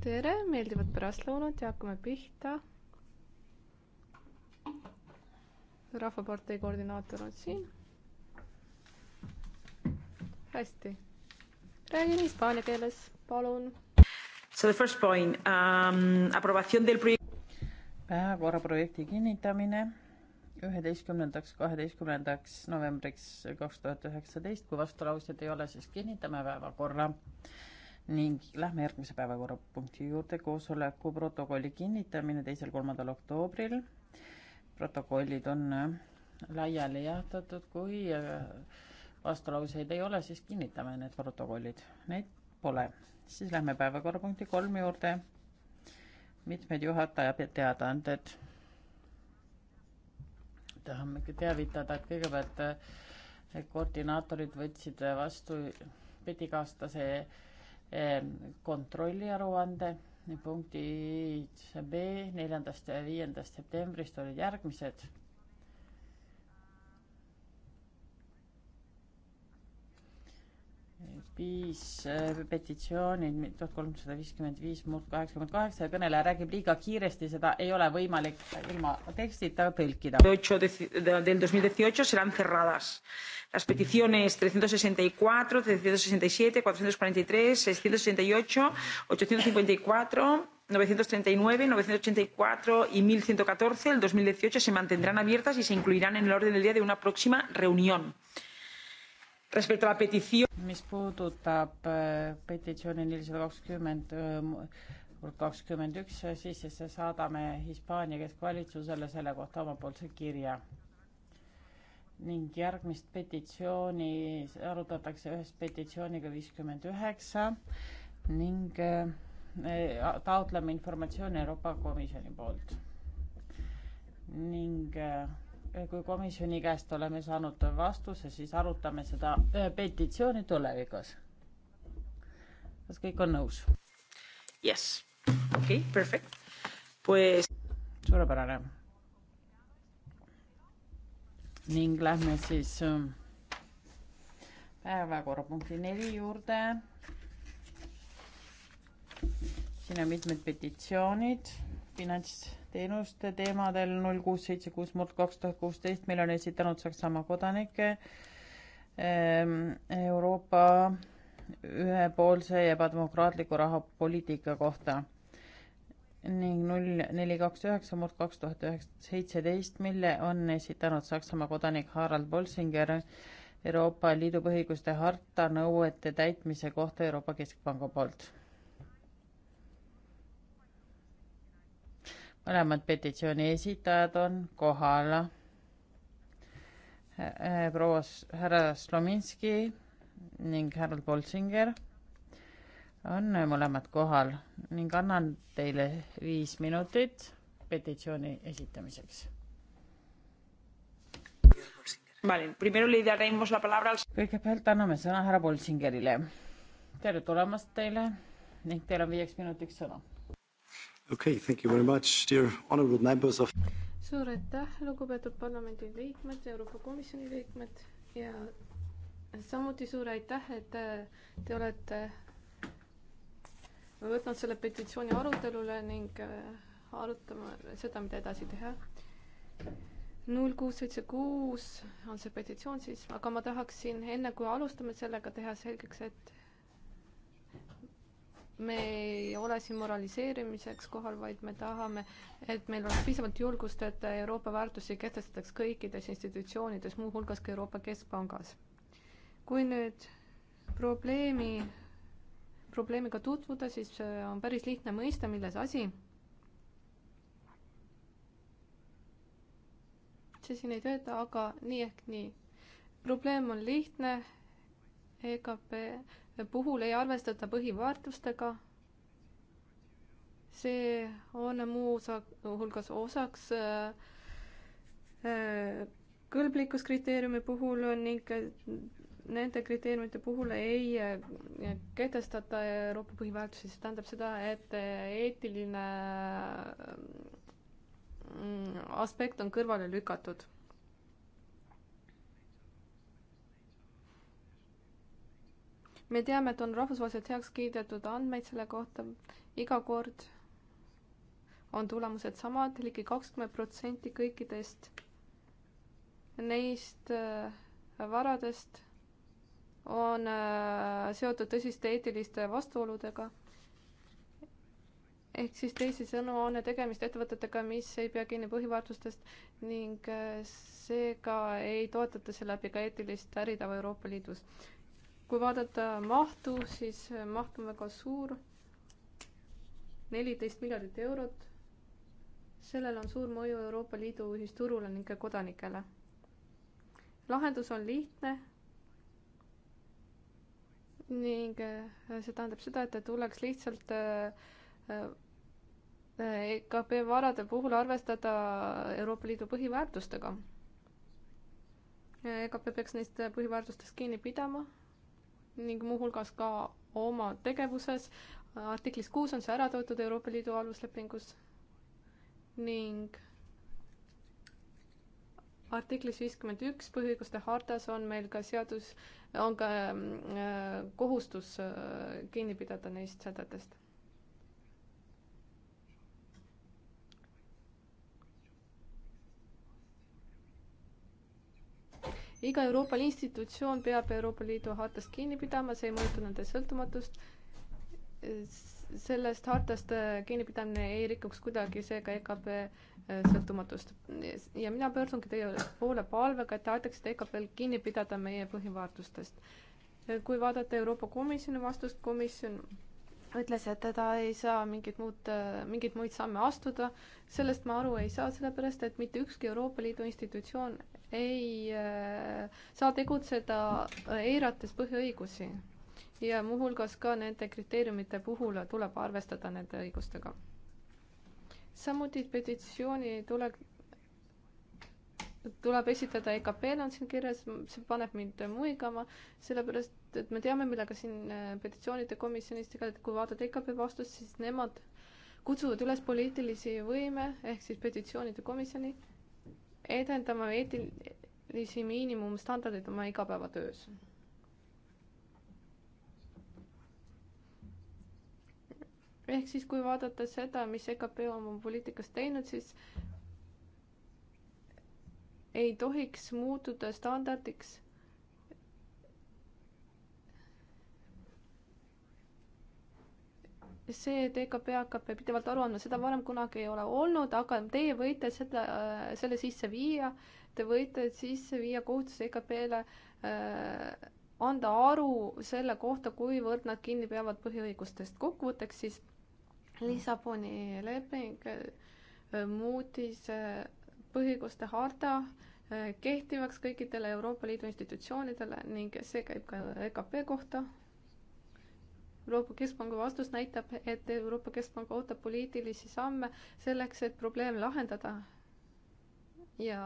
tere, meeldivat pärastlõunat ja hakkame pihta. rahvapartei koordinaator on siin. hästi, räägin hispaania keeles, palun. So the first point um,, aprobación del proyecto päevakorraprojekti kinnitamine üheteistkümnendaks, kaheteistkümnendaks novembriks kaks tuhat üheksateist, kui vastulauseid ei ole, siis kinnitame päevakorra ning lähme järgmise päevakorrapunkti juurde, koosoleku protokolli kinnitamine teisel-kolmandal oktoobril. protokollid on äh, laiali jaotatud, kui äh, vastulauseid ei ole, siis kinnitame need protokollid, neid pole. siis lähme päevakorrapunkti kolm juurde. mitmed juhataja teadaanded. tahame teavitada, et kõigepealt äh, koordinaatorid võtsid vastu petikaastase kontrolliaruande punktid B neljandast ja viiendast septembrist olid järgmised viis eh, petitsiooni, tuhat kolmsada viiskümmend viis murd kaheksakümmend kaheksa ja kõneleja räägib liiga kiiresti, seda ei ole võimalik ilma tekstita tõlkida. del dos mil dieciocho serán cerradas. Las peticiones 364, 367, 443, 668, 854, 939, 984 y 1114 del 2018 se mantendrán abiertas y se incluirán en el orden del día de una próxima reunión. Eh, mis puudutab eh, petitsiooni nelisada kakskümmend eh, kakskümmend üks, eh, siis saadame Hispaania keskvalitsusele selle kohta omapoolse kirja. ning järgmist petitsiooni arutatakse ühes petitsiooniga viiskümmend üheksa ning taotleme informatsiooni Euroopa Komisjoni poolt ning Äh, kui komisjoni käest oleme saanud vastuse, siis arutame seda äh, petitsiooni tulevikus. kas kõik on nõus? Yes, okei okay,, perfect pues.... suurepärane. ning lähme siis ähm, päevakorrapunkti neli juurde. siin on mitmed petitsioonid finantsteenuste teemadel null kuus seitse kuus murd kaks tuhat kuusteist, mille on esitanud Saksamaa kodanike ehm, Euroopa ühepoolse ja ebademokraatliku rahapoliitika kohta ning null neli kaks üheksa murd kaks tuhat üheksa seitseteist, mille on esitanud Saksamaa kodanik Harald Bolsinger Euroopa Liidu põhiõiguste harta nõuete täitmise kohta Euroopa Keskpanga poolt mõlemad petitsiooni esitajad on kohal. proua härra Slominski ning härra Polsinger on mõlemad kohal ning annan teile viis minutit petitsiooni esitamiseks. kõigepealt anname sõna härra Polsingerile. tere tulemast teile ning teil on viieks minutiks sõna okei okay,, thank you very much, dear honorable members of. suur aitäh, lugupeetud parlamendi liikmed, Euroopa Komisjoni liikmed ja samuti suur aitäh, et äh, te olete võtnud selle petitsiooni arutelule ning äh, arutama seda, mida edasi teha. null kuus seitse kuus on see petitsioon siis, aga ma tahaksin enne, kui alustame sellega, teha selgeks, et me ei ole siin moraliseerimiseks kohal, vaid me tahame, et meil oleks piisavalt julgust, et Euroopa väärtusi kehtestataks kõikides institutsioonides, muuhulgas ka Euroopa Keskpangas. kui nüüd probleemi, probleemiga tutvuda, siis äh, on päris lihtne mõista, milles asi. see siin ei tööta, aga nii ehk nii. probleem on lihtne EKP puhul ei arvestata põhiväärtustega. see on muu osa, hulgas osaks äh, äh, kõlblikkuskriteeriumi puhul ning nende kriteeriumite puhul ei äh, kehtestata Euroopa põhiväärtusi, see tähendab seda, et eetiline mm, aspekt on kõrvale lükatud me teame, et on rahvusvaheliselt heaks kiidetud andmeid selle kohta, iga kord on tulemused samad, ligi kakskümmend protsenti kõikidest neist äh, varadest on äh, seotud tõsiste eetiliste vastuoludega. ehk siis teisisõnu on tegemist ettevõtetega, mis ei pea kinni põhiväärtustest ning äh, seega ei toetata seeläbi ka eetilist äritava Euroopa Liidus kui vaadata mahtu, siis maht on väga suur, neliteist miljardit eurot. sellel on suur mõju Euroopa Liidu ühisturule ning kodanikele. lahendus on lihtne ning äh, see tähendab seda, et tuleks lihtsalt äh, äh, EKP varade puhul arvestada Euroopa Liidu põhiväärtustega. EKP peaks neist põhiväärtustest kinni pidama ning muuhulgas ka oma tegevuses. artiklis kuus on see ära toodud Euroopa Liidu aluslepingus ning artiklis viiskümmend üks põhiõiguste hartas on meil ka seadus, on ka mm, äh, kohustus äh, kinni pidada neist sätetest iga Euroopa institutsioon peab Euroopa Liidu hartast kinni pidama, see ei mõjuta nende sõltumatust. sellest hartast äh, kinnipidamine ei rikuks kuidagi seega EKP äh, sõltumatust. ja mina pöördungi teie poole palvega, et te aitaksite EKP-l kinni pidada meie põhiväärtustest. Äh, kui vaadata Euroopa Komisjoni vastust, komisjon ütles, et ta ei saa mingit muud, mingeid muid samme astuda. sellest ma aru ei saa, sellepärast et mitte ükski Euroopa Liidu institutsioon ei äh, saa tegutseda äh, eirates põhiõigusi. ja muuhulgas ka nende kriteeriumite puhul tuleb arvestada nende õigustega. samuti petitsiooni tule, tuleb esitada EKP-l on siin kirjas, see paneb mind muigama, sellepärast et me teame, millega siin äh, petitsioonide komisjonis tegelikult, kui vaadata EKP vastust, siis nemad kutsuvad üles poliitilisi võime ehk siis petitsioonide komisjoni edendama eetilisi miinimumstandardeid oma igapäevatöös. ehk siis, kui vaadata seda, mis EKP on oma poliitikas teinud, siis ei tohiks muutuda standardiks see, et EKP hakkab pidevalt aru andma, seda varem kunagi ei ole olnud, aga teie võite seda, äh, selle sisse viia, te võite sisse viia kohustuse EKP-le äh, anda aru selle kohta, kuivõrd nad kinni peavad põhiõigustest. kokkuvõtteks siis Lissaboni leping äh, muutis äh, põhiõiguste harta kehtivaks kõikidele Euroopa Liidu institutsioonidele ning see käib ka EKP kohta Euroopa Keskpanga vastus näitab, et Euroopa Keskpank ootab poliitilisi samme selleks, et probleem lahendada. ja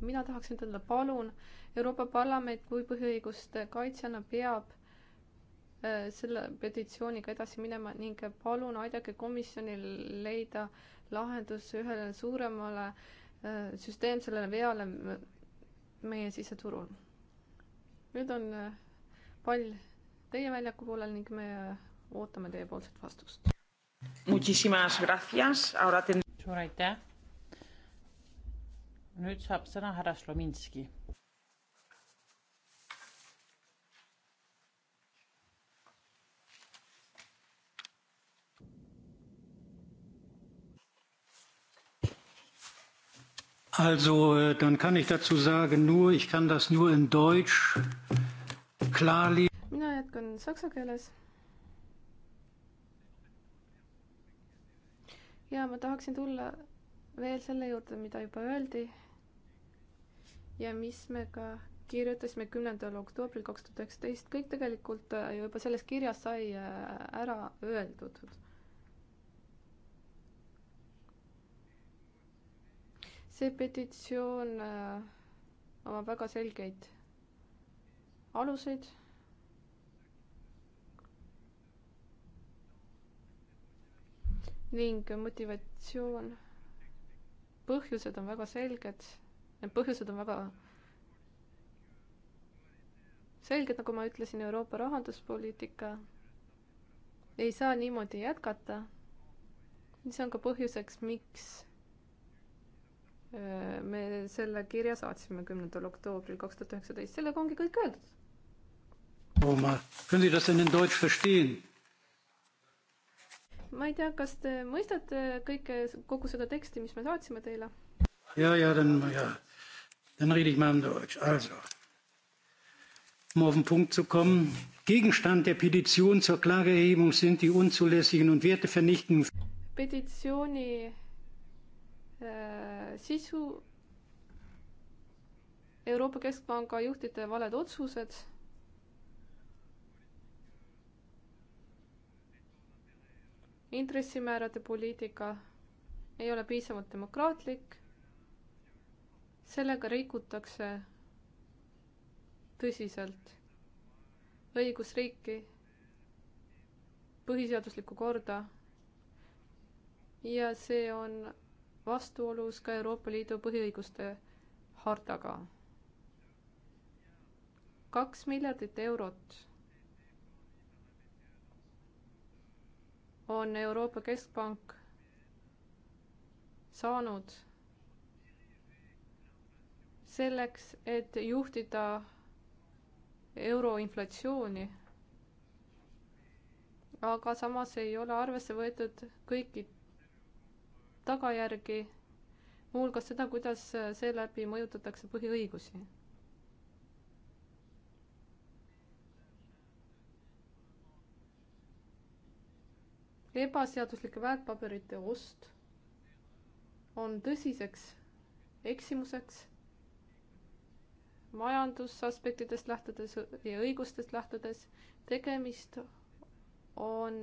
mina tahaksin ütelda, palun, Euroopa Parlament kui põhiõiguste kaitsjana peab äh, selle petitsiooniga edasi minema ning palun aidake komisjonil leida lahendus ühele suuremale äh, süsteemsele veale meie siseturul. nüüd on äh, pall teie väljaku poolel ning me äh, ootame teiepoolset vastust. suur aitäh. nüüd saab sõna härra Slominski. Also, äh, dann kann ich dazu sagen, nur, ich kann das nur in Deutsch klar lesen mina jätkan saksa keeles. ja ma tahaksin tulla veel selle juurde, mida juba öeldi ja mis me ka kirjutasime kümnendal oktoobril kaks tuhat üheksateist, kõik tegelikult äh, juba selles kirjas sai äh, ära öeldud. see petitsioon äh, omab väga selgeid aluseid ning motivatsioon, põhjused on väga selged, need põhjused on väga selged, nagu ma ütlesin, Euroopa rahanduspoliitika ei saa niimoodi jätkata. see on ka põhjuseks, miks äh, me selle kirja saatsime kümnendal oktoobril kaks tuhat üheksateist, sellega ongi kõik öeldud. Oma, können Sie das denn in Deutsch verstehen? ma ei tea, kas te mõistate kõike, kogu seda teksti, mis me saatsime teile? ja, ja, ja, dann rede ich mal in um Deutsch, also. Um auf den Punkt zu kommen, Gegenstand der Petition zur Klageerhebung sind die unzulässigen und wertevernichtenden petitsiooni äh, sisu Euroopa Keskpanga juhtide valed otsused intressimäärade poliitika ei ole piisavalt demokraatlik. sellega rikutakse tõsiselt õigusriiki, põhiseaduslikku korda. ja see on vastuolus ka Euroopa Liidu põhiõiguste hartaga. kaks miljardit eurot on Euroopa Keskpank saanud selleks, et juhtida euroinflatsiooni. aga samas ei ole arvesse võetud kõiki tagajärgi, muuhulgas seda, kuidas seeläbi mõjutatakse põhiõigusi ebaseaduslike väärtpaberite ost on tõsiseks eksimuseks majandusaspektidest lähtudes ja õigustest lähtudes. tegemist on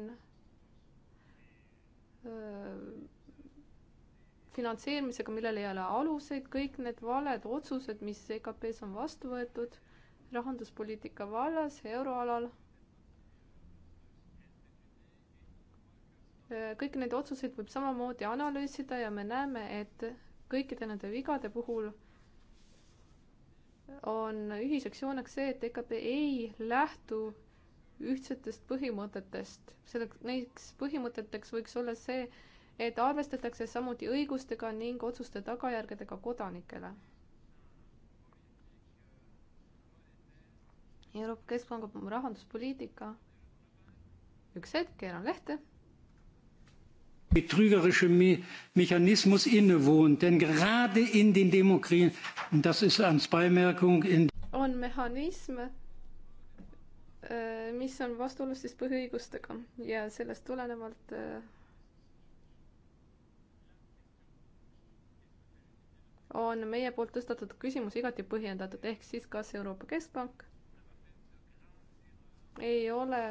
finantseerimisega, millel ei ole aluseid, kõik need valed otsused, mis EKP-s on vastu võetud rahanduspoliitika vallas, euroalal kõiki neid otsuseid võib samamoodi analüüsida ja me näeme, et kõikide nende vigade puhul on ühiseks jooneks see, et EKP ei lähtu ühtsetest põhimõtetest. selleks, neiks põhimõteteks võiks olla see, et arvestatakse samuti õigustega ning otsuste tagajärgedega kodanikele. Euroopa Keskpanga rahanduspoliitika. üks hetk, keeran lehte betrügerischem Mechanismus innewohnt, denn gerade in den Demokratien, das ist als Beimerkung in on mehhanism, äh, mis on vastuolus siis põhiõigustega ja sellest tulenevalt äh, on meie poolt tõstatud küsimus igati põhjendatud, ehk siis kas Euroopa Keskpank ei ole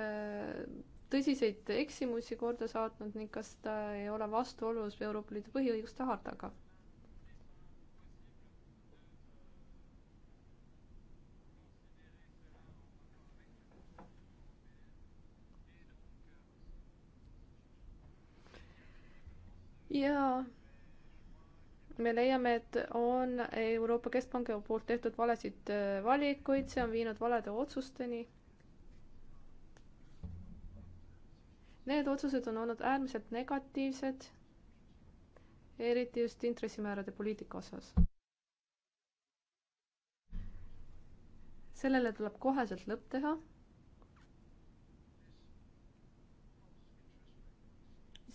öö, äh, tõsiseid eksimusi korda saatnud ning kas ta ei ole vastuolus Euroopa Liidu põhiõiguste hartaga? jaa, me leiame, et on Euroopa Keskpanga poolt tehtud valesid äh, valikuid, see on viinud valede otsusteni Need otsused on olnud äärmiselt negatiivsed, eriti just intressimäärade poliitika osas. sellele tuleb koheselt lõpp teha.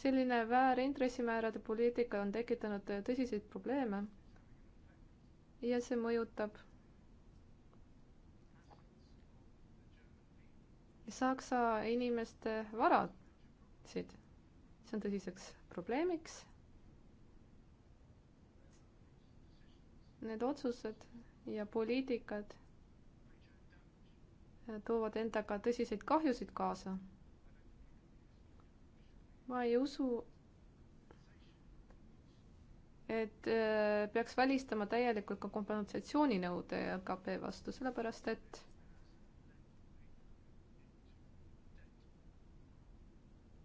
selline väärintressimäärade poliitika on tekitanud tõsiseid probleeme ja see mõjutab Saksa inimeste varad võtsid. see on tõsiseks probleemiks. Need otsused ja poliitikad toovad endaga tõsiseid kahjusid kaasa. ma ei usu, et äh, peaks välistama täielikult ka kompensatsiooninõude LKP vastu, sellepärast et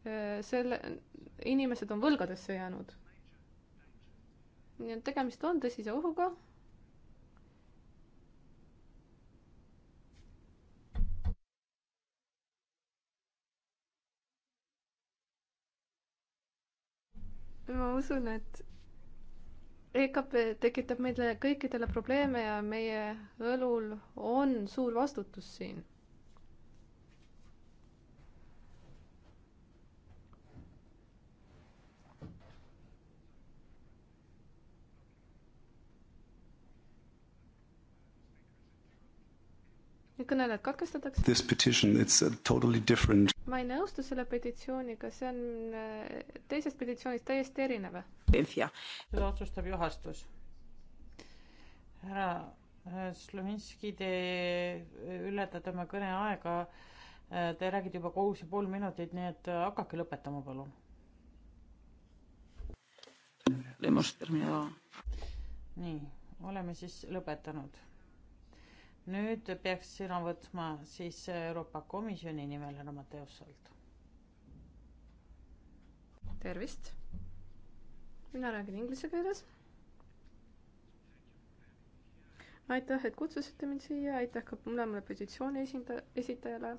Äh, selle, inimesed on võlgadesse jäänud. nii et tegemist on tõsise ohuga. ma usun, et EKP tekitab meile kõikidele probleeme ja meie õlul on suur vastutus siin kõnelejad katkestatakse. This petition, it's totally different. ma ei nõustu selle petitsiooniga, see on äh, teisest petitsioonist täiesti erinev. seda otsustab juhastus. härra äh, Slovinski, te äh, ületate oma kõneaega. Te räägite juba kuus ja pool minutit, nii et hakake lõpetama, palun. nii, oleme siis lõpetanud nüüd peaks sõna võtma siis Euroopa Komisjoni nimel härra Mateossalt. tervist. mina räägin inglise keeles. aitäh, et kutsusite mind siia, aitäh ka mõlemale positsiooni esindaja, esitajale.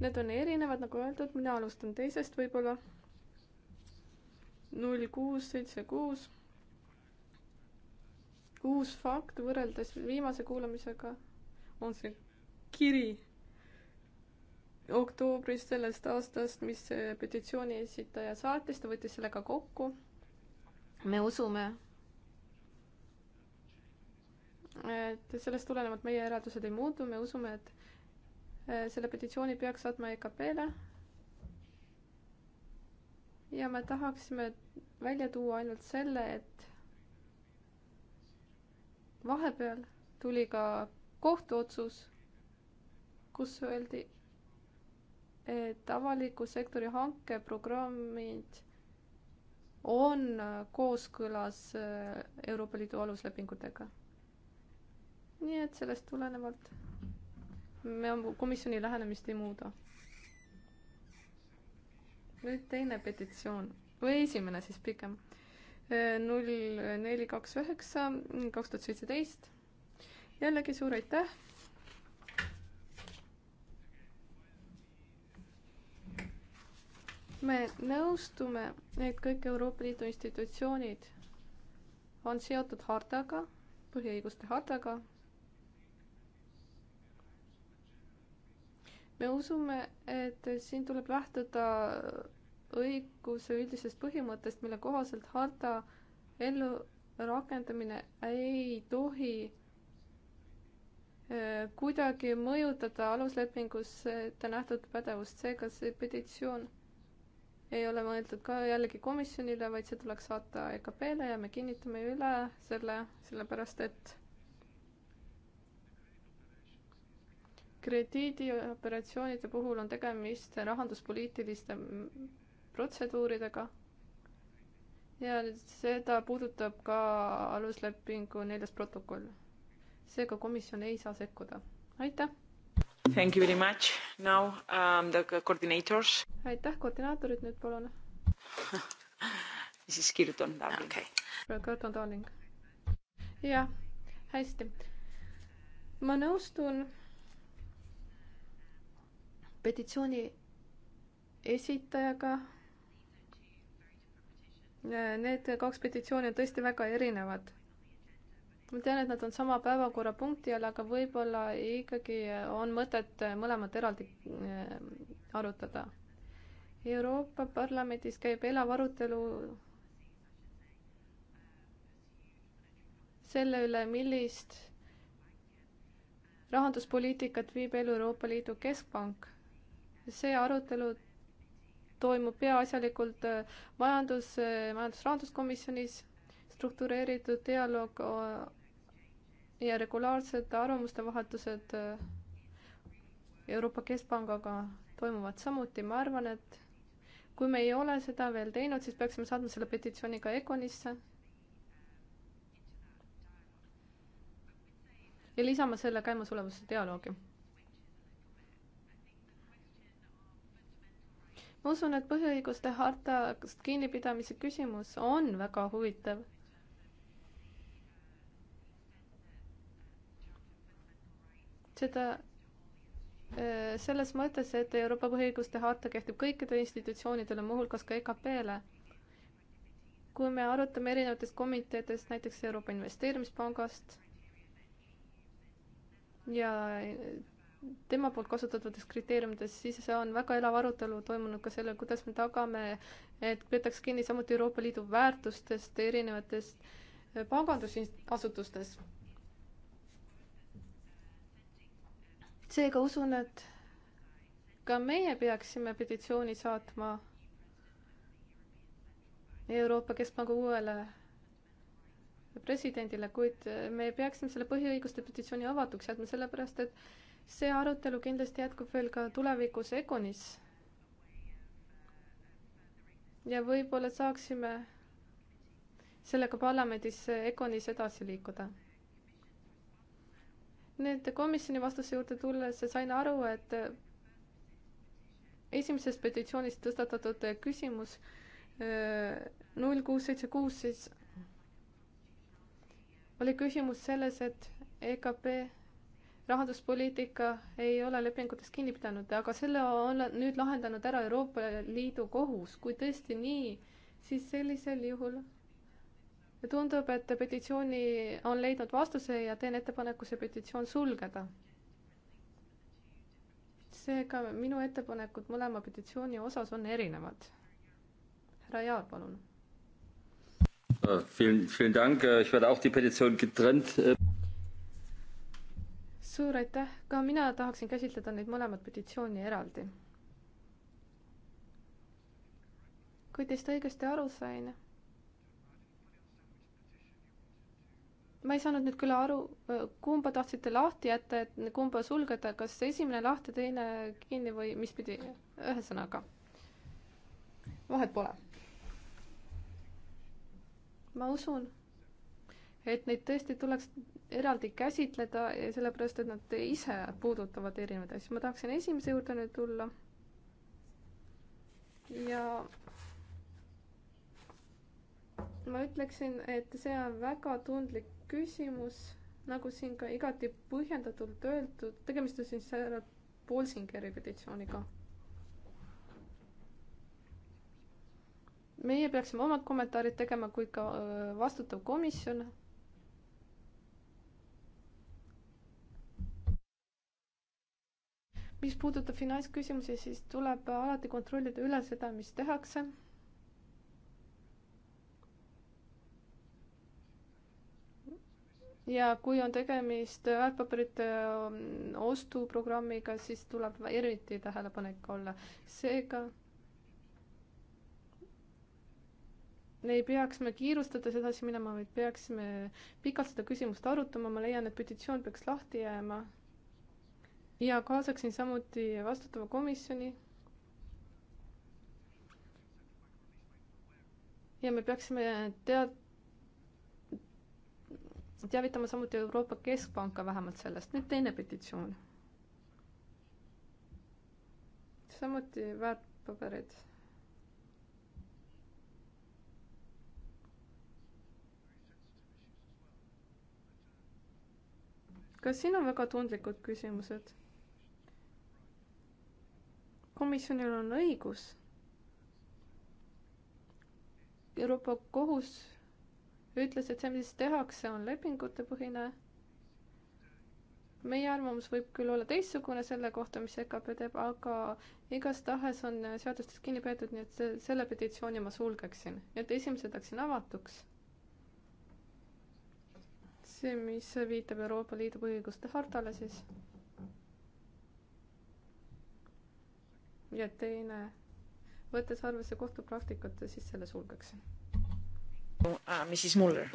Need on erinevad, nagu öeldud, mina alustan teisest võib-olla. null kuus, seitse kuus uus fakt võrreldes viimase kuulamisega on see kiri oktoobris sellest aastast, mis petitsiooni esitaja saatis, ta võttis selle ka kokku. me usume, et sellest tulenevalt meie eraldused ei muutu, me usume, et eh, selle petitsiooni peaks saatma EKP-le. ja me tahaksime välja tuua ainult selle, et vahepeal tuli ka kohtuotsus, kus öeldi, et avaliku sektori hankeprogrammid on kooskõlas äh, Euroopa Liidu aluslepingutega. nii et sellest tulenevalt me oma komisjoni lähenemist ei muuda. nüüd teine petitsioon või esimene siis pigem null neli kaks üheksa, kaks tuhat seitseteist. jällegi suur aitäh. me nõustume, et kõik Euroopa Liidu institutsioonid on seotud hartaga, põhiõiguste hartaga. me usume, et siin tuleb lähtuda õiguse üldisest põhimõttest, mille kohaselt harta ellurakendamine ei tohi äh, kuidagi mõjutada aluslepingus ette nähtud pädevust, seega see petitsioon ei ole mõeldud ka jällegi komisjonile, vaid see tuleks saata EKP-le ja me kinnitame üle selle, sellepärast et krediidioperatsioonide puhul on tegemist rahanduspoliitiliste protseduuridega. ja seda puudutab ka aluslepingu neljas protokoll. seega komisjon ei saa sekkuda. aitäh. Thank you very much. Now um, the coordinators. aitäh, koordinaatorid nüüd palun siis Kirton Darling. okei okay.. Äh, Kirton Darling. jah, hästi. ma nõustun petitsiooni esitajaga Need kaks petitsiooni on tõesti väga erinevad. ma tean, et nad on sama päevakorrapunkti all, aga võib-olla ikkagi on mõtet mõlemat eraldi äh, arutada. Euroopa Parlamendis käib elav arutelu selle üle, millist rahanduspoliitikat viib elu Euroopa Liidu Keskpank. see arutelu toimub peaasjalikult äh, majandus, äh, majandus-rahanduskomisjonis, struktureeritud dialoog äh, ja regulaarsed arvamuste vahetused Euroopa Keskpangaga toimuvad samuti, ma arvan, et kui me ei ole seda veel teinud, siis peaksime saatma selle petitsiooni ka Econisse. ja lisama selle käimasolevasse dialoogi ma usun, et põhiõiguste hartast kinnipidamise küsimus on väga huvitav. seda äh, selles mõttes, et Euroopa põhiõiguste harta kehtib kõikidele institutsioonidele, muuhulgas ka EKP-le. kui me arutame erinevatest komiteedest, näiteks Euroopa Investeerimispangast ja tema poolt kasutatavatest kriteeriumides, siis on väga elav arutelu toimunud ka selle, kuidas me tagame, et peetaks kinni samuti Euroopa Liidu väärtustest erinevatest eh, pangandusasutustes. seega usun, et ka meie peaksime petitsiooni saatma Euroopa Keskpanga uuele presidendile, kuid eh, me peaksime selle põhiõiguste petitsiooni avatuks jätma, sellepärast et see arutelu kindlasti jätkub veel ka tulevikus Econis. ja võib-olla saaksime sellega parlamendis Econis edasi liikuda. nüüd komisjoni vastuse juurde tulles sain aru, et esimeses petitsioonis tõstatatud küsimus äh, null kuus seitse kuus siis oli küsimus selles, et EKP rahanduspoliitika ei ole lepingutest kinni pidanud, aga selle on nüüd lahendanud ära Euroopa Liidu kohus. kui tõesti nii, siis sellisel juhul tundub, et petitsiooni on leidnud vastuse ja teen ettepaneku see petitsioon sulgeda. seega minu ettepanekud mõlema petitsiooni osas on erinevad. härra Jaar, palun. Äh, vielen, vielen Dank. Äh, ich werde auch die Petition getrennt. Äh, suur aitäh, ka mina tahaksin käsitleda neid mõlemat petitsiooni eraldi. kui teist õigesti aru sain, ma ei saanud nüüd küll aru, kumba tahtsite lahti jätta, et kumba sulgeda, kas esimene lahti, teine kinni või mis pidi, ühesõnaga, vahet pole. ma usun et neid tõesti tuleks eraldi käsitleda, sellepärast et nad ise puudutavad erinevaid asju. ma tahaksin esimese juurde nüüd tulla. ja ma ütleksin, et see on väga tundlik küsimus, nagu siin ka igati põhjendatult öeldud, tegemist on siis härra Polsingeri petitsiooniga. meie peaksime omad kommentaarid tegema, kui ka äh, vastutav komisjon mis puudutab finantsküsimusi, siis tuleb alati kontrollida üle seda, mis tehakse. ja kui on tegemist väärtpaberite ähm, ostuprogrammiga, siis tuleb eriti tähelepanelik olla, seega ei peaks me kiirustades edasi minema, vaid peaksime pikalt seda küsimust arutama, ma leian, et petitsioon peaks lahti jääma ja kaasaksin samuti vastutava komisjoni. ja me peaksime tead-, teavitama samuti Euroopa Keskpanka vähemalt sellest, nüüd teine petitsioon. samuti väärtpaberid. ka siin on väga tundlikud küsimused komisjonil on õigus. Euroopa Kohus ütles, et see, mis tehakse, on lepingutepõhine. meie arvamus võib küll olla teistsugune selle kohta, mis EKP teeb, aga igastahes on seadustest kinni peetud, nii et selle petitsiooni ma sulgeksin, et esimese jätaksin avatuks. see, mis viitab Euroopa Liidu põhiõiguste hartale siis ja teine, võttes arvesse kohtupraktikat, siis selle sulgeksin ah,. Mrs Muller.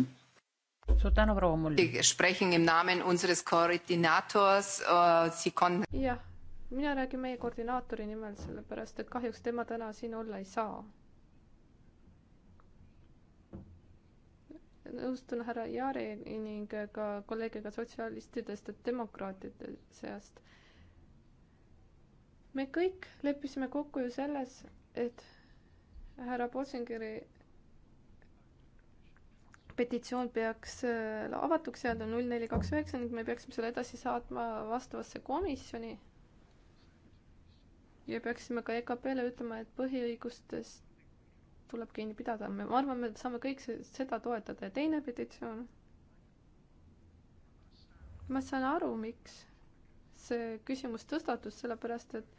suur tänu, proua Muller. Sprechen im Namen unseres Koordinators uh,, Sie kon-. jah, mina räägin meie koordinaatori nimel, sellepärast et kahjuks tema täna siin olla ei saa. nõustun härra Jaari ning ka kolleegiga sotsialistidest ja demokraatide seast me kõik leppisime kokku ju selles, et härra Bossingeri petitsioon peaks äh, avatuks jääda null neli kaks üheksa ning me peaksime selle edasi saatma vastavasse komisjoni. ja peaksime ka EKP-le ütlema, et põhiõigustest tuleb kinni pidada, me, ma arvan, me saame kõik seda toetada ja teine petitsioon. ma saan aru, miks see küsimus tõstatus, sellepärast et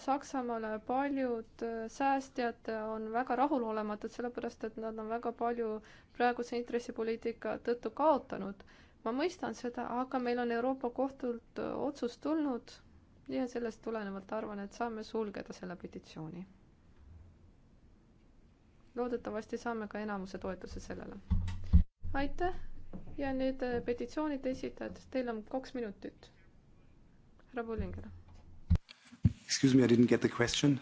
Saksamaal paljud äh, säästjad äh, on väga rahulolematud, sellepärast et nad on väga palju praeguse intressipoliitika tõttu kaotanud. ma mõistan seda, aga meil on Euroopa Kohtult äh, otsus tulnud ja sellest tulenevalt arvan, et saame sulgeda selle petitsiooni. loodetavasti saame ka enamuse toetuse sellele. aitäh ja nüüd petitsioonide esitajad, teil on kaks minutit. härra Pullinger Excuse me, I didn't get the question.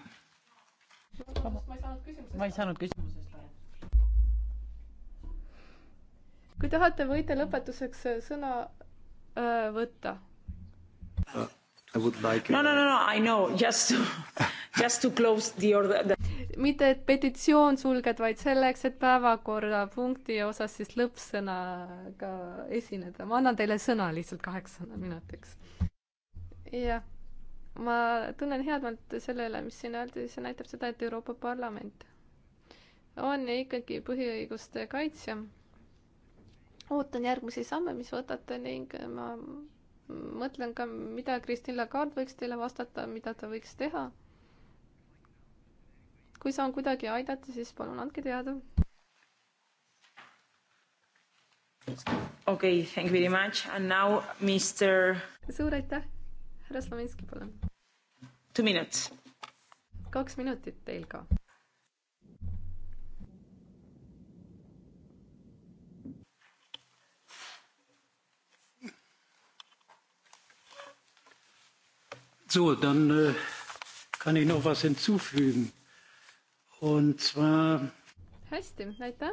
ma ei saanud küsimusest aru. kui tahate, võite lõpetuseks sõna öö, äh, võtta uh,. I would like. no, no, no, no, I know, just to, just to close the order the.... mitte, et petitsioon sulged, vaid selleks, et päevakorrapunkti osas siis lõppsõnaga esineda. ma annan teile sõna lihtsalt kaheks minutiks. jah ma tunnen head meelt selle üle, mis siin öeldi, see näitab seda, et Euroopa Parlament on ikkagi põhiõiguste kaitsja. ootan järgmisi samme, mis võtate ning ma mõtlen ka, mida Christine Lagarde võiks teile vastata, mida ta võiks teha. kui saan kuidagi aidata, siis palun andke teada. okei okay,, thank you very much and now Mr. suur aitäh härra Slavinski, palun. Two minutes. kaks minutit teil ka. So, dann äh, kann ich noch was hinzufügen. Und zwar. hästi, aitäh.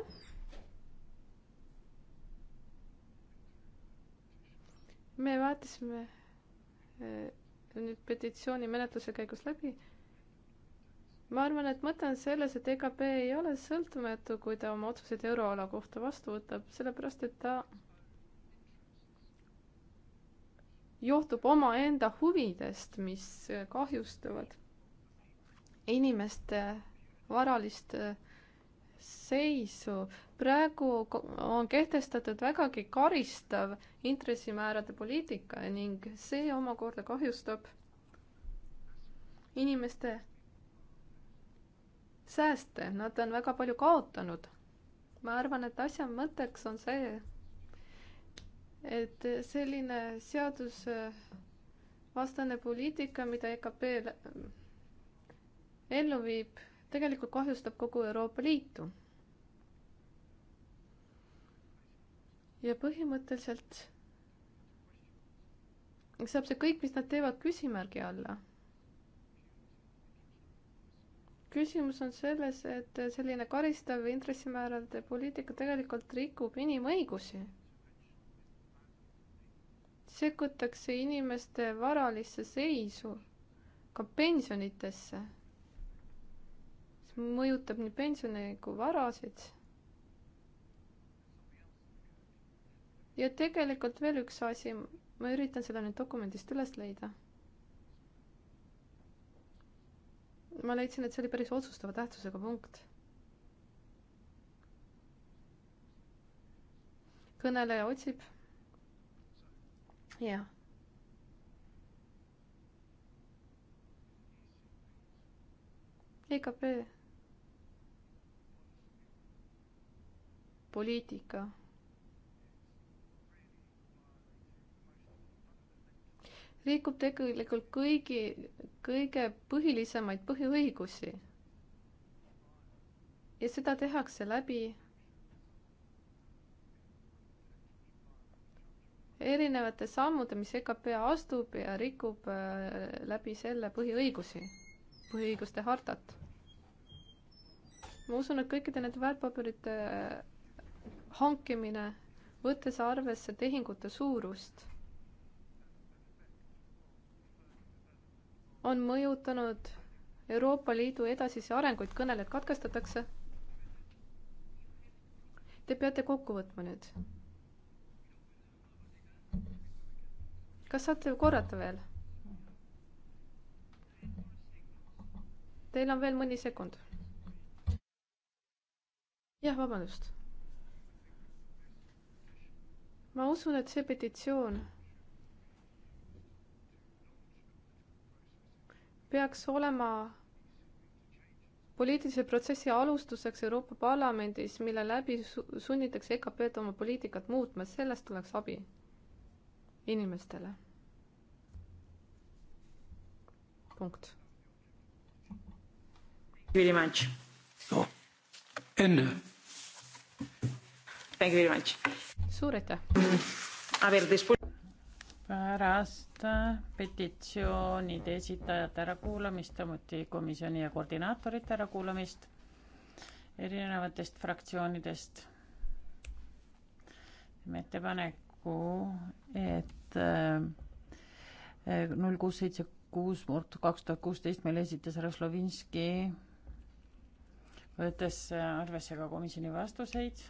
me vaatasime Äh, nüüd petitsiooni menetluse käigus läbi. ma arvan, et mõte on selles, et EKP ei ole sõltumatu, kui ta oma otsuseid euroala kohta vastu võtab, sellepärast et ta johtub omaenda huvidest, mis kahjustavad inimeste varalist seisu praegu on kehtestatud vägagi karistav intressimäärade poliitika ning see omakorda kahjustab inimeste sääste, nad on väga palju kaotanud. ma arvan, et asja mõtteks on see, et selline seadusvastane poliitika, mida EKP ellu viib, tegelikult kahjustab kogu Euroopa Liitu ja põhimõtteliselt saab see kõik, mis nad teevad, küsimärgi alla. küsimus on selles, et selline karistav intressimäärade poliitika tegelikult rikub inimõigusi. sekkutakse inimeste varalisse seisu, ka pensionitesse. see mõjutab nii pensione kui varasid ja tegelikult veel üks asi, ma üritan seda nüüd dokumendist üles leida. ma leidsin, et see oli päris otsustava tähtsusega punkt. kõneleja otsib. jah EKP poliitika rikub tegelikult kõigi, kõige põhilisemaid põhiõigusi. ja seda tehakse läbi erinevate sammude, mis EKP astub ja rikub äh, läbi selle põhiõigusi, põhiõiguste hartat. ma usun, et kõikide nende väärtpaberite äh, hankimine, võttes arvesse tehingute suurust on mõjutanud Euroopa Liidu edasisi arenguid, kõneled katkestatakse. Te peate kokku võtma nüüd. kas saate korrata veel? Teil on veel mõni sekund. jah, vabandust. ma usun, et see petitsioon peaks olema poliitilise protsessi alustuseks Euroopa Parlamendis, mille läbi sunnitakse EKP-d oma poliitikat muutma, sellest oleks abi inimestele. punkt. Very much no.. Oh, enne. Thank you very much. suur aitäh pärast petitsioonide esitajate ärakuulamist, samuti komisjoni ja koordinaatorite ärakuulamist erinevatest fraktsioonidest. teeme ettepaneku, et äh, null kuus seitse kuus murd kaks tuhat kuusteist meile esitas härra Slovinski, võttes arvesse ka komisjoni vastuseid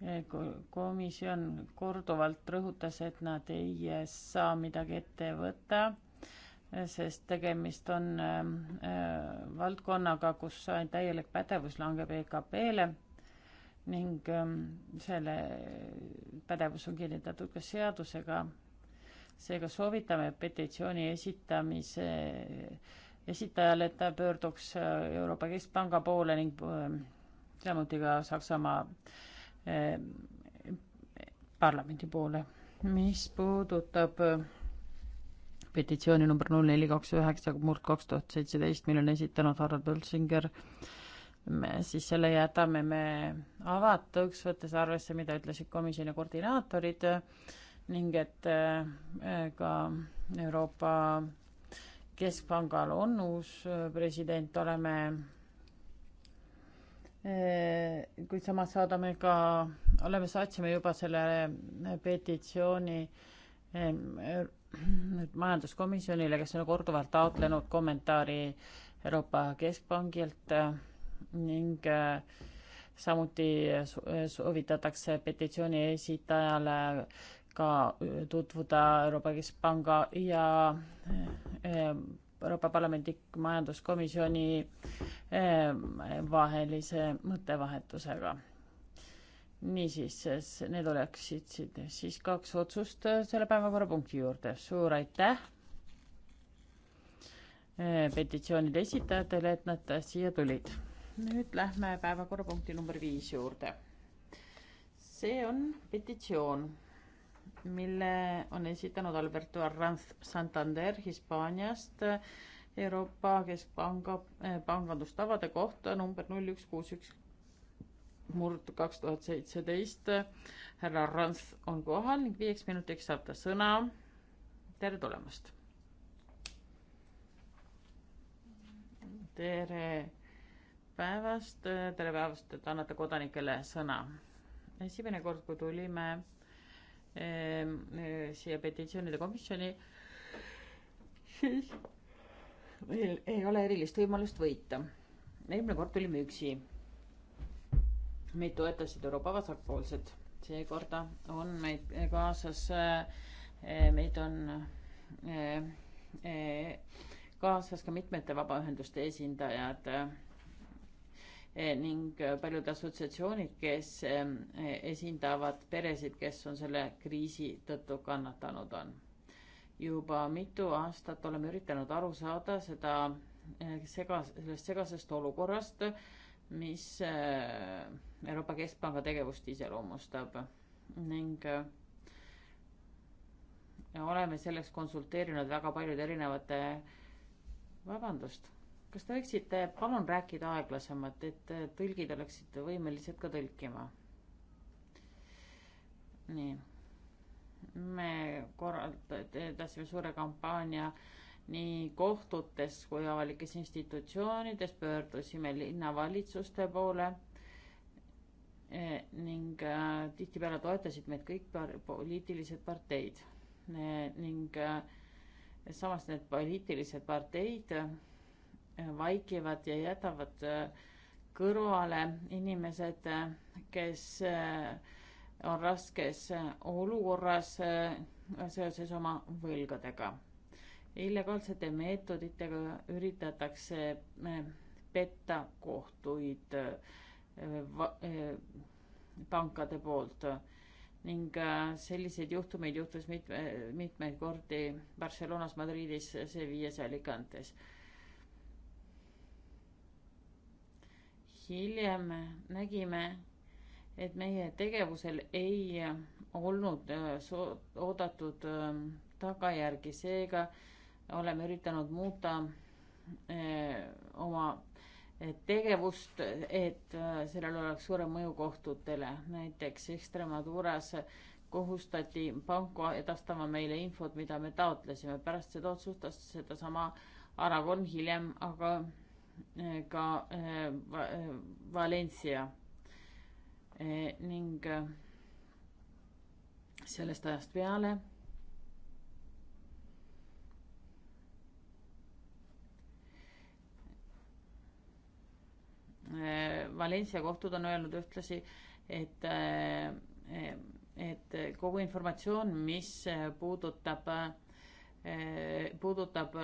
Eh, komisjon korduvalt rõhutas, et nad ei eh, saa midagi ette võtta, eh, sest tegemist on valdkonnaga, kus täielik pädevus langeb EKP-le ning ehm, selle pädevus on kinnitatud ka seadusega. seega soovitame petitsiooni esitamise, esitajale, et ta pöörduks Euroopa Keskpanga poole ning ehm, samuti ka Saksamaa äh, parlamendi poole. mis puudutab äh, petitsiooni number null neli kaks üheksa murd kaks tuhat seitseteist, mille on esitanud Harald Põltsinger, siis selle jätame me avatuks, võttes arvesse, mida ütlesid komisjoni koordinaatorid ning et äh, ka Euroopa Keskpangal on uus äh, president, oleme kuid samas saadame ka, oleme, saatsime juba selle petitsiooni majanduskomisjonile, kes on korduvalt taotlenud kommentaari Euroopa Keskpangilt ning samuti soovitatakse petitsiooni esitajale ka tutvuda Euroopa Keskpanga ja Euroopa Parlamendi majanduskomisjoni eh, vahelise mõttevahetusega. niisiis, need oleksid siis kaks otsust selle päevakorrapunkti juurde. suur aitäh eh, petitsioonide esitajatele, et nad siia tulid. nüüd lähme päevakorrapunkti number viis juurde. see on petitsioon mille on esitanud Alberto Arranz Santander Hispaaniast Euroopa Keskpanga eh, pangandustavade kohta number null üks kuus üks murd kaks tuhat seitseteist. härra Arranz on kohal ning viieks minutiks saab ta sõna. tere tulemast. tere päevast, tere päevast, et annate kodanikele sõna. esimene kord, kui tulime Ehm, eh, siia petitsioonide komisjoni, siis meil ei ole erilist võimalust võita. eelmine kord tulime üksi. meid toetasid Euroopa vasakpoolsed, seekorda on meid kaasas, eh, meid on eh, kaasas ka mitmete vabaühenduste esindajad Eh, ning eh, paljud assotsiatsioonid, kes eh, esindavad peresid, kes on selle kriisi tõttu kannatanud on. juba mitu aastat oleme üritanud aru saada seda segas, sellest segasest olukorrast, mis Euroopa Keskpanga tegevust iseloomustab ning oleme selleks konsulteerinud väga paljude erinevate, vabandust kas te võiksite palun rääkida aeglasemalt, et tõlgid oleksid võimelised ka tõlkima? nii, me korraldasime suure kampaania nii kohtutes kui avalikes institutsioonides, pöördusime linnavalitsuste poole e, ning äh, tihtipeale toetasid meid kõik par poliitilised parteid ning äh, samas need poliitilised parteid vaikivad ja jätavad äh, kõrvale inimesed, äh, kes äh, on raskes olukorras seoses oma võlgadega. illegaalsete meetoditega üritatakse petta kohtuid pankade poolt ning selliseid juhtumeid juhtus mitme, mitmeid kordi Barcelonas, Madridis, Sevillas ja Alicantes hiljem nägime, et meie tegevusel ei olnud äh, oodatud ähm, tagajärgi, seega oleme üritanud muuta äh, oma äh, tegevust, et sellel oleks suurem mõju kohtutele. näiteks Extremaduras kohustati panku edastama meile infot, mida me taotlesime. pärast seda otsustas sedasama Aragon hiljem aga ka eh, eh, Valencia eh, ning sellest ajast peale Valencia kohtud on öelnud ühtlasi, et, et kogu informatsioon, mis puudutab, puudutab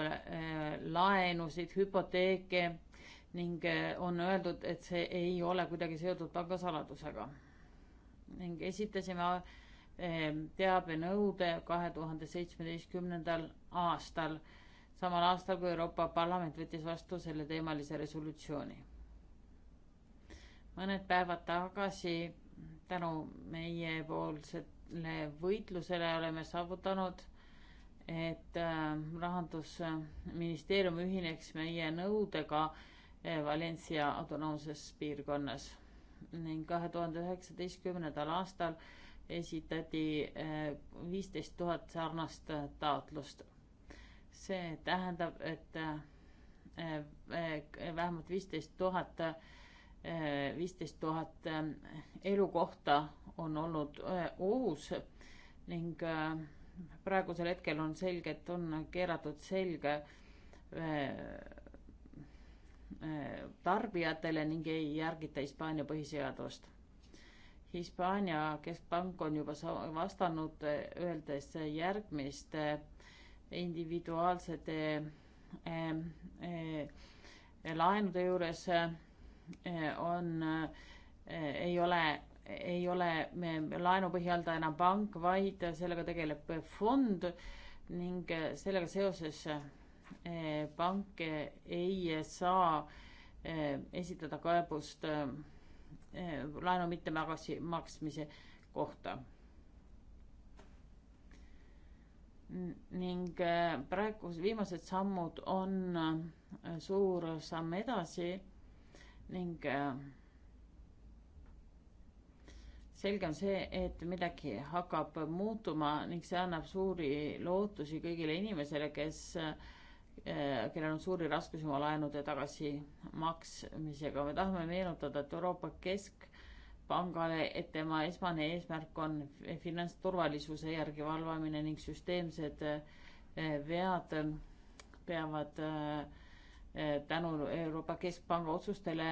laenusid, hüpoteeke ning eh, on öeldud, et see ei ole kuidagi seotud pangasaladusega. ning esitasime eh, teabenõude kahe tuhande seitsmeteistkümnendal aastal, samal aastal, kui Euroopa Parlament võttis vastu selleteemalise resolutsiooni. mõned päevad tagasi tänu meiepoolsele võitlusele oleme saavutanud, et eh, Rahandusministeerium ühineks meie nõudega äh, Eh, Valencia autonoomses piirkonnas ning kahe tuhande üheksateistkümnendal aastal esitati eh, viisteist tuhat sarnast taotlust. see tähendab, et eh, vähemalt viisteist tuhat, viisteist tuhat elukohta on olnud ohus ning praegusel hetkel on selge, et on keeratud selge Äh, tarbijatele ning ei järgita Hispaania põhiseadust. Hispaania keskpank on juba vastanud, öeldes järgmiste äh, individuaalsete ähm, äh, laenude juures on, ei ole, ei ole laenu põhialdaja enam pank, vaid sellega tegeleb fond ning sellega seoses Eh, pank ei saa eh, esitada kaebust eh, laenu mittemagasi maksmise kohta. ning praegu viimased sammud on suur samm edasi ning selge on see, et midagi hakkab muutuma ning see annab suuri lootusi kõigile inimesele, kes äh, Eh, kellel on suuri raskusi oma laenude tagasimaksmisega. me tahame meenutada, et Euroopa Keskpangale, et tema esmane eesmärk on finantsturvalisuse järgi valvamine ning süsteemsed eh, vead peavad eh, tänu Euroopa Keskpanga otsustele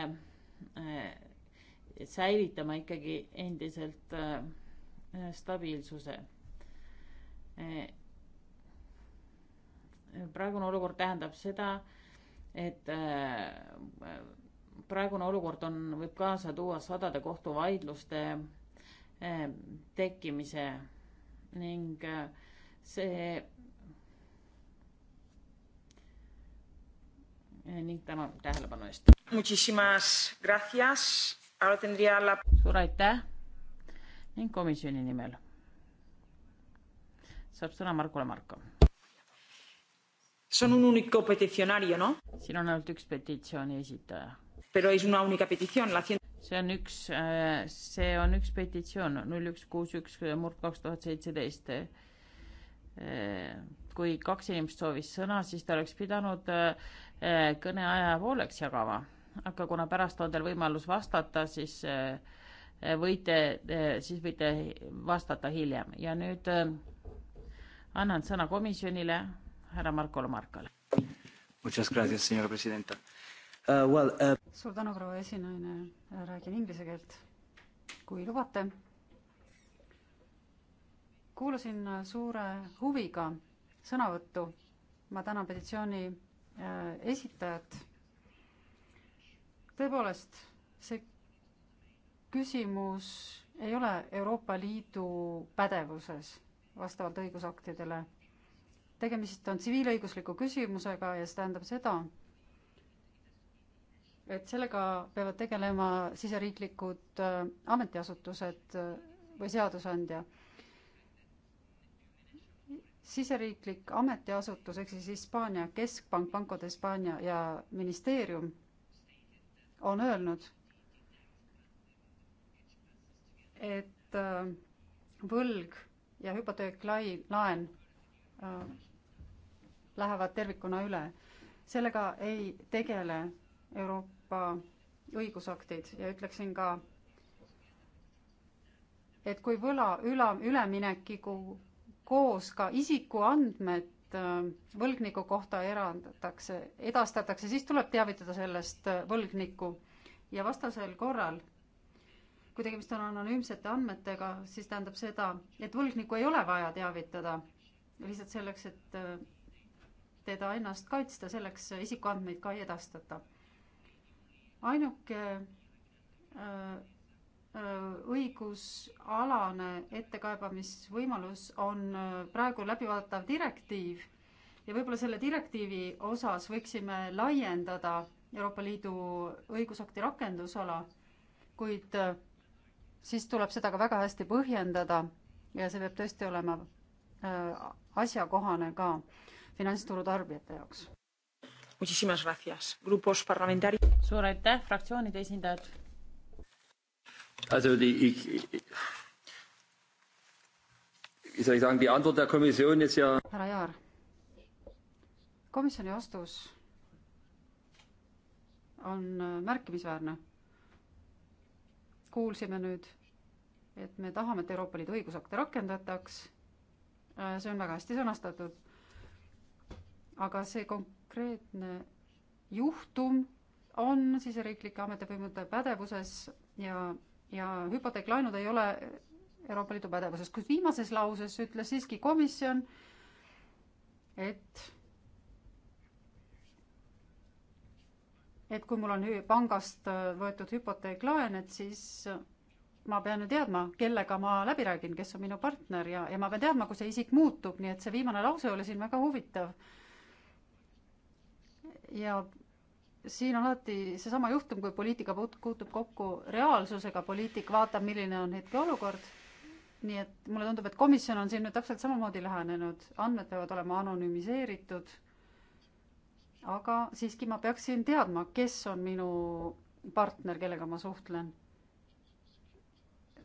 säilitama ikkagi endiselt stabiilsuse praegune olukord tähendab seda, et äh, praegune olukord on, võib kaasa tuua sadade kohtuvaidluste äh, tekkimise ning äh, see ning tänan tähelepanu eest. suur aitäh ning komisjoni nimel saab sõna Markule Marko Son un único peticionario, no? siin on ainult üks petitsiooni esitaja. Pero es una única petición, la cien- see on üks, äh, see on üks petitsioon null üks kuus üks äh, murd kaks tuhat seitseteist. Äh, kui kaks inimest soovis sõna, siis ta oleks pidanud kõneaja pooleks jagama, aga kuna pärast on teil võimalus vastata, siis võite, siis võite vastata hiljem ja nüüd annan sõna komisjonile härra Marko Lomarkale. Uh, well, uh... suur tänu, proua esinaine, räägin inglise keelt, kui lubate. kuulasin suure huviga sõnavõttu, ma tänan petitsiooni äh, esitajat. tõepoolest, see küsimus ei ole Euroopa Liidu pädevuses vastavalt õigusaktidele tegemist on tsiviilõigusliku küsimusega ja see tähendab seda, et sellega peavad tegelema siseriiklikud äh, ametiasutused äh, või seadusandja. siseriiklik ametiasutus ehk siis Hispaania keskpank, Banco de Hispaania ja ministeerium on öelnud, et äh, võlg ja hüpoteeklaen Äh, lähevad tervikuna üle. sellega ei tegele Euroopa õigusaktid ja ütleksin ka, et kui võla üla, üleminekuga koos ka isikuandmed äh, võlgniku kohta erandatakse, edastatakse, siis tuleb teavitada sellest äh, võlgnikku ja vastasel korral kui tegemist on anonüümsete andmetega, siis tähendab seda, et võlgnikku ei ole vaja teavitada lihtsalt selleks, et äh, teda ennast kaitsta, selleks isikuandmeid ka ei edastata. ainuke äh, äh, õigusalane ettekaebamisvõimalus on praegu läbivaadatav direktiiv ja võib-olla selle direktiivi osas võiksime laiendada Euroopa Liidu õigusakti rakendusala, kuid siis tuleb seda ka väga hästi põhjendada ja see peab tõesti olema Äh, asjakohane ka finantsturu tarbijate jaoks. suur aitäh, fraktsioonide esindajad. Also die, ich, wie soll ich sagen, die Antwort der Kommission ist ja. härra Jaar, komisjoni vastus on äh, märkimisväärne. kuulsime nüüd, et me tahame, et Euroopa Liidu õigusakte rakendataks Äh, see on väga hästi sõnastatud. aga see konkreetne juhtum on siseriiklike ametivõimude pädevuses ja, ja hüpoteeklaenud ei ole Euroopa Liidu pädevuses, kuid viimases lauses ütles siiski komisjon, et et kui mul on pangast võetud hüpoteeklaen, et siis ma pean ju teadma, kellega ma läbi räägin, kes on minu partner ja, ja ma pean teadma, kui see isik muutub, nii et see viimane lause oli siin väga huvitav. ja siin on alati seesama juhtum, kui poliitika puutub kokku reaalsusega, poliitik vaatab, milline on hetkeolukord. nii et mulle tundub, et komisjon on siin nüüd täpselt samamoodi lähenenud, andmed peavad olema anonüümiseeritud. aga siiski ma peaksin teadma, kes on minu partner, kellega ma suhtlen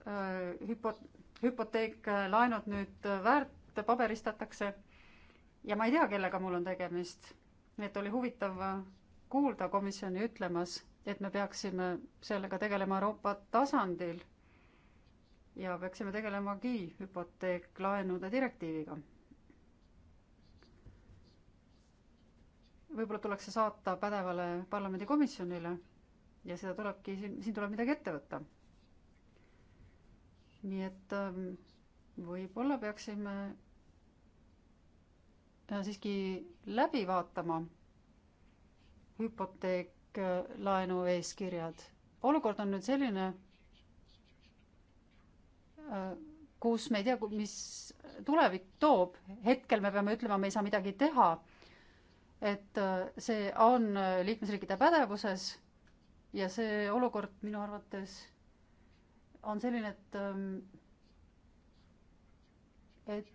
Äh, hüpo-, hüpoteek, äh, laenud nüüd väärt paberistatakse ja ma ei tea, kellega mul on tegemist. nii et oli huvitav äh, kuulda komisjoni ütlemas, et me peaksime sellega tegelema Euroopa tasandil ja peaksime tegelemagi hüpoteeklaenude direktiiviga. võib-olla tuleks see saata pädevale parlamendikomisjonile ja seda tulebki, siin tuleb midagi ette võtta nii et ähm, võib-olla peaksime äh, siiski läbi vaatama hüpoteeklaenu eeskirjad. olukord on nüüd selline, äh, kus me ei tea, mis tulevik toob, hetkel me peame ütlema, me ei saa midagi teha. et äh, see on liikmesriikide pädevuses ja see olukord minu arvates on selline, et ähm, et,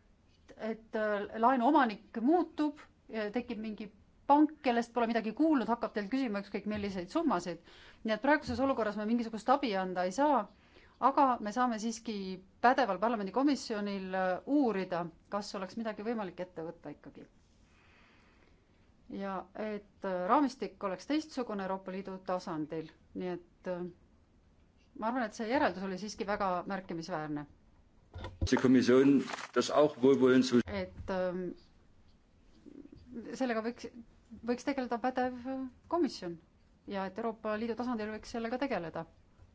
et äh, laenuomanik muutub, tekib mingi pank, kellest pole midagi kuulnud, hakkab teilt küsima ükskõik milliseid summasid. nii et praeguses olukorras me mingisugust abi anda ei saa, aga me saame siiski pädeval parlamendikomisjonil äh, uurida, kas oleks midagi võimalik ette võtta ikkagi. ja et äh, raamistik oleks teistsugune Euroopa Liidu tasandil, nii et ma arvan, et see järeldus oli siiski väga märkimisväärne. et ähm, sellega võiks, võiks tegeleda pädev komisjon ja et Euroopa Liidu tasandil võiks sellega tegeleda.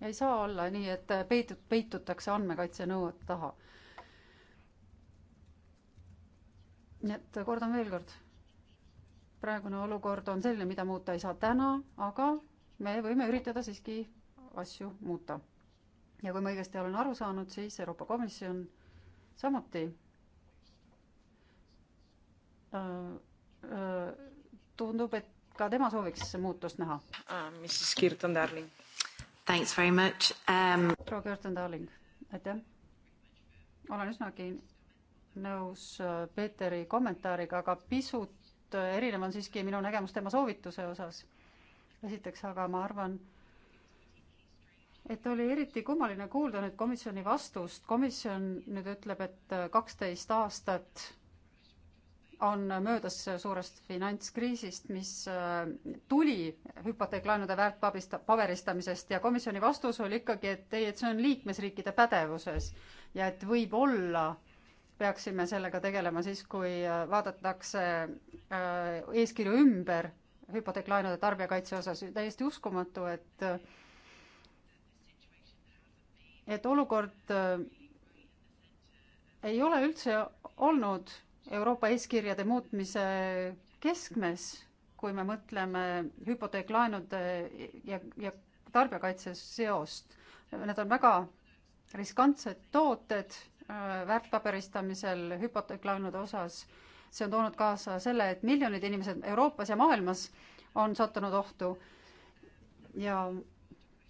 ei saa olla nii, et peitut-, peitutakse andmekaitsenõuete taha. nii et kordan veel kord, praegune olukord on selline, mida muuta ei saa täna, aga me võime üritada siiski asju muuta. ja kui ma õigesti olen aru saanud, siis Euroopa Komisjon samuti äh, äh, tundub, et ka tema sooviks muutust näha uh,. Äh, Mrs Kirton Darling. Thanks very much um.... proua Kirton Darling, aitäh. olen üsnagi nõus Peeteri kommentaariga, aga pisut erinev on siiski minu nägemus tema soovituse osas. esiteks, aga ma arvan, et oli eriti kummaline kuulda nüüd komisjoni vastust. komisjon nüüd ütleb, et kaksteist aastat on möödas suurest finantskriisist, mis äh, tuli hüpoteeklaenude väärtpaberista-, paberistamisest ja komisjoni vastus oli ikkagi, et ei, et see on liikmesriikide pädevuses ja et võib-olla peaksime sellega tegelema siis, kui äh, vaadatakse äh, eeskirju ümber hüpoteeklaenude tarbijakaitse osas. täiesti uskumatu, et et olukord äh, ei ole üldse olnud Euroopa eeskirjade muutmise keskmes, kui me mõtleme hüpoteeklaenude ja, ja tarbijakaitse seost. Need on väga riskantsed tooted äh, väärtpaberistamisel hüpoteeklaenude osas. see on toonud kaasa selle, et miljonid inimesed Euroopas ja maailmas on sattunud ohtu ja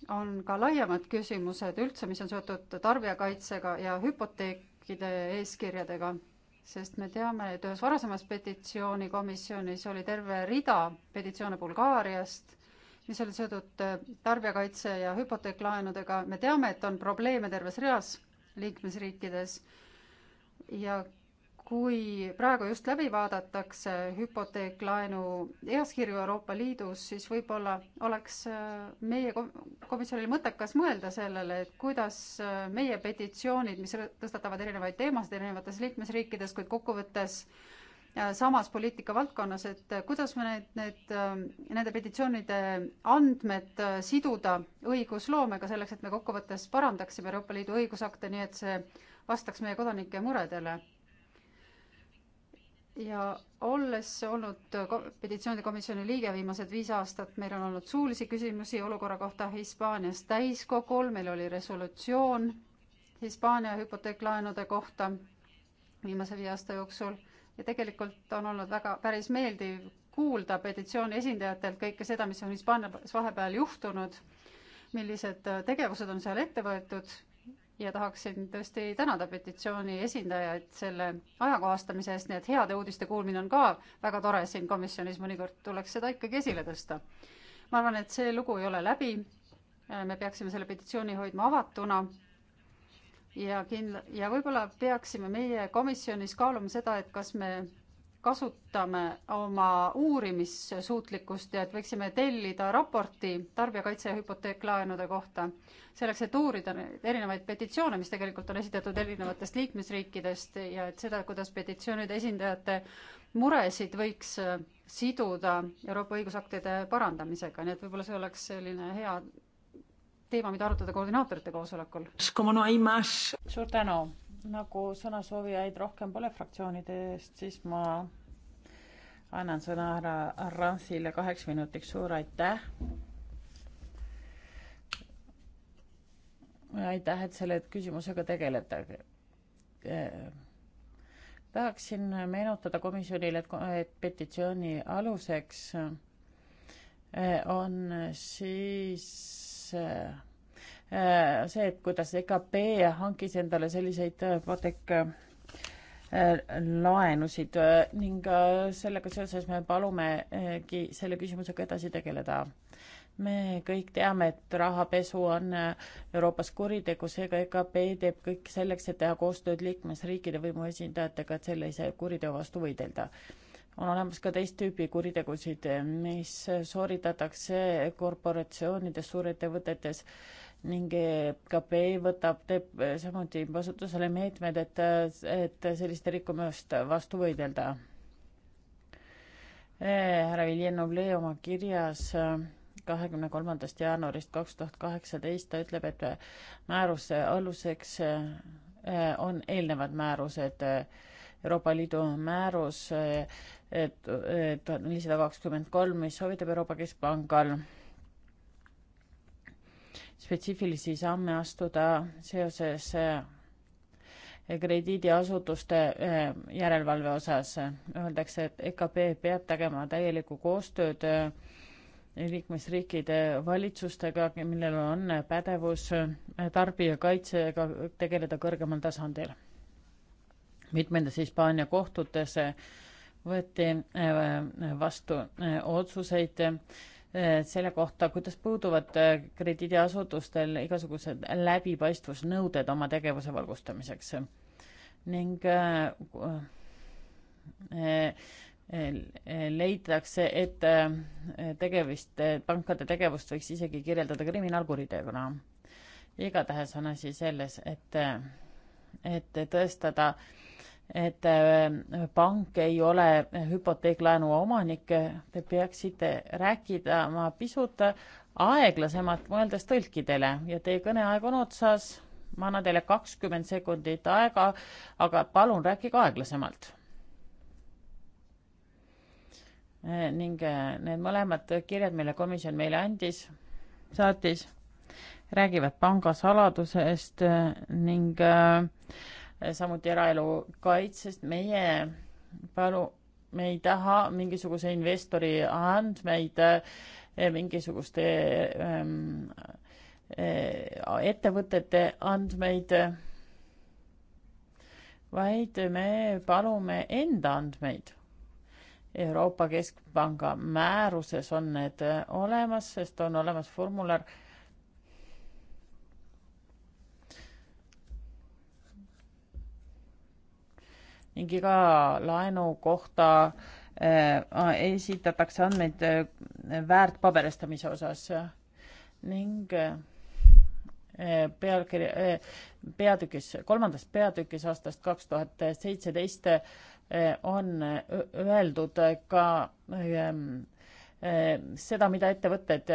on ka laiemad küsimused üldse, mis on seotud tarbijakaitsega ja hüpoteekide eeskirjadega, sest me teame, et ühes varasemas petitsioonikomisjonis oli terve rida petitsioone Bulgaariast, mis olid seotud äh, tarbijakaitse ja hüpoteeklaenudega. me teame, et on probleeme terves reas liikmesriikides ja kui praegu just läbi vaadatakse hüpoteeklaenu easkirju Euroopa Liidus, siis võib-olla oleks äh, meie komisjonil mõttekas mõelda sellele, et kuidas äh, meie petitsioonid, mis tõstatavad erinevaid teemasid erinevates liikmesriikides, kuid kokkuvõttes äh, samas poliitikavaldkonnas, et kuidas me need, need, nende petitsioonide andmed siduda õigusloomega selleks, et me kokkuvõttes parandaksime Euroopa Liidu õigusakte, nii et see vastaks meie kodanike muredele ja olles olnud petitsioonide komisjoni liige viimased viis aastat, meil on olnud suulisi küsimusi olukorra kohta Hispaanias täiskogul, meil oli resolutsioon Hispaania hüpoteeklaenude kohta viimase viie aasta jooksul ja tegelikult on olnud väga päris meeldiv kuulda petitsiooni esindajatelt kõike seda, mis on Hispaanias vahepeal juhtunud, millised tegevused on seal ette võetud ja tahaksin tõesti tänada petitsiooni esindajaid selle ajakohastamise eest, nii et heade uudiste kuulmine on ka väga tore siin komisjonis, mõnikord tuleks seda ikkagi esile tõsta. ma arvan, et see lugu ei ole läbi, me peaksime selle petitsiooni hoidma avatuna ja kindla-, ja võib-olla peaksime meie komisjonis kaaluma seda, et kas me kasutame oma uurimissuutlikkust ja et võiksime tellida raporti tarbijakaitse ja hüpoteeklaenude kohta, selleks et uurida neid erinevaid petitsioone, mis tegelikult on esitatud erinevatest liikmesriikidest ja et seda, kuidas petitsioonide esindajate muresid võiks siduda Euroopa õigusaktide parandamisega, nii et võib-olla see oleks selline hea teema, mida arutada koordinaatorite koosolekul. suur tänu nagu sõnasoovijaid rohkem pole fraktsioonide eest, siis ma annan sõna härra Ransile kaheks minutiks, suur aitäh. aitäh, et selle küsimusega tegelete. tahaksin meenutada komisjonile, et, et petitsiooni aluseks on siis Äh, see, et kuidas EKP hankis endale selliseid patek äh, äh, laenusid ning sellega seoses me palumegi selle küsimusega edasi tegeleda. me kõik teame, et rahapesu on Euroopas kuritegu, seega EKP teeb kõik selleks, et teha koostööd liikmesriikide võimuesindajatega, et sellise kuriteo vastu võidelda on olemas ka teist tüüpi kuritegusid, mis sooritatakse korporatsioonides, suurettevõtetes ning e KPI võtab, teeb samuti vastutusele meetmed, et, et selliste rikkumiste vastu võidelda. härra Viljenovle oma kirjas kahekümne kolmandast jaanuarist kaks tuhat kaheksateist ta ütleb, et määruse aluseks e, on eelnevad määrused, Euroopa Liidu määrus e, tuhat nelisada kakskümmend kolm, mis soovitab Euroopa Keskpangal spetsiifilisi samme astuda seoses eh, krediidiasutuste eh, järelevalve osas. Öeldakse, et EKP peab tegema täielikku koostööd eh, liikmesriikide valitsustega, millel on pädevus tarbijakaitsega tegeleda kõrgemal tasandil. mitmendas Hispaania kohtutes võeti vastu otsuseid Eh, selle kohta, kuidas puuduvad eh, krediidiasutustel igasugused läbipaistvusnõuded oma tegevuse valgustamiseks ning eh, leitakse, et tegevist, pankade tegevust võiks isegi kirjeldada kriminaalkuriteona. igatahes on asi selles, et, et tõestada äh, et äh, pank ei ole hüpoteeklaenu omanik, te peaksite rääkima pisut aeglasemalt, mõeldes tõlkidele ja teie kõneaeg on otsas. ma annan teile kakskümmend sekundit aega, aga palun rääkige aeglasemalt. Äh, ning äh, need mõlemad kirjad, mille komisjon meile andis, saatis, räägivad pangasaladusest ning äh, samuti eraelu kaitsest, meie palu, me ei taha mingisuguse investori andmeid eh, mingisuguste ähm, ettevõtete andmeid, vaid me palume enda andmeid. Euroopa Keskpanga määruses on need eh, olemas, sest on olemas formular äh, ning iga laenu kohta äh, esitatakse andmeid äh, väärtpaberestamise osas ning äh, pealkiri, peatükis, kolmandas peatükis aastast kaks tuhat seitseteist on öeldud ka seda, mida ettevõtted,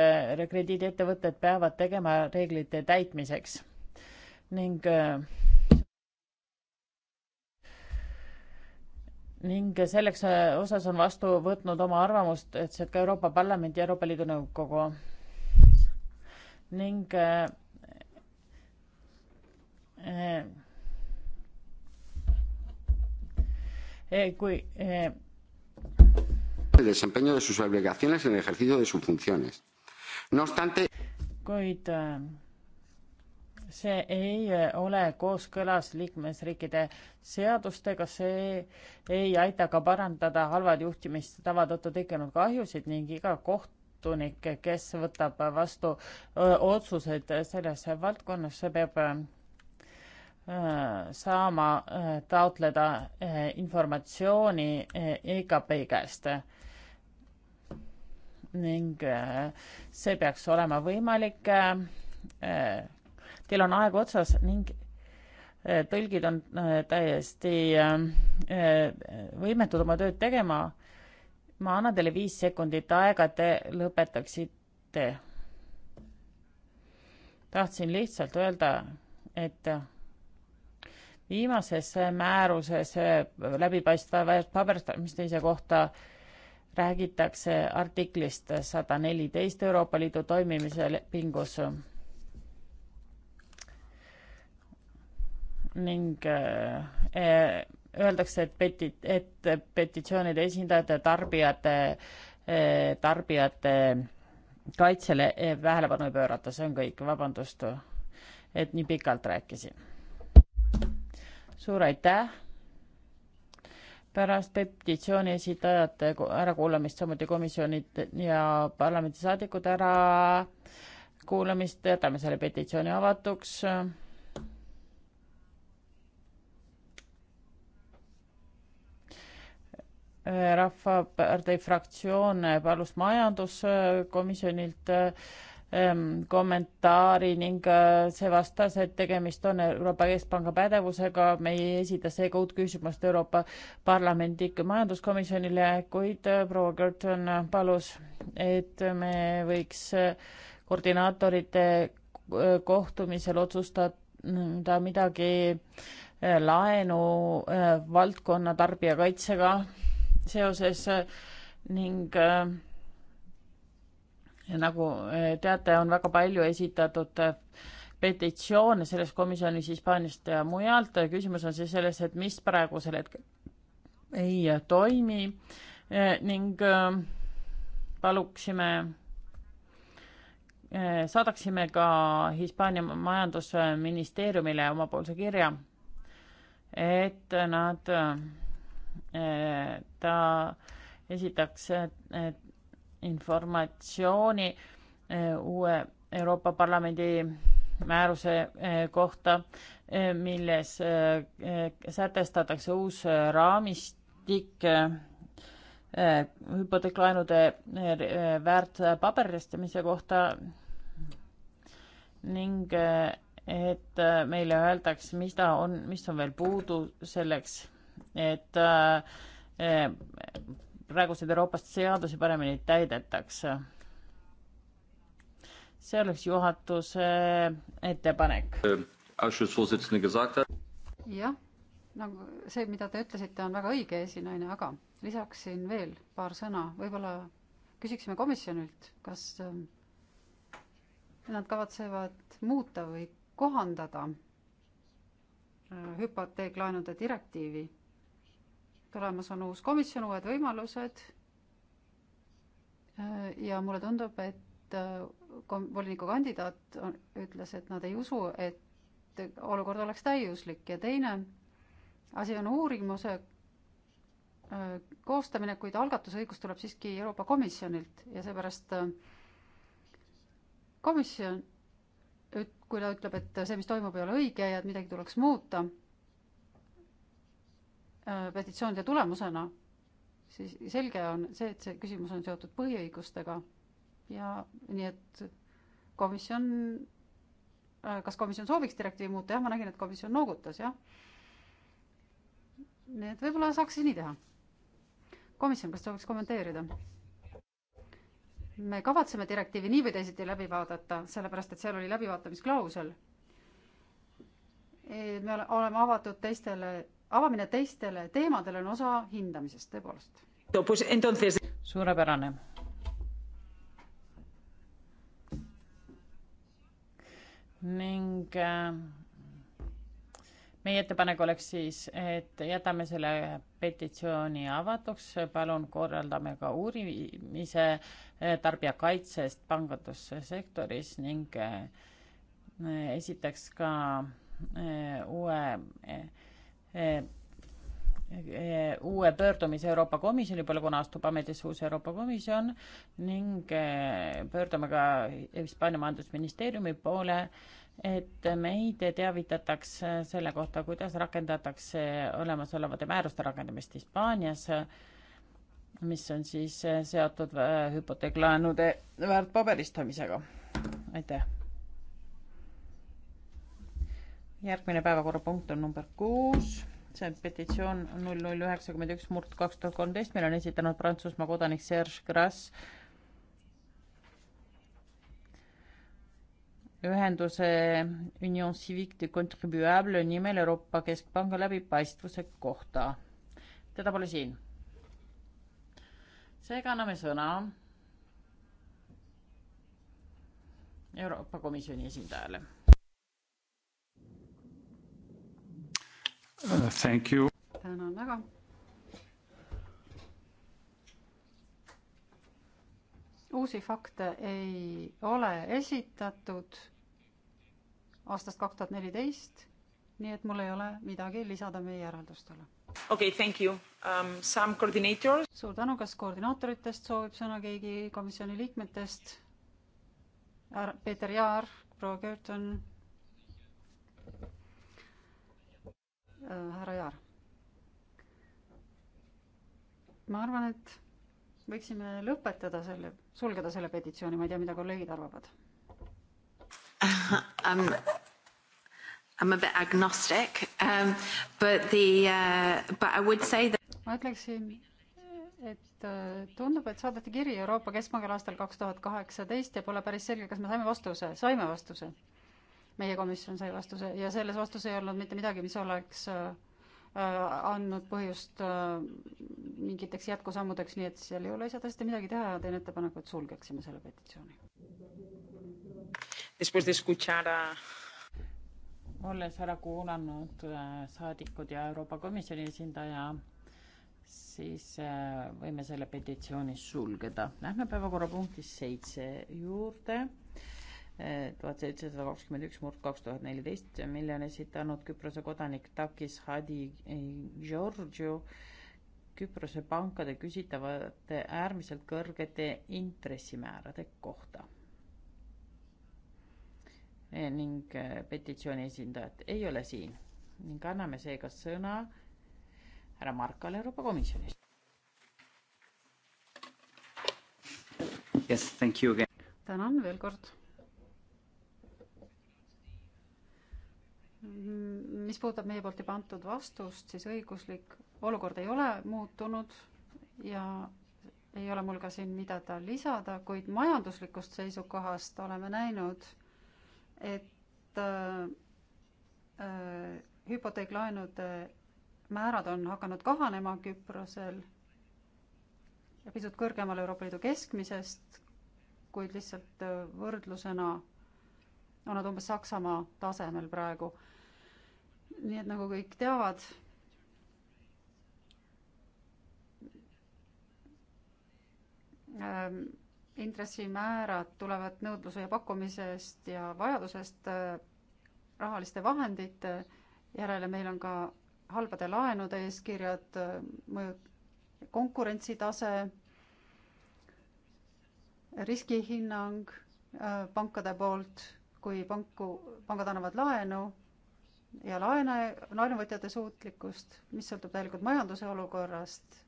krediidiettevõtted peavad tegema reeglite täitmiseks ning ning selleks äh, osas on vastu võtnud oma arvamust, et see ka Euroopa Parlament ja Euroopa Liidu Nõukogu. ning äh, äh, äh, kui äh, el desempeño de sus obligaciones en el ejercicio de sus funciones. No obstante, kuid äh, see ei ole kooskõlas liikmesriikide seadustega, see ei aita ka parandada halvad juhtimistava tõttu tekkinud kahjusid ning iga kohtunik, kes võtab vastu otsuseid selles valdkonnas, see peab saama taotleda informatsiooni EKP käest ning see peaks olema võimalik äh, Teil on aeg otsas ning äh, tõlgid on äh, täiesti äh, võimetud oma tööd tegema. ma annan teile viis sekundit aega, et te lõpetaksite. tahtsin lihtsalt öelda, et viimases määruses läbipaistva paberstamise kohta räägitakse artiklist sada neliteist Euroopa Liidu toimimise lepingus ning äh, äh, öeldakse, et peti-, et petitsioonide esindajate, tarbijate, äh, tarbijate kaitsele tähelepanu ei pöörata, see on kõik, vabandust, et nii pikalt rääkisin. suur aitäh. pärast petitsiooni esitajate ärakuulamist, samuti komisjonid ja parlamendisaadikud ära kuulamist jätame selle petitsiooni avatuks Rahvapartei fraktsioon palus majanduskomisjonilt ähm, kommentaari ning äh, see vastas, et tegemist on Euroopa Keskpanga pädevusega, me ei esita seega uut küsimust Euroopa Parlamendi majanduskomisjonile, kuid äh, proua Gerton palus, et me võiks äh, koordinaatorite kohtumisel otsustada midagi laenu valdkonna tarbijakaitsega seoses ning äh, ja nagu äh, teate, on väga palju esitatud äh, petitsioone selles komisjonis Hispaaniast ja mujalt. küsimus on siis selles, et mis praegusel hetkel ei toimi ning paluksime, saadaksime ka Hispaania majandusministeeriumile omapoolse kirja, et nad Eh, ta esitaks eh, informatsiooni eh, uue Euroopa Parlamendi määruse kohta, milles sätestatakse uus raamistik hüpoteeklaenude väärtpaberistamise kohta ning et meile öeldaks, mida on, mis on veel puudu selleks et äh, praeguseid Euroopast seadusi paremini täidetakse. see oleks juhatuse äh, ettepanek. jah, nagu see, mida te ütlesite, on väga õige esinaine, aga lisaksin veel paar sõna, võib-olla küsiksime komisjonilt, kas äh, nad kavatsevad muuta või kohandada hüpoteeklaenude direktiivi tulemas on uus komisjon, uued võimalused. ja mulle tundub, et äh, volinikukandidaat ütles, et nad ei usu, et olukord oleks täiuslik ja teine asi on uurimuse äh, koostamine, kuid algatusõigus tuleb siiski Euroopa Komisjonilt ja seepärast äh, komisjon, kui ta ütleb, et see, mis toimub, ei ole õige ja et midagi tuleks muuta Äh, petitsioonide tulemusena, siis selge on see, et see küsimus on seotud põhiõigustega ja nii et komisjon, äh, kas komisjon sooviks direktiivi muuta, jah, ma nägin, et komisjon noogutas, jah. nii et võib-olla saaks siis nii teha. komisjon, kas sooviks kommenteerida? me kavatseme direktiivi nii või teisiti läbi vaadata, sellepärast et seal oli läbivaatamisklausel. me oleme avatud teistele avamine teistele teemadele on osa hindamisest, tõepoolest. suurepärane. ning äh, meie ettepanek oleks siis, et jätame selle petitsiooni avatuks, palun korraldame ka uurimise äh, tarbijakaitsest pangandussektoris ning äh, esitaks ka äh, uue Eh, eh, uue pöördumise Euroopa Komisjoni poole, kuna astub ametisse uus Euroopa Komisjon ning eh, pöördume ka Hispaania majandusministeeriumi poole, et meid teavitataks selle kohta, kuidas rakendatakse olemasolevate määruste rakendamist Hispaanias, mis on siis seotud hüpoteeklaenude väärtpaberistamisega. aitäh! järgmine päevakorrapunkt on number kuus, see on petitsioon null null üheksakümmend üks murd kaks tuhat kolmteist, mille on esitanud Prantsusmaa kodanik Serge Gras. ühenduse Union Civique de Contribuable nimel Euroopa Keskpanga läbipaistvuse kohta. teda pole siin. seega anname sõna Euroopa Komisjoni esindajale uh,. Thank you. tänan väga. uusi fakte ei ole esitatud aastast kaks tuhat neliteist, nii et mul ei ole midagi lisada meie järeldustele. okei okay,, thank you um,. Some coordinators. suur tänu, kas koordinaatoritest soovib sõna keegi komisjoni liikmetest? Peeter Jaar, proua Gerton Äh, härra Jaar. ma arvan, et võiksime lõpetada selle, sulgeda selle petitsiooni, ma ei tea, mida kolleegid arvavad. Um, I am a bit agnostic um,, but the uh,, but I would say that. ma ütleksin, et äh, tundub, et saadeti kiri Euroopa Keskpangale aastal kaks tuhat kaheksateist ja pole päris selge, kas me saime vastuse, saime vastuse meie komisjon sai vastuse ja selles vastus ei olnud mitte midagi, mis oleks äh, andnud põhjust äh, mingiteks jätkusammudeks, nii et seal ei ole asjadest midagi teha ja teen ettepaneku, et sulgeksime selle petitsiooni. olles ära kuulanud äh, saadikud ja Euroopa Komisjoni esindaja, siis võime selle petitsiooni sulgeda. Lähme päevakorrapunkti seitse juurde tuhat seitsesada kakskümmend üks murd kaks tuhat neliteist, mille on esitanud Küprose kodanik Takis Hadi Georgiou Küprose pankade küsitavate äärmiselt kõrgete intressimäärade kohta. E, ning e, petitsiooni esindajat ei ole siin ning anname seega sõna härra Markale Euroopa Komisjonist. Yes, thank you again. tänan veel kord mis puudutab meie poolt juba antud vastust, siis õiguslik olukord ei ole muutunud ja ei ole mul ka siin midagi lisada, kuid majanduslikust seisukohast oleme näinud, et äh, äh, hüpoteeklaenude määrad on hakanud kahanema Küprosel ja pisut kõrgemal Euroopa Liidu keskmisest, kuid lihtsalt äh, võrdlusena on nad umbes Saksamaa tasemel praegu nii et nagu kõik teavad, ähm, intressimäärad tulevad nõudluse ja pakkumisest ja vajadusest äh, rahaliste vahendite järele, meil on ka halbade laenude eeskirjad, äh, mõju, konkurentsitase, riskihinnang äh, pankade poolt, kui panku, pangad annavad laenu ja laene, laenuvõtjate suutlikkust, mis sõltub täielikult majanduse olukorrast.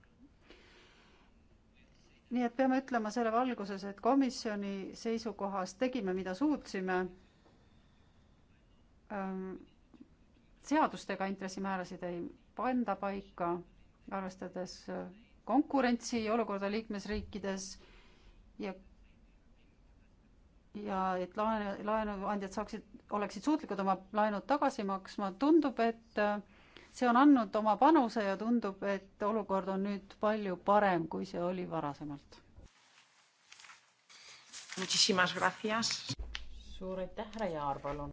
nii et peame ütlema selle valguses, et komisjoni seisukohast tegime, mida suutsime ähm,. seadustega intressimäärasid ei panda paika, arvestades konkurentsi olukorda liikmesriikides ja ja et laene, laenuandjad saaksid oleksid suutlikud oma laenud tagasi maksma, tundub, et äh, see on andnud oma panuse ja tundub, et olukord on nüüd palju parem, kui see oli varasemalt. suur aitäh, härra Jaar, palun.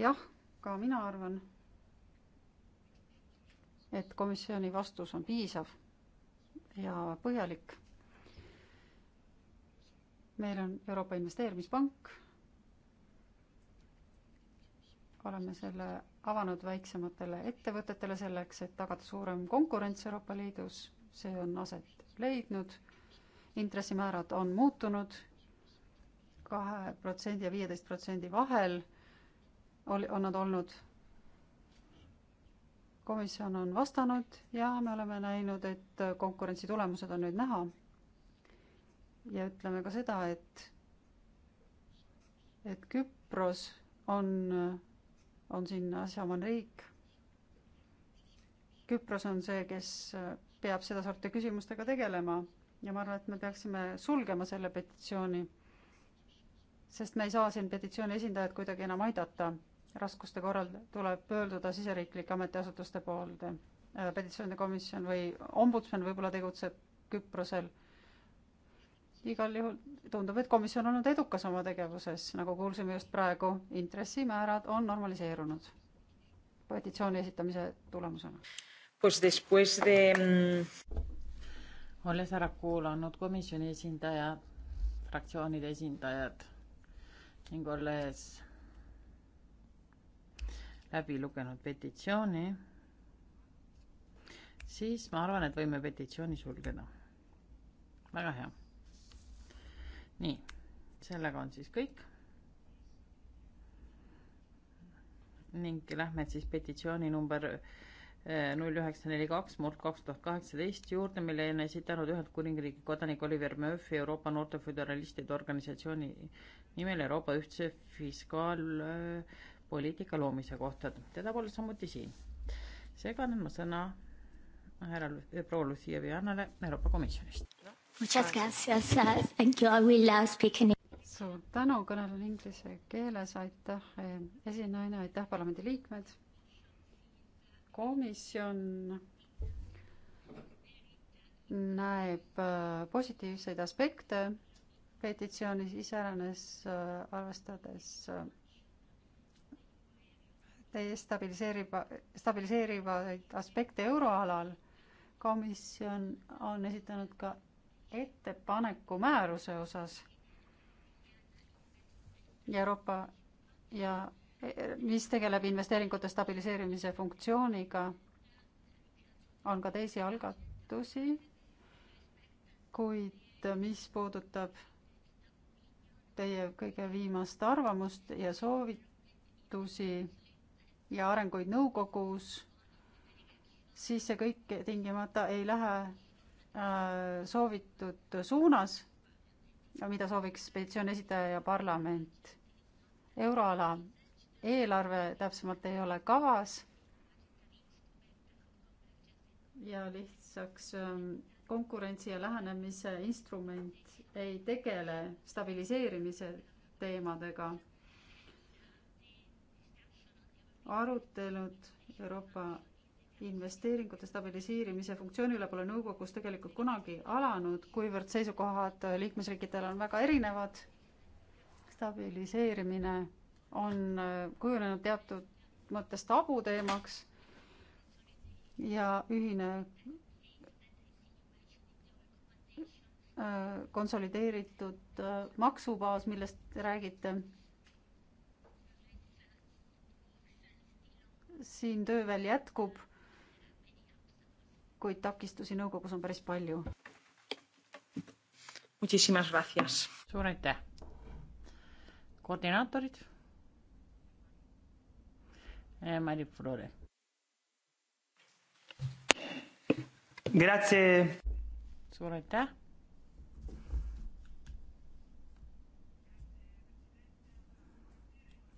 jah, ka mina arvan, et komisjoni vastus on piisav ja põhjalik. meil on Euroopa Investeerimispank oleme selle avanud väiksematele ettevõtetele selleks, et tagada suurem konkurents Euroopa Liidus, see on aset leidnud, intressimäärad on muutunud kahe protsendi ja viieteist protsendi vahel oli, on nad olnud. komisjon on vastanud ja me oleme näinud, et konkurentsi tulemused on nüüd näha. ja ütleme ka seda, et, et Küpros on on siin asjaomane riik. Küpros on see, kes peab sedasorti küsimustega tegelema ja ma arvan, et me peaksime sulgema selle petitsiooni, sest me ei saa siin petitsiooni esindajat kuidagi enam aidata. raskuste korral tuleb pöörduda siseriiklike ametiasutuste poolde. Äh, petitsioonide komisjon või ombudsman võib-olla tegutseb Küprosel igal juhul tundub, et komisjon on olnud edukas oma tegevuses, nagu kuulsime just praegu, intressimäärad on normaliseerunud petitsiooni esitamise tulemusena pues. De... Mm, olles ära kuulanud komisjoni esindaja, fraktsioonide esindajad ning olles läbi lugenud petitsiooni, siis ma arvan, et võime petitsiooni sulgeda. väga hea nii, sellega on siis kõik. ning lähme siis petitsiooni number äh, null üheksa neli kaks murd kaks tuhat kaheksateist juurde, mille on esitanud Ühendkuningriigi kodanik Oliver Murphy Euroopa Noorte Föderalistide Organisatsiooni nimel Euroopa ühtse fiskaalpoliitika loomise kohta. teda pole samuti siin. seega annan ma sõna härra proua Lucia Vianale Euroopa Komisjonist no.. Muchas gracias. Uh, thank you. I will uh, speak in suur tänu, kõnelen inglise keeles, aitäh eh, esinaine, aitäh parlamendi liikmed. komisjon näeb eh, positiivseid aspekte petitsioonis iseäranis, eh, arvestades teie stabiliseeriva, stabiliseerivaid aspekte euroalal. komisjon on esitanud ka ettepaneku määruse osas ja Euroopa ja mis tegeleb investeeringute stabiliseerimise funktsiooniga, on ka teisi algatusi, kuid mis puudutab teie kõige viimast arvamust ja soovitusi ja arenguid nõukogus, siis see kõik tingimata ei lähe Äh, soovitud suunas, mida sooviks petitsiooni esitaja ja parlament. euroala eelarve täpsemalt ei ole kavas. ja lihtsaks ähm, konkurentsi ja lähenemise instrument ei tegele stabiliseerimise teemadega. arutelud Euroopa investeeringute stabiliseerimise funktsiooni üle pole nõukogus tegelikult kunagi alanud, kuivõrd seisukohad liikmesriikidel on väga erinevad. stabiliseerimine on äh, kujunenud teatud mõttes tabuteemaks ja ühine äh, konsolideeritud äh, maksubaas, millest te räägite siin töö veel jätkub kuid takistusi nõukogus on päris palju. suur aitäh. koordinaatorid. Eh, Mari Flore. suur aitäh.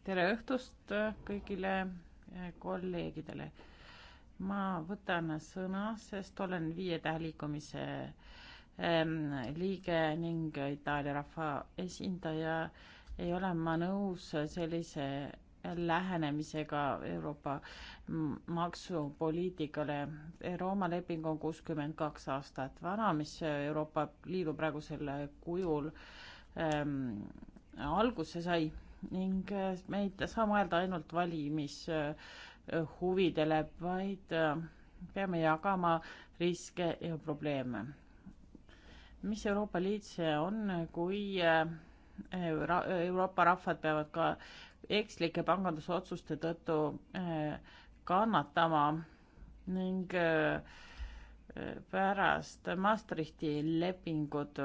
tere õhtust kõigile eh, kolleegidele ma võtan sõna, sest olen Viie Tähe liikumise ähm, liige ning Itaalia rahva esindaja. ei ole ma nõus sellise lähenemisega Euroopa maksupoliitikale. Rooma leping on kuuskümmend kaks aastat vana, mis Euroopa Liidu praegusel kujul ähm, alguse sai ning meid saab mõelda ainult valimis äh, huvidele, vaid äh, peame jagama riske ja probleeme. mis Euroopa Liit see on, kui Euro äh, Euroopa rahvad peavad ka ekslike pangandusotsuste tõttu äh, kannatama ning pärast Maastrichti lepingut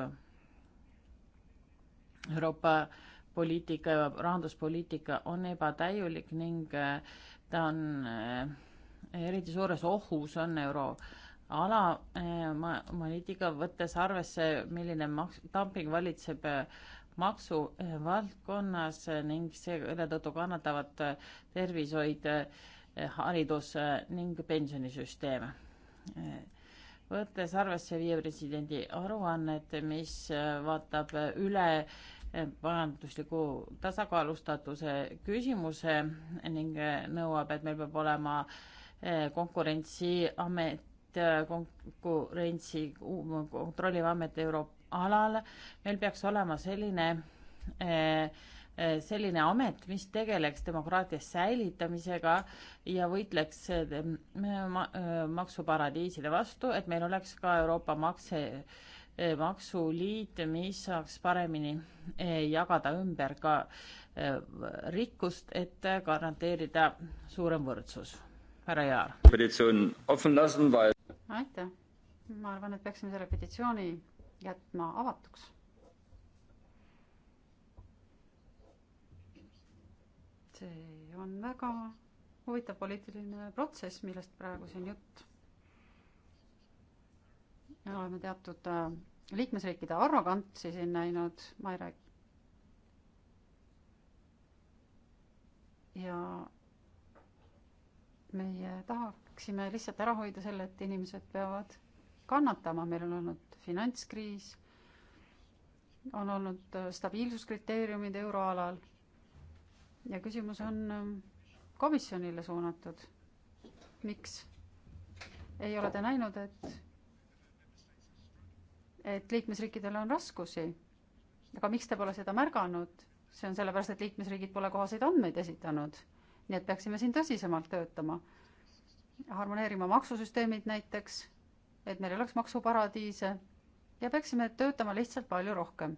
Euroopa poliitika ja rahanduspoliitika on ebatäiulik ning ta on äh, eriti suures ohus, on euroala äh, poliitika, võttes arvesse, milline maks, dumping valitseb äh, maksuvaldkonnas ning selle tõttu kannatavad tervishoid, haridus ning pensionisüsteem. võttes arvesse viie presidendi aruannet, mis vaatab üle majandusliku tasakaalustatuse küsimuse ning nõuab, et meil peab olema eh, konkurentsiamet, eh, konkurentsi kontrolliv amet euroalal, meil peaks olema selline eh, selline amet, mis tegeleks demokraatia säilitamisega ja võitleks maksuparadiiside vastu, et meil oleks ka Euroopa makse Eh, maksuliit, mis saaks paremini eh, jagada ümber ka eh, rikkust, et garanteerida suurem võrdsus. härra Jaar. aitäh, ma arvan, et peaksime selle petitsiooni jätma avatuks. see on väga huvitav poliitiline protsess, millest praegu siin jutt oleme teatud äh, liikmesriikide arrogantsi siin näinud, ma ei räägi. ja meie tahaksime lihtsalt ära hoida selle, et inimesed peavad kannatama, meil on olnud finantskriis, on olnud äh, stabiilsuskriteeriumid euroalal ja küsimus on äh, komisjonile suunatud. miks ei ole te näinud, et et liikmesriikidel on raskusi. aga miks te pole seda märganud? see on sellepärast, et liikmesriigid pole kohaseid andmeid esitanud. nii et peaksime siin tõsisemalt töötama. harmoneerima maksusüsteemid näiteks, et meil ei oleks maksuparadiise ja peaksime töötama lihtsalt palju rohkem.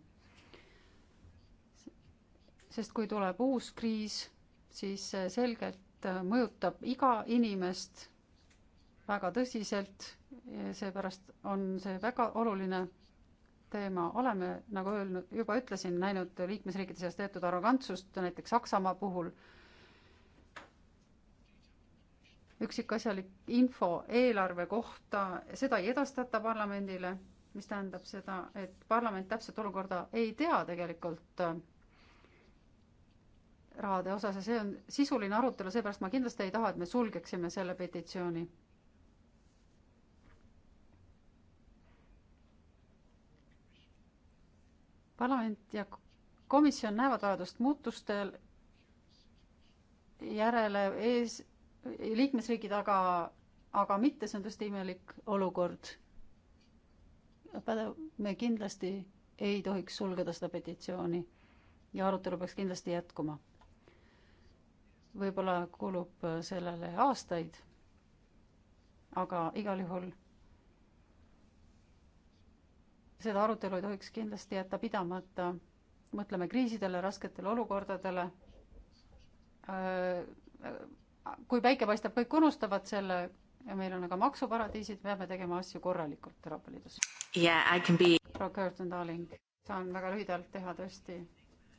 sest kui tuleb uus kriis, siis selgelt mõjutab iga inimest väga tõsiselt, seepärast on see väga oluline teema, oleme, nagu öelnud, juba ütlesin, näinud liikmesriikide seas teatud arrogantsust, näiteks Saksamaa puhul. üksikasjalik info eelarve kohta, seda ei edastata parlamendile, mis tähendab seda, et parlament täpset olukorda ei tea tegelikult äh, rahade osas ja see on sisuline arutelu, seepärast ma kindlasti ei taha, et me sulgeksime selle petitsiooni parlament ja komisjon näevad vajadust muutustel järele ees, liikmesriigid aga, aga mitte, see on tõesti imelik olukord. pädev, me kindlasti ei tohiks sulgeda seda petitsiooni ja arutelu peaks kindlasti jätkuma. võib-olla kulub äh, sellele aastaid, aga igal juhul seda arutelu ei tohiks kindlasti jätta pidamata. mõtleme kriisidele, rasketele olukordadele. Äh, äh, kui päike paistab, kõik unustavad selle ja meil on aga maksuparadiisid, peame tegema asju korralikult Euroopa Liidus yeah,. proua Curtin Darling, saan väga lühidalt teha tõesti.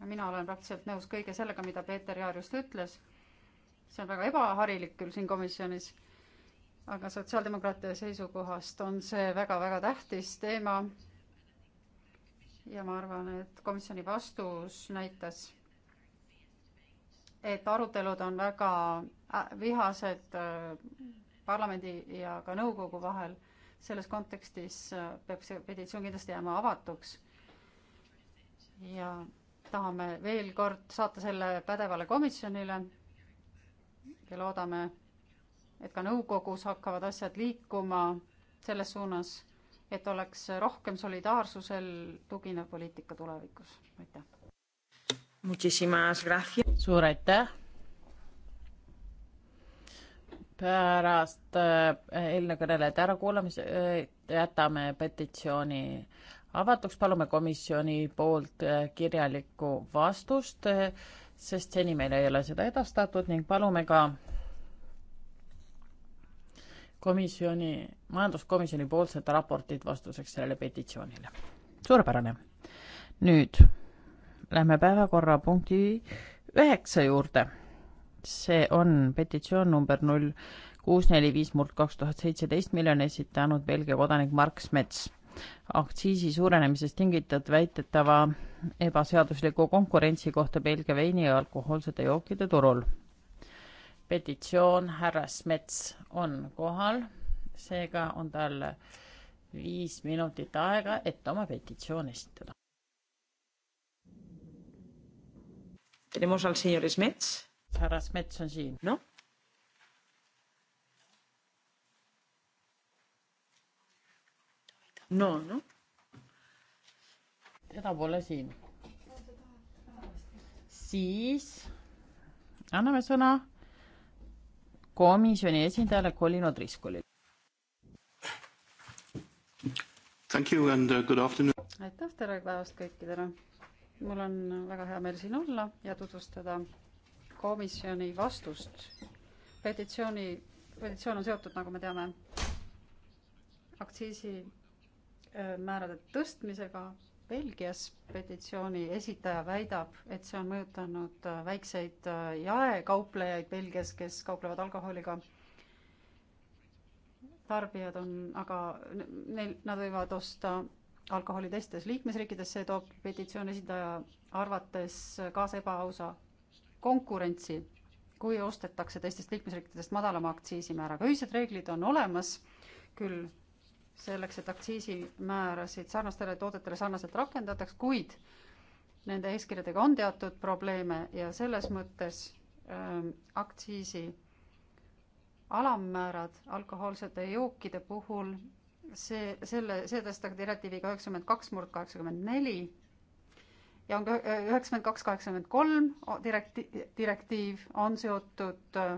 mina olen praktiliselt nõus kõige sellega, mida Peeter Jaar just ütles. see on väga ebaharilik küll siin komisjonis aga sotsiaaldemokraatia seisukohast on see väga-väga tähtis teema ja ma arvan, et komisjoni vastus näitas, et arutelud on väga äh, vihased äh, parlamendi ja ka nõukogu vahel. selles kontekstis äh, peab see petitsioon kindlasti jääma avatuks. ja tahame veel kord saata selle pädevale komisjonile ja loodame, et ka nõukogus hakkavad asjad liikuma selles suunas et oleks rohkem solidaarsusel tuginev poliitika tulevikus, aitäh. suur aitäh. pärast äh, eelkõnelejate ärakuulamise äh, jätame petitsiooni avatuks, palume komisjoni poolt äh, kirjalikku vastust, sest seni meile ei ole seda edastatud ning palume ka komisjoni, majanduskomisjoni poolset raportit vastuseks sellele petitsioonile. suurepärane. nüüd lähme päevakorrapunkti üheksa juurde. see on petitsioon number null kuus neli viis murd kaks tuhat seitseteist, mille on esitanud Belgia kodanik Mark Smets. aktsiisi suurenemisest tingitud väidetava ebaseadusliku konkurentsi kohta Belgia veini ja alkohoolsete jookide turul petitsioon, härra Smets on kohal, seega on tal viis minutit aega, et oma petitsioon esitada. Tenemos al señor Smets. härra Smets on siin. noh. no, no, no.. teda pole siin. siis anname sõna komisjoni esindajale Colin O'Driscollile. Thank you and uh, good afternoon. aitäh, tere päevast kõikidele. mul on väga hea meel siin olla ja tutvustada komisjoni vastust. petitsiooni, petitsioon on seotud, nagu me teame, aktsiisimäärade äh, tõstmisega Belgias petitsiooni esitaja väidab, et see on mõjutanud äh, väikseid äh, jaekauplejaid Belgias, kes kauplevad alkoholiga. tarbijad on aga, neil, nad võivad osta alkoholi teistes liikmesriikides, see toob petitsiooni esindaja arvates kaasa ebaausa konkurentsi, kui ostetakse teistest liikmesriikidest madalama aktsiisimääraga. ühised reeglid on olemas küll selleks, et aktsiisimäärasid sarnastele toodetele sarnaselt rakendataks, kuid nende eeskirjadega on teatud probleeme ja selles mõttes ähm, aktsiisi alammäärad alkohoolsete jookide puhul, see, selle, see tõstab direktiiviga üheksakümmend kaks murd kaheksakümmend neli ja on ka äh, üheksakümmend kaks, kaheksakümmend kolm direkti-, direktiiv on seotud äh,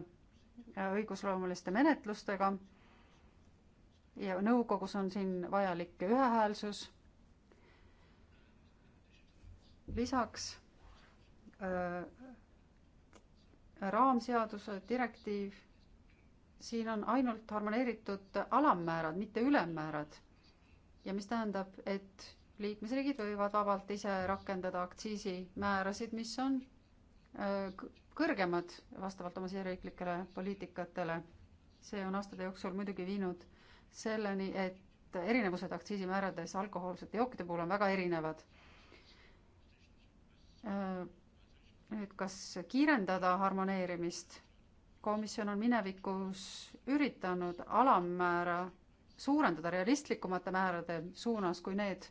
õigusloomuliste menetlustega ja nõukogus on siin vajalik ühehäälsus. lisaks äh, raamseaduse direktiiv, siin on ainult harmoneeritud alammäärad, mitte ülemmäärad. ja mis tähendab, et liikmesriigid võivad vabalt ise rakendada aktsiisimäärasid, mis on äh, kõrgemad vastavalt oma siseriiklikele poliitikatele. see on aastate jooksul muidugi viinud selleni, et erinevused aktsiisimäärades alkohoolsete jookide puhul on väga erinevad. nüüd, äh, kas kiirendada harmoneerimist? komisjon on minevikus üritanud alammäära suurendada realistlikumate määrade suunas kui need,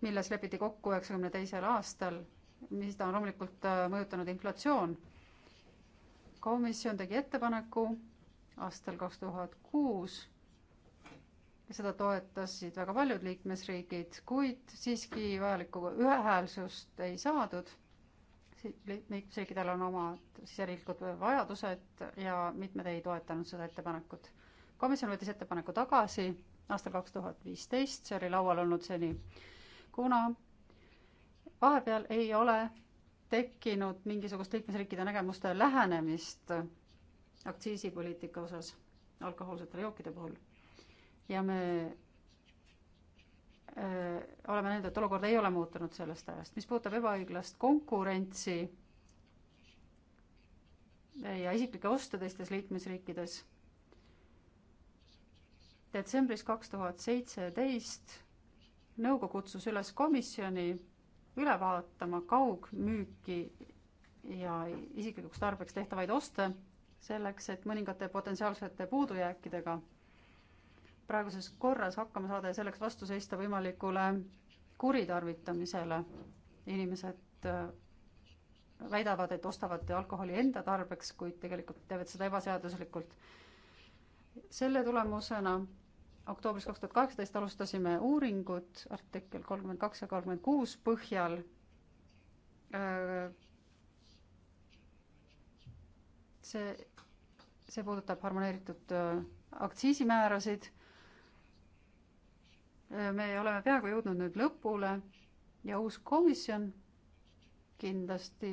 milles lepiti kokku üheksakümne teisel aastal, mis ta on loomulikult äh, mõjutanud inflatsioon. komisjon tegi ettepaneku aastal kaks tuhat kuus seda toetasid väga paljud liikmesriigid, kuid siiski vajalikku ühehäälsust ei saadud. liikmesriikidel on omad siseriiklikud vajadused ja mitmed ei toetanud seda ettepanekut. komisjon võttis ettepaneku tagasi aastal kaks tuhat viisteist, see oli laual olnud seni, kuna vahepeal ei ole tekkinud mingisugust liikmesriikide nägemuste lähenemist aktsiisipoliitika osas alkohoolsetele jookide puhul ja me öö, äh, oleme näinud, et olukord ei ole muutunud sellest ajast. mis puudutab ebaõiglast konkurentsi ja isiklikke oste teistes liikmesriikides, detsembris kaks tuhat seitseteist nõukogu kutsus üles komisjoni üle vaatama kaugmüüki ja isiklikuks tarbeks tehtavaid oste selleks, et mõningate potentsiaalsete puudujääkidega praeguses korras hakkama saada ja selleks vastu seista võimalikule kuritarvitamisele. inimesed äh, väidavad, et ostavad alkoholi enda tarbeks, kuid tegelikult teevad seda ebaseaduslikult. selle tulemusena oktoobris kaks tuhat kaheksateist alustasime uuringut artikkel kolmkümmend kaks ja kolmkümmend kuus põhjal äh, see, see puudutab harmoneeritud äh, aktsiisimäärasid me oleme peaaegu jõudnud nüüd lõpule ja uus komisjon kindlasti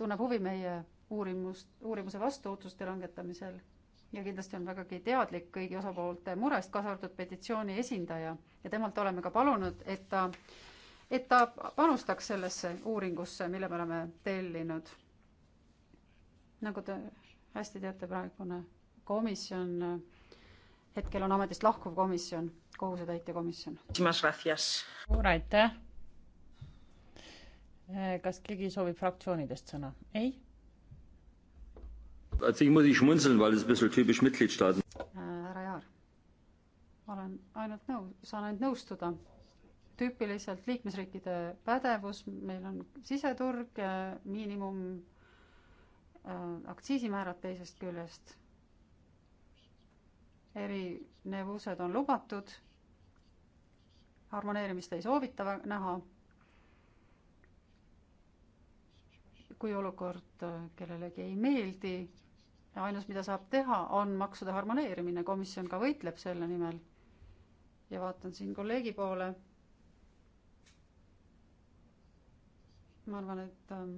tunneb huvi meie uurimust, uurimuse vastu otsuste langetamisel ja kindlasti on vägagi teadlik kõigi osapoolte murest, kaasa arvatud petitsiooni esindaja ja temalt oleme ka palunud, et ta, et ta panustaks sellesse uuringusse, mille me oleme tellinud. nagu te hästi teate, praegune komisjon hetkel on ametist lahkuv komisjon, kohusetäitja komisjon. suur aitäh. Eh, kas keegi soovib fraktsioonidest sõna? ei? Äh, härra Jaar, ma olen ainult nõu-, saan ainult nõustuda. tüüpiliselt liikmesriikide pädevus, meil on siseturg, miinimum äh, aktsiisimäärad teisest küljest erinevused on lubatud, harmoneerimist ei soovita näha. kui olukord äh, kellelegi ei meeldi, ainus, mida saab teha, on maksude harmoneerimine, komisjon ka võitleb selle nimel. ja vaatan siin kolleegi poole. ma arvan, et ähm,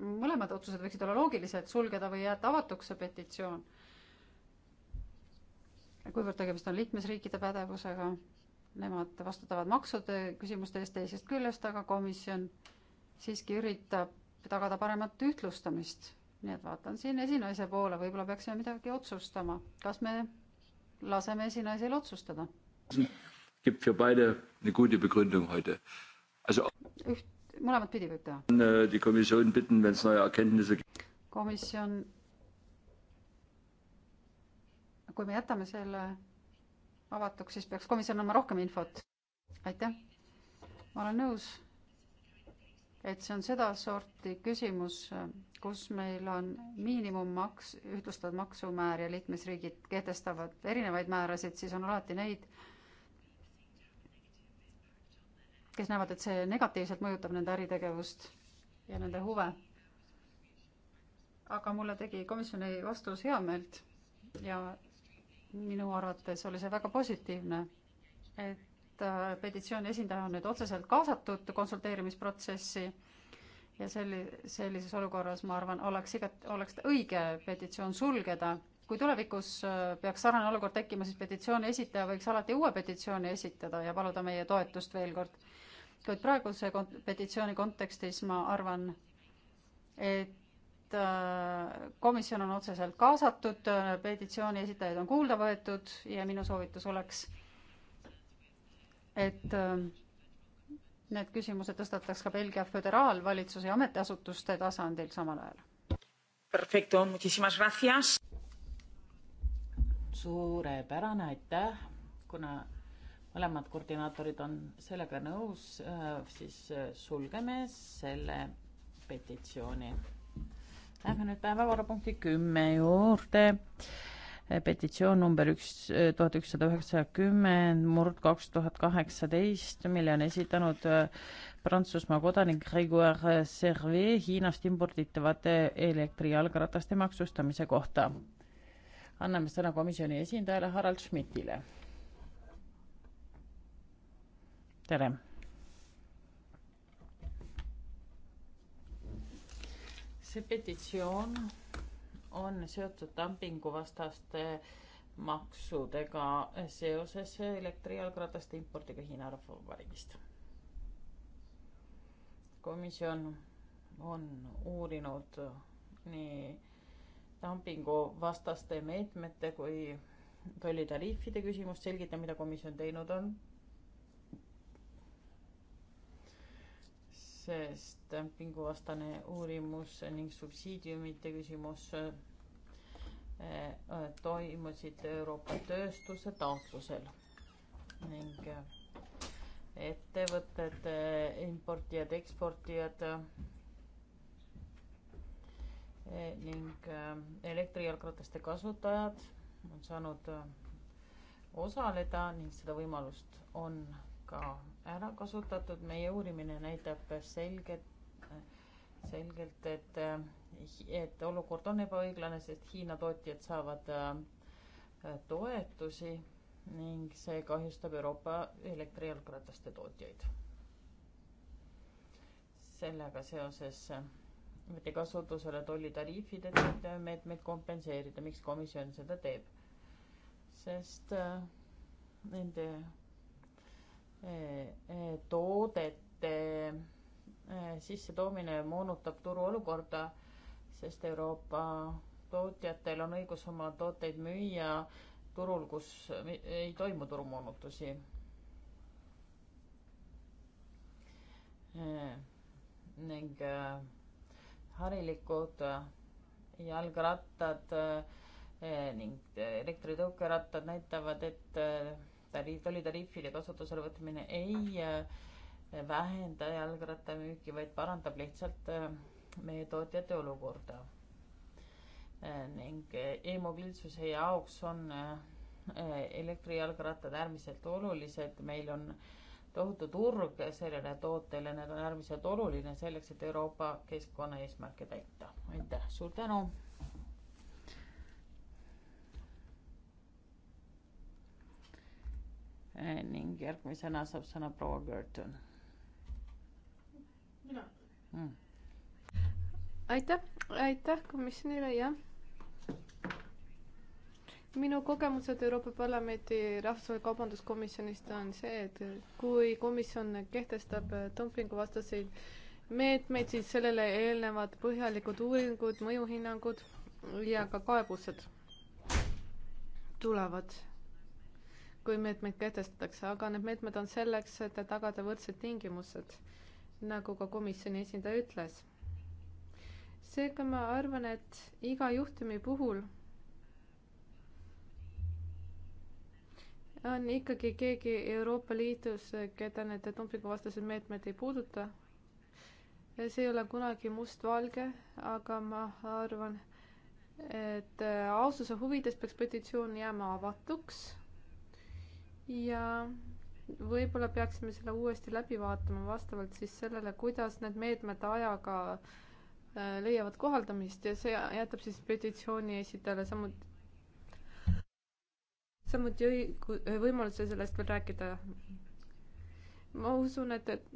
mõlemad otsused võiksid olla loogilised, sulgeda või jätta avatuks see petitsioon. kuivõrd tegemist on liikmesriikide pädevusega, nemad vastutavad maksude küsimuste eest teisest küljest, aga komisjon siiski üritab tagada paremat ühtlustamist. nii et vaatan siin esinaise poole, võib-olla peaksime midagi otsustama. kas me laseme esinaisel otsustada? üht mõlemat pidi võib teha. Äh, komisjon, kui me jätame selle avatuks, siis peaks komisjon andma rohkem infot. aitäh. ma olen nõus, et see on sedasorti küsimus, kus meil on miinimummaks, ühtlustatud maksumäär ja liikmesriigid kehtestavad erinevaid määrasid, siis on alati neid kes näevad, et see negatiivselt mõjutab nende äritegevust ja nende huve. aga mulle tegi komisjoni vastus heameelt ja minu arvates oli see väga positiivne, et äh, petitsiooni esindaja on nüüd otseselt kaasatud konsulteerimisprotsessi ja selli-, sellises olukorras, ma arvan, oleks igat-, oleks õige petitsioon sulgeda. kui tulevikus äh, peaks sarnane olukord tekkima, siis petitsiooni esitaja võiks alati uue petitsiooni esitada ja paluda meie toetust veel kord kuid praeguse petitsiooni kontekstis ma arvan, et äh, komisjon on otseselt kaasatud, äh, petitsiooni esitajaid on kuulda võetud ja minu soovitus oleks, et äh, need küsimused tõstataks ka Belgia föderaalvalitsuse ja ametiasutuste tasandil samal ajal. Perfecto, muchísimas gracias. suurepärane, aitäh, kuna mõlemad koordinaatorid on sellega nõus, äh, siis äh, sulgeme selle petitsiooni. Lähme nüüd päevakorrapunkti kümme juurde. Äh, petitsioon number üks, tuhat ükssada üheksakümmend murd kaks tuhat kaheksateist, mille on esitanud Prantsusmaa kodanik Grégoire Servet Hiinast imporditavate elektrijalgrataste maksustamise kohta. anname sõna komisjoni esindajale Harald Schmidtile tere! see petitsioon on seotud dumpinguvastaste maksudega seoses elektrijalgrataste impordiga Hiina Rahvavabariigist. komisjon on uurinud nii dumpinguvastaste meetmete kui tollitariifide küsimust, selgitan, mida komisjon teinud on sest dumpinguvastane uurimus ning subsiidiumite küsimus eh, toimusid Euroopa tööstuse taotlusel ning eh, ettevõtted, eh, importijad, eksportijad ning elektrijalgrataste kasutajad on saanud osaleda ning seda võimalust on ka ära kasutatud, meie uurimine näitab selget, selgelt, et, et olukord on ebaõiglane, sest Hiina tootjad saavad äh, toetusi ning see kahjustab Euroopa elektrijalgrataste tootjaid. sellega seoses võeti äh, kasutusele tollitariifid, et neid äh, meetmeid kompenseerida. miks komisjon seda teeb? sest nende Eh, eh, toodete eh, sissetoomine moonutab turuolukorda, sest Euroopa tootjatel on õigus oma tooteid müüa turul, kus ei toimu turumoonutusi. ning harilikud jalgrattad ning elektritõukerattad näitavad, et tariif, tollitariifide kasutusele võtmine ei äh, vähenda jalgrattamüüki, vaid parandab lihtsalt äh, meie tootjate olukorda. Äh, ning e-mobiilsuse jaoks on elektrijalgrattad äärmiselt olulised, meil on tohutu turg sellele tootele, need on äärmiselt oluline selleks, et Euroopa keskkonna eesmärke täita. aitäh, suur tänu! Eh, ning järgmisena saab sõna proua Gerton. mina mm.. aitäh, aitäh komisjonile, jah. minu kogemused Euroopa Parlamendi rahvusvahelise kaubanduskomisjonist on see, et kui komisjon kehtestab dumpinguvastaseid meetmeid, siis sellele eelnevad põhjalikud uuringud, mõjuhinnangud ja ka kaebused tulevad kui meetmeid kehtestatakse, aga need meetmed on selleks, et tagada võrdsed tingimused, nagu ka komisjoni esindaja ütles. seega ma arvan, et iga juhtumi puhul on ikkagi keegi Euroopa Liidus, keda need dumpinguvastased meetmed ei puuduta. see ei ole kunagi mustvalge, aga ma arvan, et äh, aususe huvides peaks petitsioon jääma avatuks ja võib-olla peaksime selle uuesti läbi vaatama vastavalt siis sellele, kuidas need meetmed ajaga äh, leiavad kohaldamist ja see jätab siis petitsiooni esitajale samuti samuti õigu-, võimaluse sellest veel rääkida. ma usun, et, et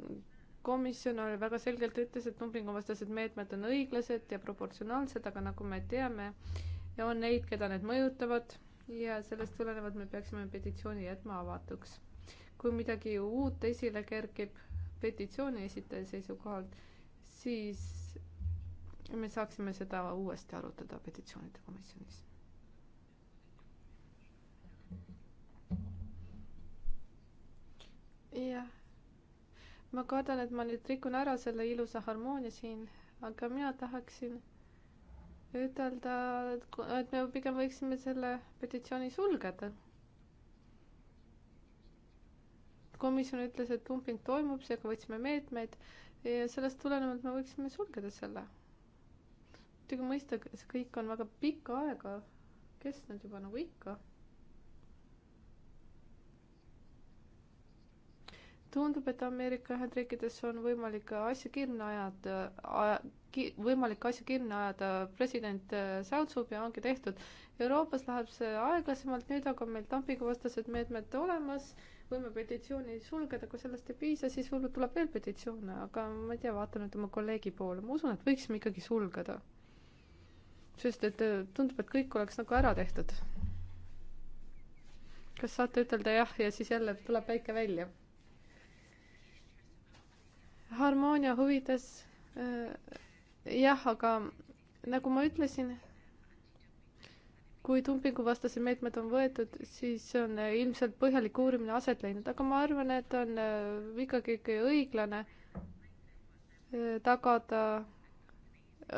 komisjon väga selgelt ütles, et dumpinguvastased meetmed on õiglased ja proportsionaalsed, aga nagu me teame, on neid, keda need mõjutavad ja sellest tulenevalt me peaksime petitsiooni jätma avatuks. kui midagi uut esile kerkib petitsiooni esitaja seisukohalt, siis me saaksime seda uuesti arutada petitsioonide komisjonis. jah, ma kardan, et ma nüüd rikun ära selle ilusa harmoonia siin, aga mina tahaksin ütelda, et me pigem võiksime selle petitsiooni sulgeda. komisjon ütles, et dumping toimub, seega võtsime meetmeid ja sellest tulenevalt me võiksime sulgeda selle. muidugi mõista, see kõik on väga pikka aega kestnud juba nagu ikka tundub, et Ameerika Ühendriikides on võimalik asju kinni ajada aja,, ki, võimalik asju kinni ajada, president äh, säutsub ja ongi tehtud. Euroopas läheb see aeglasemalt, nüüd aga meil dumpinguvastased meetmed olemas, võime petitsiooni sulgeda, kui sellest ei piisa, siis võib-olla tuleb veel petitsioone, aga ma ei tea, vaatan nüüd oma kolleegi poole, ma usun, et võiksime ikkagi sulgeda. sest et äh, tundub, et kõik oleks nagu ära tehtud. kas saate ütelda jah ja siis jälle tuleb väike välja? harmoonia huvides äh, jah, aga nagu ma ütlesin, kui dumpinguvastased meetmed on võetud, siis on äh, ilmselt põhjalik uurimine aset leidnud, aga ma arvan, et on äh, ikkagi õiglane tagada,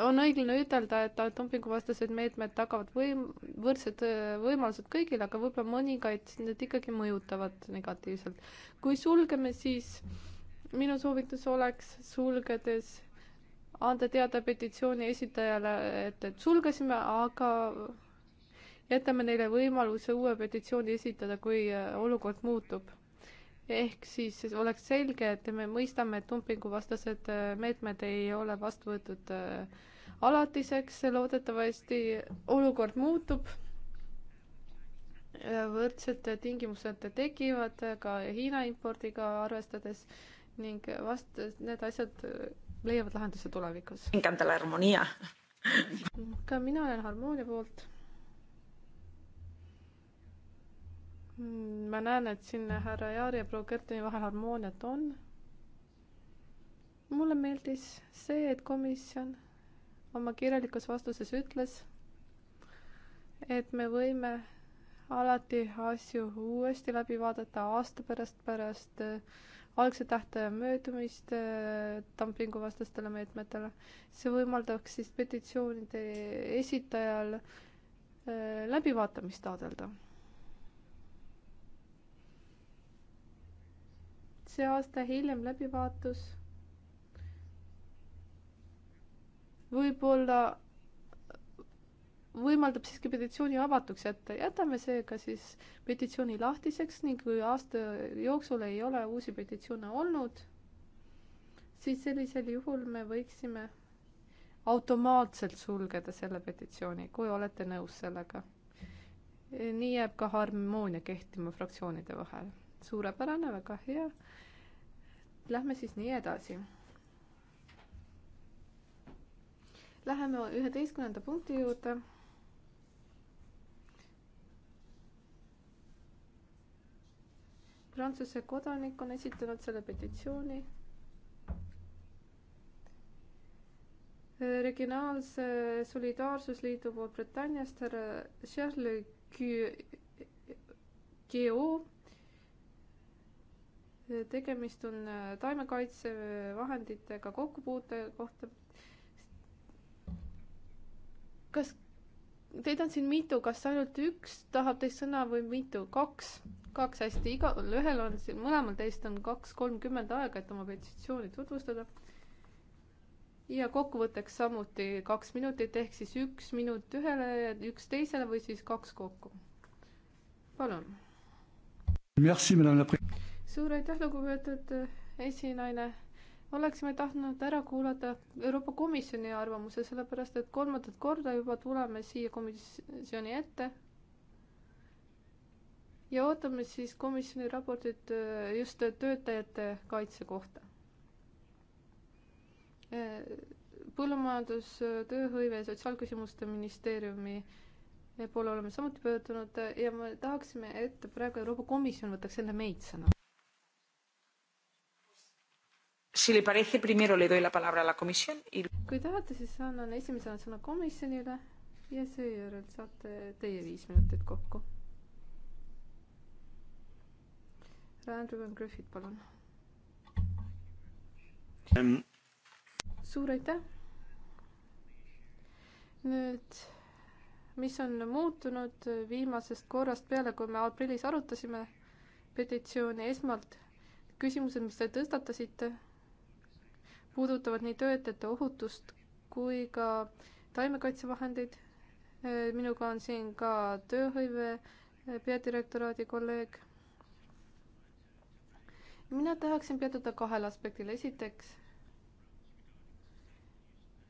on õiglane ütelda, et dumpinguvastased meetmed tagavad võim-, võrdsed võimalused kõigile, aga võib-olla mõningaid need ikkagi mõjutavad negatiivselt. kui sulgeme, siis äh, minu soovitus oleks sulgedes anda teada petitsiooni esitajale, et, et sulgesime, aga jätame neile võimaluse uue petitsiooni esitada, kui äh, olukord muutub. ehk siis oleks selge, et me mõistame, et dumpinguvastased äh, meetmed ei ole vastu võetud äh, alatiseks, loodetavasti olukord muutub. võrdsed tingimused tekivad ka Hiina impordiga arvestades ning vast need asjad äh, leiavad lahenduse tulevikus. ka mina olen harmoonia poolt. Mm, ma näen, et siin härra Jaari ja proua Kertini vahel harmooniat on. mulle meeldis see, et komisjon oma kirjalikus vastuses ütles, et me võime alati asju uuesti läbi vaadata aasta pärast, pärast äh, algse tähtaja möödumist äh, dumpinguvastastele meetmetele. see võimaldaks siis petitsioonide esitajal äh, läbivaatamist taotleda. see aasta hiljem läbivaatus võib-olla võimaldab siiski petitsiooni avatuks jätta, jätame seega siis petitsiooni lahtiseks ning kui aasta jooksul ei ole uusi petitsioone olnud, siis sellisel juhul me võiksime automaatselt sulgeda selle petitsiooni, kui olete nõus sellega. nii jääb ka harmoonia kehtima fraktsioonide vahel. suurepärane, väga hea. Lähme siis nii edasi Läheme üheteistkümnenda punkti juurde. Prantsuse kodanik on esitanud selle petitsiooni regionaalse solidaarsusliidu poolt Britanniast härra Charles Guillot. tegemist on äh, taimekaitsevahenditega kokkupuute kohta. kas teid on siin mitu, kas ainult üks tahab teist sõna või mitu, kaks? kaks hästi, igalühel on siin, mõlemal teist on kaks kolmkümmend aega, et oma petitsiooni tutvustada. ja kokkuvõtteks samuti kaks minutit, ehk siis üks minut ühele ja üks teisele või siis kaks kokku. palun. suur aitäh, lugupeetud äh, esinaine. oleksime tahtnud ära kuulata Euroopa Komisjoni arvamuse, sellepärast et kolmandat korda juba tuleme siia komisjoni ette ja ootame siis komisjoni raportit äh, just töötajate kaitse kohta. Äh, põllumajandus, tööhõive ja sotsiaalküsimuste ministeeriumi poole oleme samuti pöördunud ja me tahaksime, et praegu Euroopa Komisjon võtaks enne meid sõna. kui tahate, siis annan esimesena sõna komisjonile ja seejärel saate teie viis minutit kokku Andrew Griffith, palun um.. suur aitäh. nüüd, mis on muutunud viimasest korrast peale, kui me aprillis arutasime petitsiooni esmalt, küsimused, mis te tõstatasite, puudutavad nii töötajate ohutust kui ka taimekaitsevahendeid. Äh, minuga on siin ka tööhõive peadirektoraadi kolleeg mina tahaksin peatuda kahel aspektil, esiteks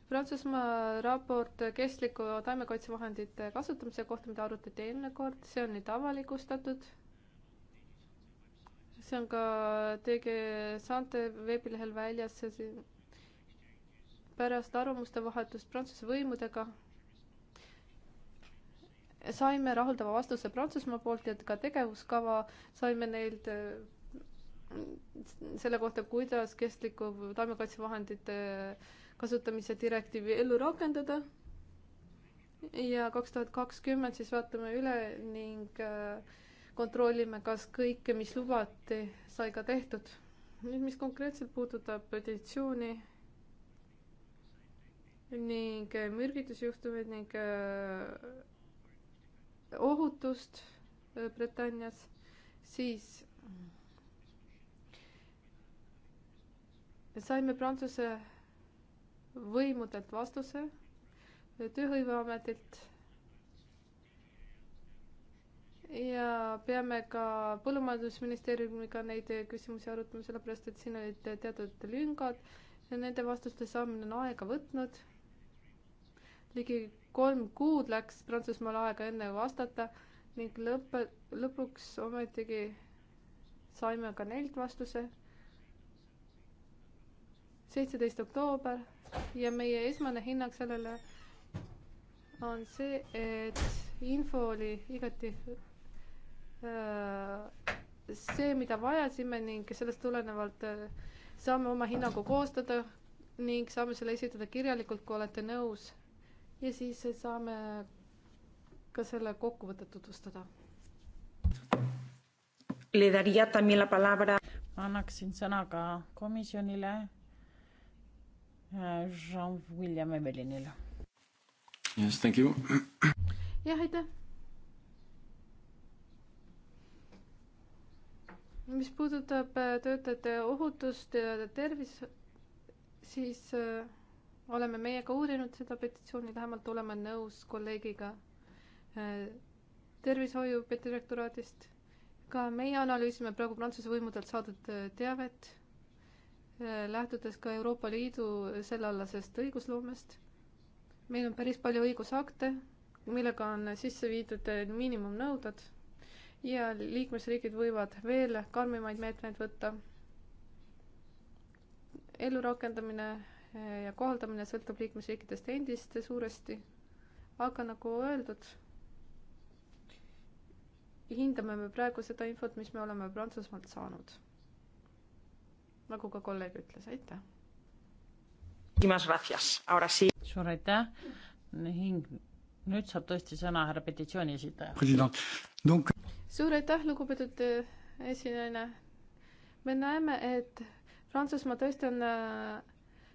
Prantsusmaa raport kestliku taimekaitsevahendite kasutamise kohta, mida arutati eelmine kord, see on nüüd avalikustatud. see on ka TG Sante veebilehel väljas, see siin pärast arvamuste vahetust Prantsuse võimudega saime rahuldava vastuse Prantsusmaa poolt ja ka tegevuskava saime neilt selle kohta, kuidas kestliku taimekaitsevahendite kasutamise direktiivi ellu rakendada. ja kaks tuhat kakskümmend siis vaatame üle ning äh, kontrollime, kas kõike, mis lubati, sai ka tehtud. nüüd, mis konkreetselt puudutab petitsiooni ning äh, mürgitusjuhtumeid ning äh, ohutust Britannias, siis saime Prantsuse võimudelt vastuse, tööhõiveametilt. ja peame ka Põllumajandusministeeriumiga neid küsimusi arutama, sellepärast et siin olid teatud lüngad ja nende vastuste saamine on aega võtnud. ligi kolm kuud läks Prantsusmaal aega enne vastata ning lõppe, lõpuks ometigi saime ka neilt vastuse seitseteist oktoober ja meie esmane hinnang sellele on see, et info oli igati äh, see, mida vajasime ning sellest tulenevalt äh, saame oma hinnangu koostada ning saame selle esitada kirjalikult, kui olete nõus. ja siis saame ka selle kokkuvõtet tutvustada. annaksin sõna ka komisjonile Uh, Jean-William Evelinile. Yes, thank you. jah, aitäh. mis puudutab äh, töötajate ohutust ja tervis, siis äh, oleme meie ka uurinud seda petitsiooni, vähemalt oleme nõus kolleegiga äh, tervishoiu peadirektoraadist. ka meie analüüsime praegu Prantsuse võimudelt saadud teavet lähtudes ka Euroopa Liidu sellealasest õigusloomest. meil on päris palju õigusakte, millega on sisse viidud miinimumnõuded ja liikmesriigid võivad veel karmimaid meetmeid võtta. ellurakendamine eh, ja kohaldamine sõltub liikmesriikidest endist suuresti. aga nagu öeldud, hindame me praegu seda infot, mis me oleme Prantsusmaalt saanud nagu ka kolleeg ütles, aitäh. suur aitäh ning nüüd saab tõesti sõna härra petitsiooni esitaja. Donc... suur aitäh, lugupeetud äh, esinaine. me näeme, et Prantsusmaa tõesti on äh,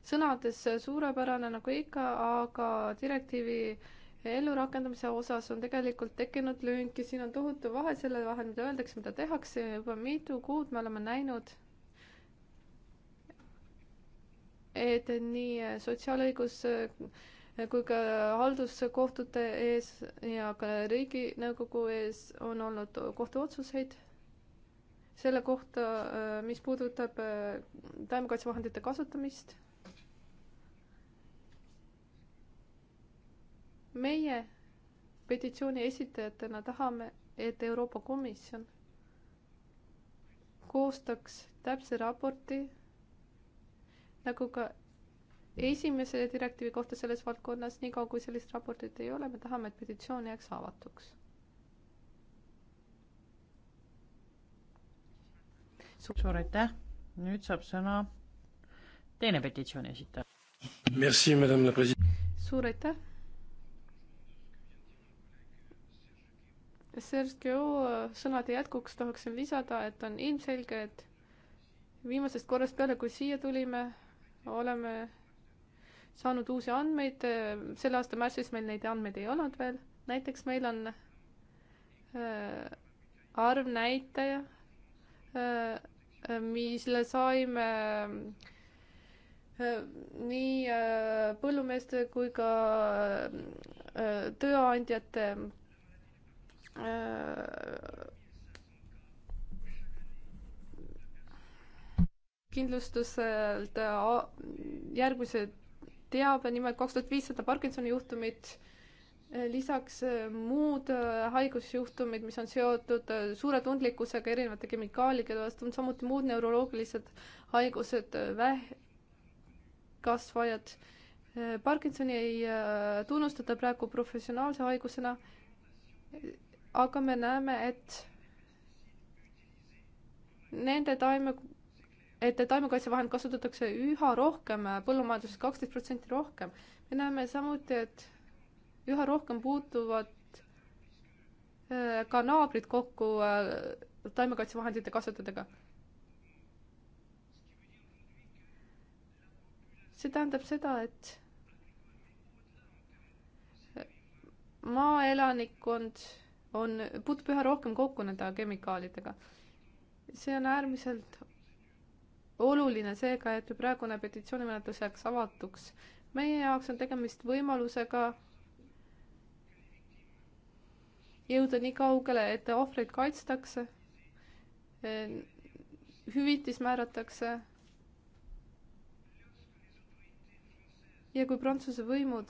sõnades suurepärane nagu ikka, aga direktiivi ellurakendamise osas on tegelikult tekkinud lünki, siin on tohutu vahe selle vahel, mida öeldakse, mida tehakse, juba mitu kuud me oleme näinud et nii sotsiaalõigus eh, kui ka halduskohtute ees ja ka Riiginõukogu ees on olnud kohtuotsuseid selle kohta, eh, mis puudutab eh, taimekaitsevahendite kasutamist. meie petitsiooni esitajatena tahame, et Euroopa Komisjon koostaks täpse raporti nagu ka esimese direktiivi kohta selles valdkonnas, niikaua kui sellist raportit ei ole, me tahame, et petitsioon jääks avatuks. suur aitäh, nüüd saab sõna teine petitsiooni esitaja. suur aitäh. Sergio sõnade jätkuks tahaksin lisada, et on ilmselge, et viimasest korrast peale, kui siia tulime, oleme saanud uusi andmeid, selle aasta märtsis meil neid andmeid ei olnud veel, näiteks meil on äh, arvnäitaja äh,, mille saime äh, nii äh, põllumeeste kui ka äh, tööandjate äh, kindlustuselt äh, järgmise teabe nimelt kaks tuhat viissada Parkinsoni juhtumit, äh, lisaks äh, muud haigusjuhtumid, mis on seotud suure tundlikkusega erinevate kemikaalide vastu, on samuti muud neuroloogilised haigused, vähkkasvajad. Parkinsoni ei tunnustata praegu professionaalse haigusena, aga me näeme, et nende taime et taimekaitsevahend kasutatakse üha rohkem põllumajanduses, kaksteist protsenti rohkem. me näeme samuti, et üha rohkem puutuvad äh, ka naabrid kokku äh, taimekaitsevahendite kasutajatega. see tähendab seda, et äh, maaelanikkond on, puutub üha rohkem kokku nende kemikaalidega. see on äärmiselt oluline seega, et praegune petitsioonimenetlus jääks avatuks. meie jaoks on tegemist võimalusega jõuda nii kaugele, et ohvreid kaitstakse, hüvitis määratakse. ja kui Prantsuse võimud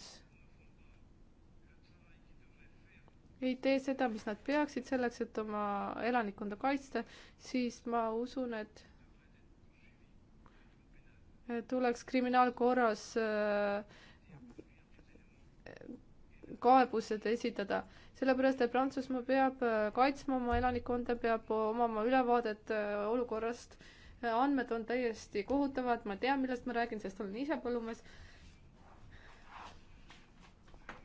ei tee seda, mis nad peaksid selleks, et oma elanikkonda kaitsta, siis ma usun, et tuleks kriminaalkorras äh, kaebused esitada, sellepärast et Prantsusmaa peab äh, kaitsma oma elanikkonda, peab omama ülevaadet äh, olukorrast. andmed on täiesti kohutavad, ma tean, millest ma räägin, sest olen ise põllumees.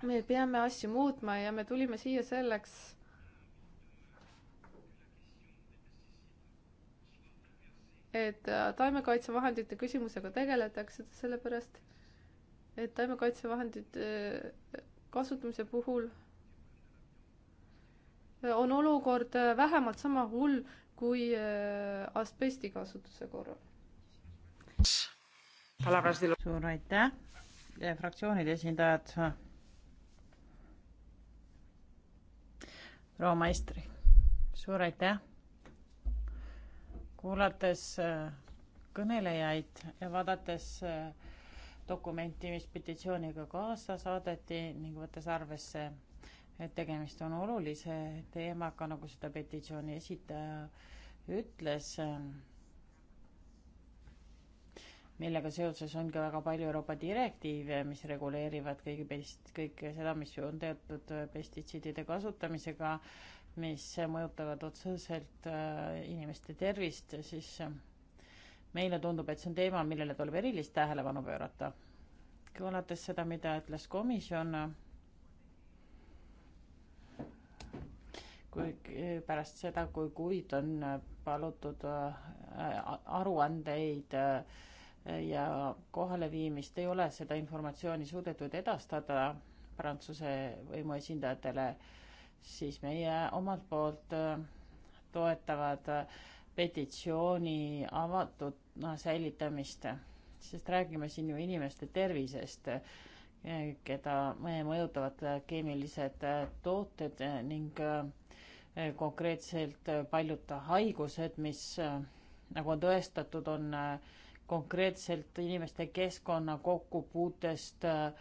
me peame asju muutma ja me tulime siia selleks et äh, taimekaitsevahendite küsimusega tegeletakse, sellepärast et taimekaitsevahendite äh, kasutamise puhul äh, on olukord vähemalt sama hull kui asbesti kasutuse korral. suur aitäh, fraktsioonide esindajad. proua Maistri, suur aitäh kuulates äh, kõnelejaid ja vaadates äh, dokumenti, mis petitsiooniga kaasa saadeti ning võttes arvesse, et tegemist on olulise teemaga, nagu seda petitsiooni esitaja ütles, äh, millega seoses on ka väga palju Euroopa direktiive, mis reguleerivad kõige pest-, kõike seda, mis on teatud pestitsiidide kasutamisega äh, mis mõjutavad otseselt äh, inimeste tervist, siis äh, meile tundub, et see on teema, millele tuleb erilist tähelepanu pöörata. kuulates seda, mida ütles komisjon, kui pärast seda, kui kuid on äh, palutud aruandeid ja kohaleviimist, ei ole seda informatsiooni suudetud edastada Prantsuse võimu esindajatele siis meie omalt poolt äh, toetavad äh, petitsiooni avatuna noh, säilitamist, sest räägime siin ju inimeste tervisest, äh, keda mõjutavad keemilised tooted ning konkreetselt paljud haigused, mis nagu on tõestatud, on konkreetselt inimeste keskkonna kokkupuutest äh,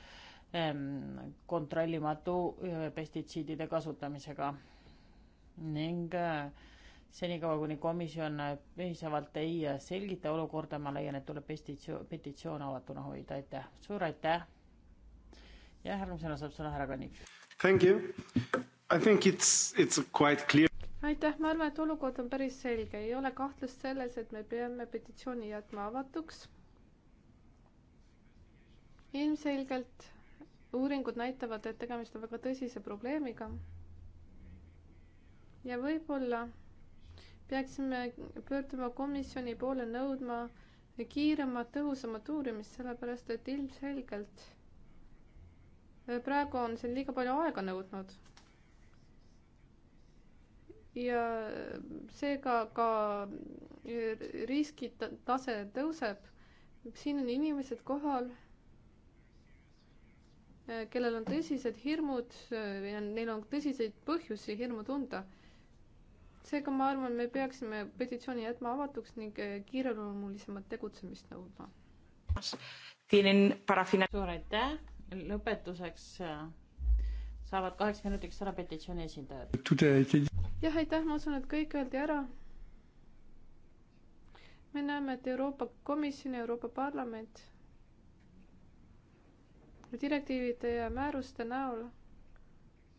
Ähm, kontrollimatu äh, pestitsiidide kasutamisega ning äh, senikaua, kuni komisjon äh, piisavalt ei selgita olukorda, ma leian, et tuleb pestitsioon, petitsioon avatuna hoida, aitäh. suur aitäh. ja järgmisena saab sõna härra Kanif. Thank you. I think it's, it's quite clear. aitäh, ma arvan, et olukord on päris selge, ei ole kahtlust selles, et me peame petitsiooni jätma avatuks. ilmselgelt uuringud näitavad, et tegemist on väga tõsise probleemiga. ja võib-olla peaksime pöörduma komisjoni poole nõudma kiiremat, tõhusamat uurimist, sellepärast et ilmselgelt praegu on see liiga palju aega nõudnud. ja seega ka riskitase tõuseb. siin on inimesed kohal Äh, kellel on tõsised hirmud äh, ja neil on tõsiseid põhjusi hirmu tunda. seega ma arvan, me peaksime petitsiooni jätma avatuks ning äh, kiireloomulisemat tegutsemist nõudma. suur aitäh, lõpetuseks saavad kaheks minutiks ära petitsiooni esindajad. jah, aitäh, ma usun, et kõik öeldi ära me näeme, et Euroopa Komisjon ja Euroopa Parlament direktiivide ja määruste näol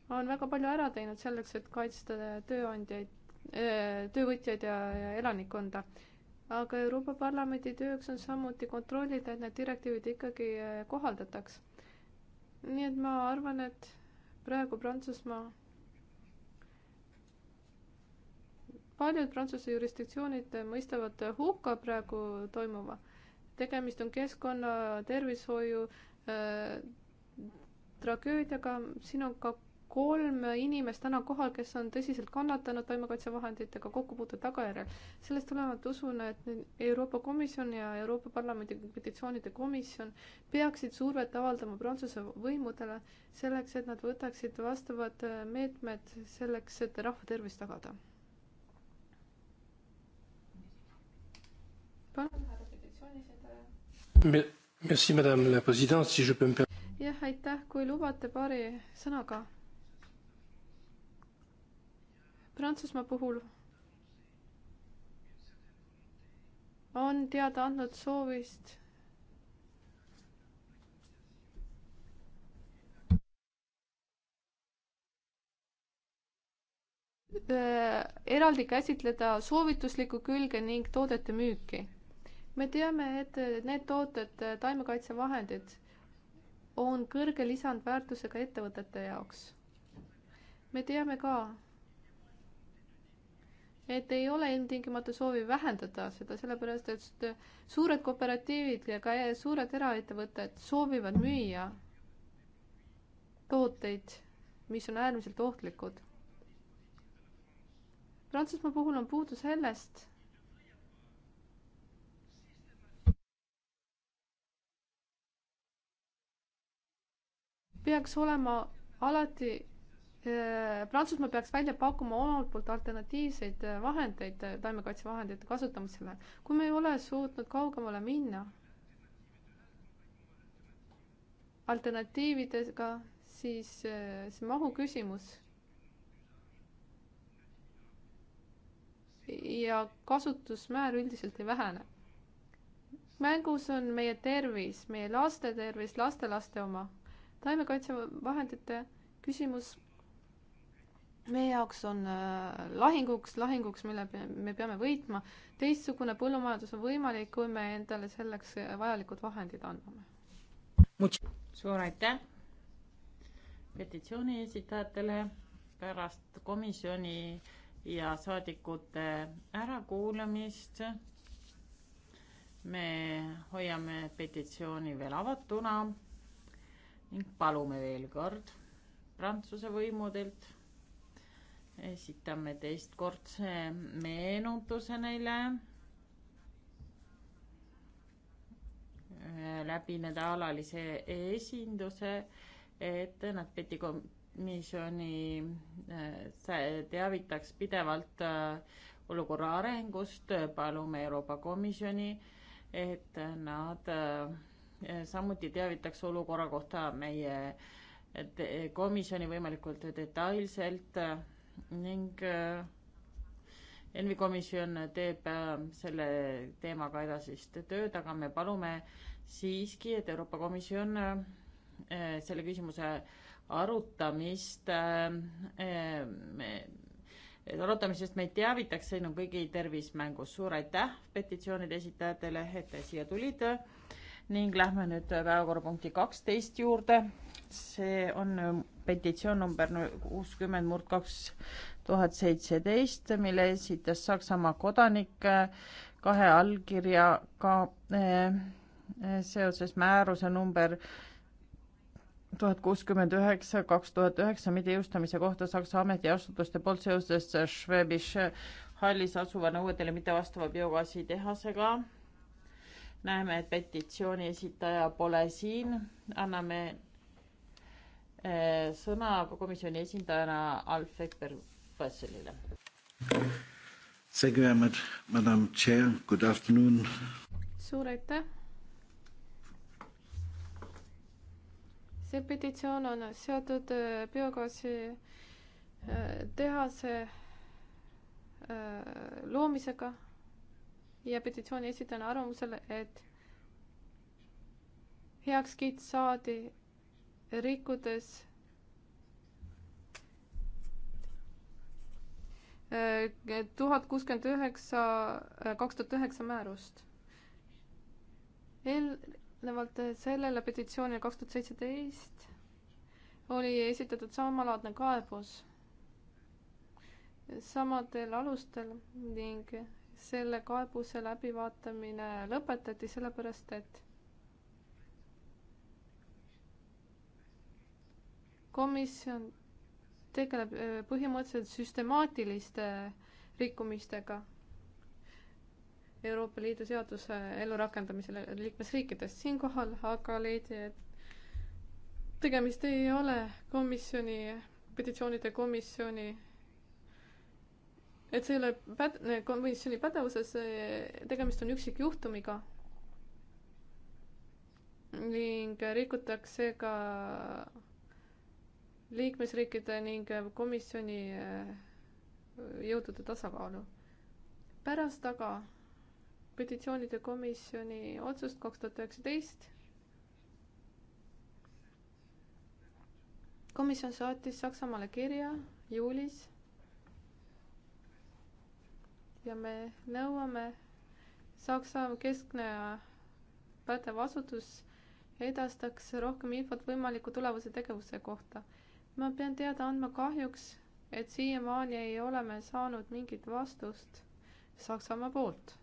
on väga palju ära teinud selleks, et kaitsta tööandjaid, eh, töövõtjaid ja, ja elanikkonda. aga Euroopa Parlamendi tööks on samuti kontrollida, et need direktiivid ikkagi eh, kohaldataks. nii et ma arvan, et praegu Prantsusmaa, paljud Prantsuse jurisdiktsioonid mõistavad hukka praegu toimuva tegemist on keskkonna, tervishoiu äh,, Äh, tragöödiaga, siin on ka kolm inimest täna kohal, kes on tõsiselt kannatanud taimekaitsevahenditega kokkupuute tagajärjel. sellest tulenevalt usun, et Euroopa Komisjon ja Euroopa Parlamendi petitsioonide komisjon peaksid survet avaldama Prantsuse võimudele selleks, et nad võtaksid vastavad äh, meetmed selleks, et rahva tervis tagada. palun, härra petitsiooni esindaja jah, aitäh, kui lubate paari sõnaga. Prantsusmaa puhul on teada andnud soovist äh, eraldi käsitleda soovituslikku külge ning toodete müüki me teame, et need tooted, äh, taimekaitsevahendid on kõrge lisandväärtusega ettevõtete jaoks. me teame ka, et ei ole ilmtingimata soovi vähendada seda, sellepärast et suured kooperatiivid ja ka suured eraettevõtted soovivad müüa tooteid, mis on äärmiselt ohtlikud. Prantsusmaa puhul on puudu sellest peaks olema alati eh, Prantsusmaa peaks välja pakkuma omalt poolt alternatiivseid eh, vahendeid eh, taimekaitsevahendite kasutamisele, kui me ei ole suutnud kaugemale minna alternatiividega, siis see mahu küsimus ja kasutusmäär üldiselt ei vähene. mängus on meie tervis, meie laste tervis, lastelaste oma taimekaitsevahendite küsimus meie jaoks on äh, lahinguks, lahinguks, mille me peame võitma. teistsugune põllumajandus on võimalik, kui me endale selleks äh, vajalikud vahendid anname. suur aitäh petitsiooni esitajatele pärast komisjoni ja saadikute ärakuulamist. me hoiame petitsiooni veel avatuna ning palume veel kord Prantsuse võimudelt, esitame teistkordse meenutuse neile läbineda alalise esinduse, et nad petikomisjoni äh, teavitaks pidevalt äh, olukorra arengust, palume Euroopa Komisjoni, et nad äh, Eh, samuti teavitakse olukorra kohta meie eh, komisjoni võimalikult detailselt eh, ning ENVI komisjon teeb selle teemaga edasist tööd, aga me palume siiski, et Euroopa Komisjon selle küsimuse arutamist arutamisest meid teavitaks, siin on kõigi tervis mängus. suur aitäh petitsioonide esitajatele, et te siia tulid ning lähme nüüd päevakorrapunkti kaksteist juurde. see on äh, petitsioon number kuuskümmend murd kaks tuhat seitseteist, mille esitas Saksamaa kodanik äh, kahe allkirjaga äh, seoses määruse number tuhat kuuskümmend üheksa, kaks tuhat üheksa mittejõustamise kohta Saksa ametiasutuste poolt seoses Schwäbisch hallis asuva nõuetele mittevastava biogaasitehasega näeme, et petitsiooni esitaja pole siin, anname äh, sõna komisjoni esindajana Alf Ekberg-Passelile. Thank you very much, madam chair, good afternoon. suur aitäh. see petitsioon on seotud äh, biogaasi äh, tehase loomisega ja petitsiooni esitaja arvamusel, et heakskiit saadi rikkudes äh, tuhat kuuskümmend üheksa, äh, kaks tuhat üheksa määrust. eelnevalt sellele petitsioonile kaks tuhat seitseteist oli esitatud samalaadne kaebus samadel alustel ning selle kaebuse läbivaatamine lõpetati, sellepärast et komisjon tegeleb äh, põhimõtteliselt süstemaatiliste rikkumistega Euroopa Liidu seaduse ellurakendamisele liikmesriikidest siinkohal, aga leidi, et tegemist ei ole komisjoni, petitsioonide komisjoni et see ei ole päd-, komisjoni pädevuses, eh, tegemist on üksikjuhtumiga. ning rikutakse ka liikmesriikide ning komisjoni eh, jõudude tasakaalu. pärast aga petitsioonide komisjoni otsust kaks tuhat üheksateist komisjon saatis Saksamaale kirja juulis ja me nõuame Saksa keskne pädev asutus edastaks rohkem infot võimaliku tulevase tegevuse kohta. ma pean teada andma kahjuks, et siiamaani ei ole me saanud mingit vastust Saksamaa poolt.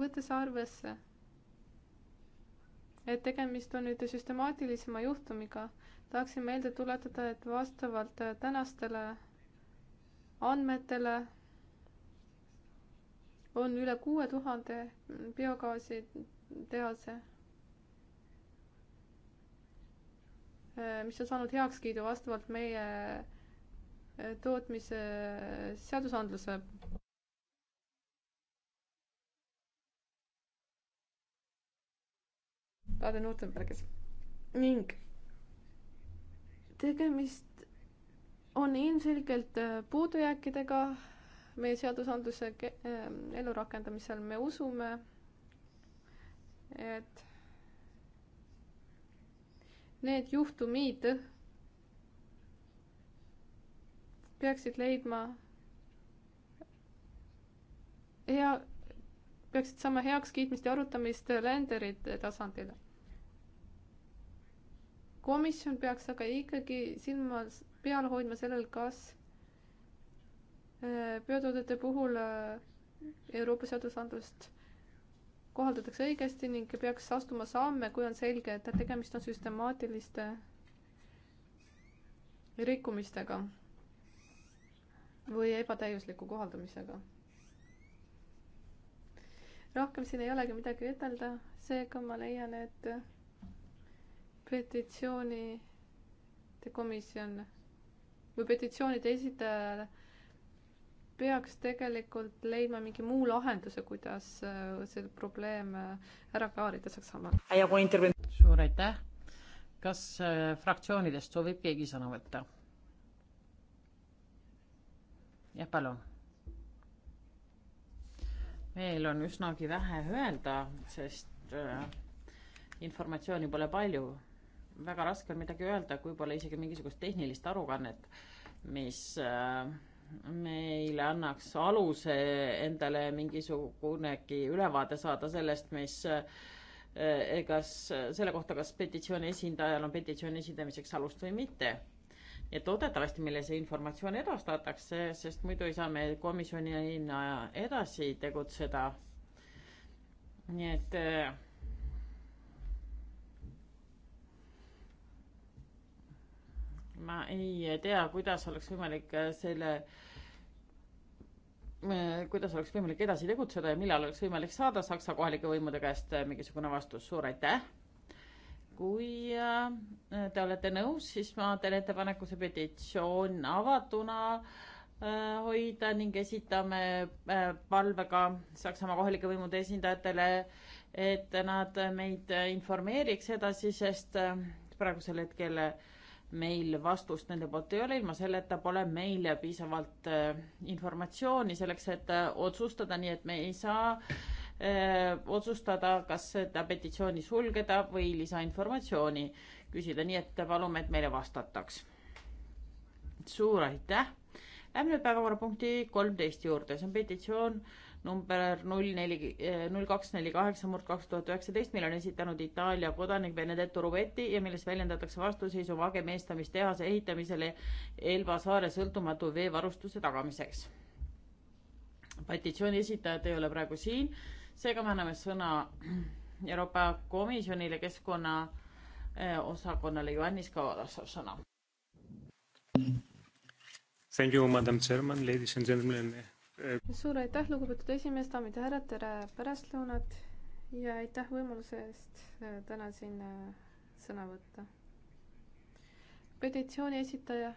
võttes arvesse, et tegemist on nüüd süstemaatilisema juhtumiga, tahaksin meelde tuletada, et vastavalt tänastele andmetele on üle kuue tuhande biogaasi tehase, mis on saanud heakskiidu vastavalt meie e, tootmise e, seadusandluse. Baden-Württembergis ning tegemist on ilmselgelt äh, puudujääkidega meie seadusandluse ähm, ellurakendamisel, me usume, et need juhtumid peaksid leidma hea, peaksid saama heakskiitmist ja arutamist lenderite tasandil. komisjon peaks aga ikkagi silmas peal hoidma sellel, kas biotoodete äh, puhul äh, Euroopa seadusandlust kohaldatakse õigesti ning peaks astuma samme, kui on selge, et tegemist on süstemaatiliste rikkumistega või ebatäiusliku kohaldamisega. rohkem siin ei olegi midagi ütelda, seega ma leian, et petitsioonide komisjon või petitsioonide esitajale peaks tegelikult leidma mingi muu lahenduse, kuidas äh, see probleem äh, ära klaarida Saksamaal. suur aitäh. kas äh, fraktsioonidest soovib keegi sõna võtta? jah, palun. meil on üsnagi vähe öelda, sest informatsiooni pole palju väga raske on midagi öelda, kui pole isegi mingisugust tehnilist aruannet, mis äh, meile annaks aluse endale mingisugunegi ülevaade saada sellest, mis äh, eh, kas selle kohta, kas petitsiooni esindajal on petitsiooni esindamiseks alust või mitte. et loodetavasti meile see informatsioon edastatakse, sest muidu ei saa me komisjonina edasi tegutseda. nii et äh, ma ei tea, kuidas oleks võimalik äh, selle, äh, kuidas oleks võimalik edasi tegutseda ja millal oleks võimalik saada Saksa kohalike võimude käest äh, mingisugune vastus. suur aitäh! kui te olete nõus, siis ma teen ettepaneku see petitsioon avatuna hoida ning esitame palve ka Saksamaa kohalike võimude esindajatele, et nad meid informeeriks edasi, sest praegusel hetkel äh, meil vastust nende poolt ei ole, ilma selleta pole meil piisavalt äh, informatsiooni selleks, et äh, otsustada, nii et me ei saa öö, äh, otsustada, kas seda petitsiooni sulgeda või lisainformatsiooni küsida, nii et palume, et meile vastataks. suur aitäh. Lähme nüüd päevakorrapunkti kolmteist juurde, see on petitsioon number null neli, eh, null kaks neli kaheksa murd kaks tuhat üheksateist, mille on esitanud Itaalia kodanik Benedetto Rubetti ja milles väljendatakse vastuseisu vage meestamistehase ehitamisele Elva saare sõltumatu veevarustuse tagamiseks. petitsiooni esitajad ei ole praegu siin, seega me anname sõna Euroopa Komisjonile keskkonna eh, osakonnale Johannis Kavalasov sõna. Thank you, madam chairman, ladies and gentlemen suur aitäh, lugupeetud esimees, daamid ja härrad, tere pärastlõunat ja aitäh võimaluse eest äh, täna siin äh, sõna võtta. petitsiooni esitaja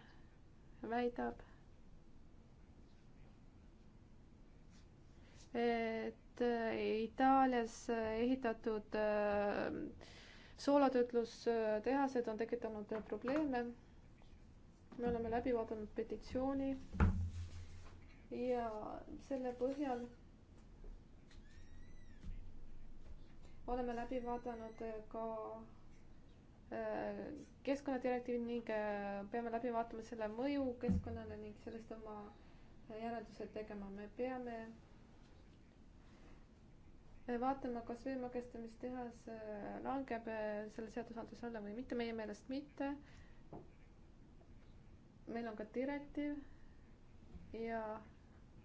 väidab, et äh, Itaalias ehitatud soolatöötlustehased on tekitanud probleeme. me oleme läbi vaadanud petitsiooni ja selle põhjal oleme läbi vaadanud äh, ka äh, keskkonnadirektiivi ning äh, peame läbi vaatama selle mõju keskkonnale ning sellest oma järeldused tegema. me peame vaatama, kas veemakestamistehas langeb selle seadusandluse alla või mitte, meie meelest mitte. meil on ka direktiiv ja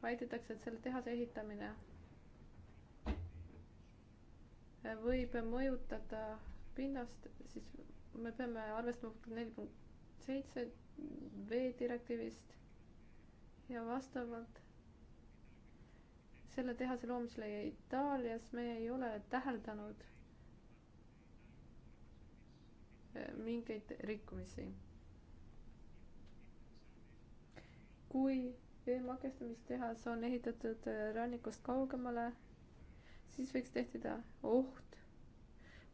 väidetakse, et selle tehase ehitamine võib mõjutada pinnast, siis me peame arvestama neli punkt seitse veedirektiivist ja vastavalt selle tehase loomisele Itaalias me ei ole täheldanud eh, mingeid rikkumisi. kui veemakestamistehas on ehitatud äh, rannikust kaugemale, siis võiks tehtida oht,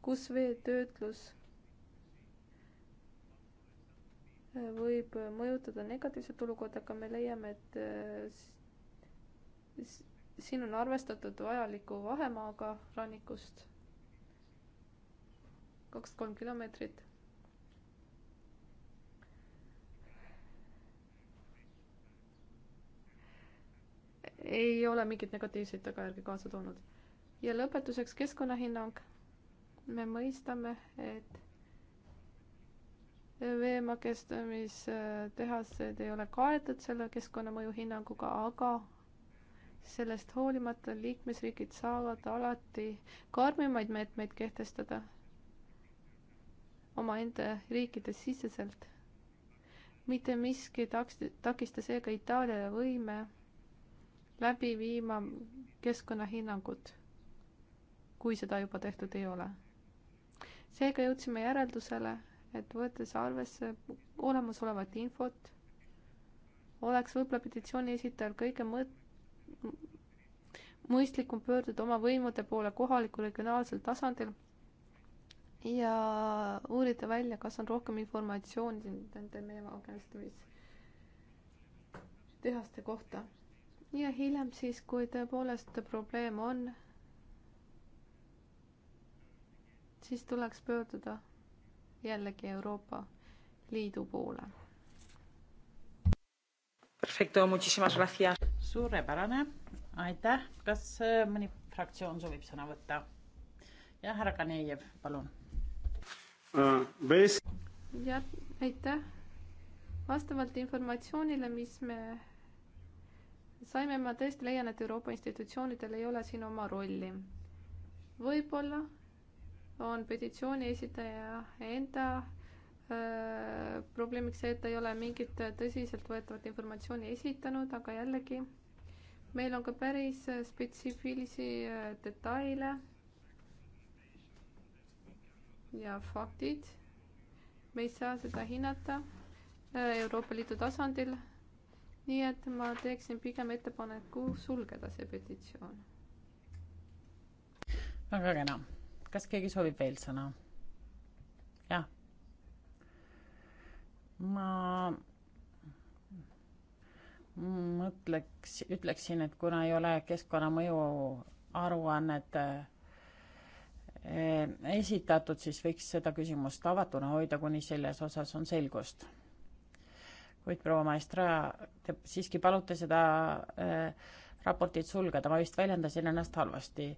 kus veetöötlus äh, võib äh, mõjutada negatiivset olukorda, aga me leiame, et siin on arvestatud vajaliku vahemaaga rannikust kaks-kolm kilomeetrit. ei ole mingit negatiivseid tagajärgi kaasa toonud. ja lõpetuseks keskkonnahinnang. me mõistame, et veemakestamistehased ei ole kaetud selle keskkonnamõju hinnanguga, aga sellest hoolimata liikmesriigid saavad alati karmimaid meetmeid kehtestada omaenda riikide siseselt. mitte miski taksti-, takista seega Itaalia võime läbi viima keskkonnahinnangut, kui seda juba tehtud ei ole. seega jõudsime järeldusele, et võttes arvesse olemasolevat infot, oleks võib-olla petitsiooni esitajal kõige mõt-, mõistlikum pöörduda oma võimude poole kohalikul regionaalsel tasandil ja uurida välja, kas on rohkem informatsiooni nende meevaorganisatsioonide tehaste kohta ja hiljem siis, kui tõepoolest probleem on, siis tuleks pöörduda jällegi Euroopa Liidu poole. Perfecto, muchísimas gracias. suurepärane, aitäh, kas äh, mõni fraktsioon soovib sõna võtta? jah, härra Kanejev, palun uh,. Äh, jah, aitäh. vastavalt informatsioonile, mis me saime, ma tõesti leian, et Euroopa institutsioonidel ei ole siin oma rolli. võib-olla on petitsiooni esitaja enda öö, probleemiks see, et ta ei ole mingit tõsiseltvõetavat informatsiooni esitanud, aga jällegi meil on ka päris spetsiifilisi detaile ja faktid. me ei saa seda hinnata Euroopa Liidu tasandil nii et ma teeksin pigem ettepaneku sulgeda see petitsioon. väga kena. kas keegi soovib veel sõna? jah. ma mõtleks, ütleksin, et kuna ei ole keskkonnamõju aruannet eh, esitatud, siis võiks seda küsimust avatuna hoida, kuni selles osas on selgust kuid proua Maestra, te siiski palute seda äh, raportit sulgeda, ma vist väljendasin ennast halvasti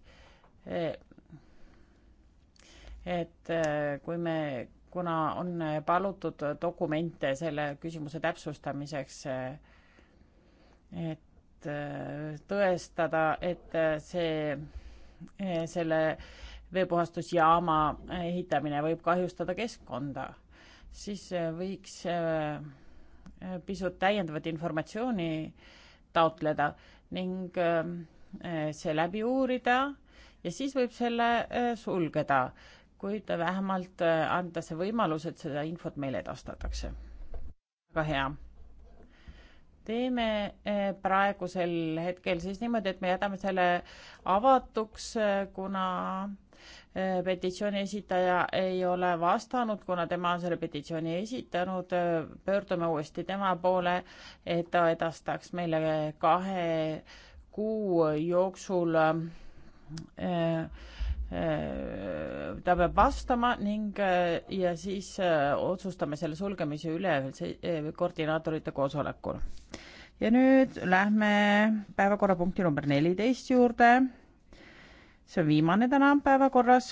e,. et äh, kui me, kuna on äh, palutud dokumente selle küsimuse täpsustamiseks, et tõestada, et see, selle veepuhastusjaama ehitamine võib kahjustada keskkonda, siis võiks äh, Äh, pisut täiendavat informatsiooni taotleda ning ähm, äh, see läbi uurida ja siis võib selle äh, sulgeda, kuid vähemalt anda see võimalus, et seda infot meile edastatakse. väga hea. teeme praegusel hetkel siis niimoodi, et me jätame selle avatuks, kuna Äh, petitsiooni esitaja ei ole vastanud, kuna tema on selle petitsiooni esitanud, äh, pöördume uuesti tema poole, et ta edastaks meile kahe kuu jooksul äh, ta peab vastama ning ja siis otsustame selle sulgemise üle koordinaatorite koosolekul. ja nüüd lähme päevakorrapunkti number neliteist juurde see on viimane täna päevakorras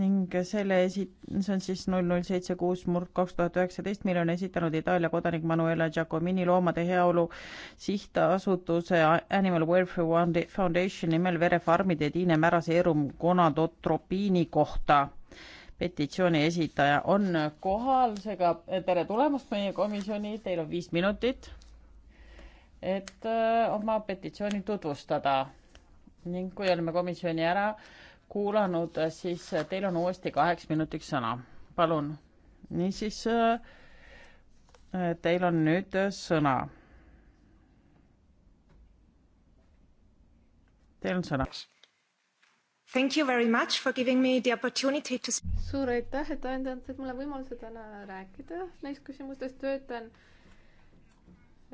ning selle esi-, see on siis null null seitse kuus murd kaks tuhat üheksateist, mille on esitanud Itaalia kodanik Manuela Giacomini loomade heaolu sihtasutuse Animal Welfare Foundation nimel verefarmide Tiine Märase erum gonadotropiini kohta. petitsiooni esitaja on kohal, seega tere tulemast meie komisjoni, teil on viis minutit, et äh, oma petitsiooni tutvustada ning kui oleme komisjoni ära kuulanud, siis teil on uuesti kaheks minutiks sõna, palun. niisiis, äh, teil on nüüd sõna. Teil on sõna. Thank you very much for giving me the opportunity to suur aitäh, et andsid mulle võimaluse täna rääkida neist küsimustest, töötan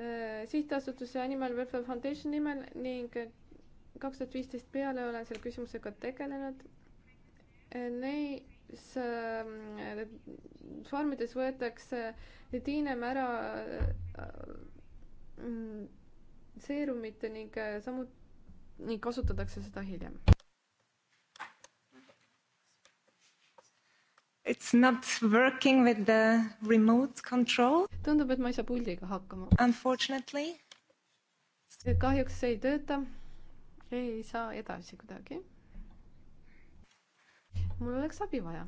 äh, sihtasutuse nimel, Welfare Foundation nimel ning kaks tuhat viisteist peale olen selle küsimusega tegelenud. Neis äh, farmides võetakse tiinem ära äh, äh, seerumite ning äh, samuti ning kasutatakse seda hiljem. It's not working with the remote control. tundub, et ma ei saa puldiga hakkama. Unfortunately. kahjuks see ei tööta ei saa edasi kuidagi. mul oleks abi vaja.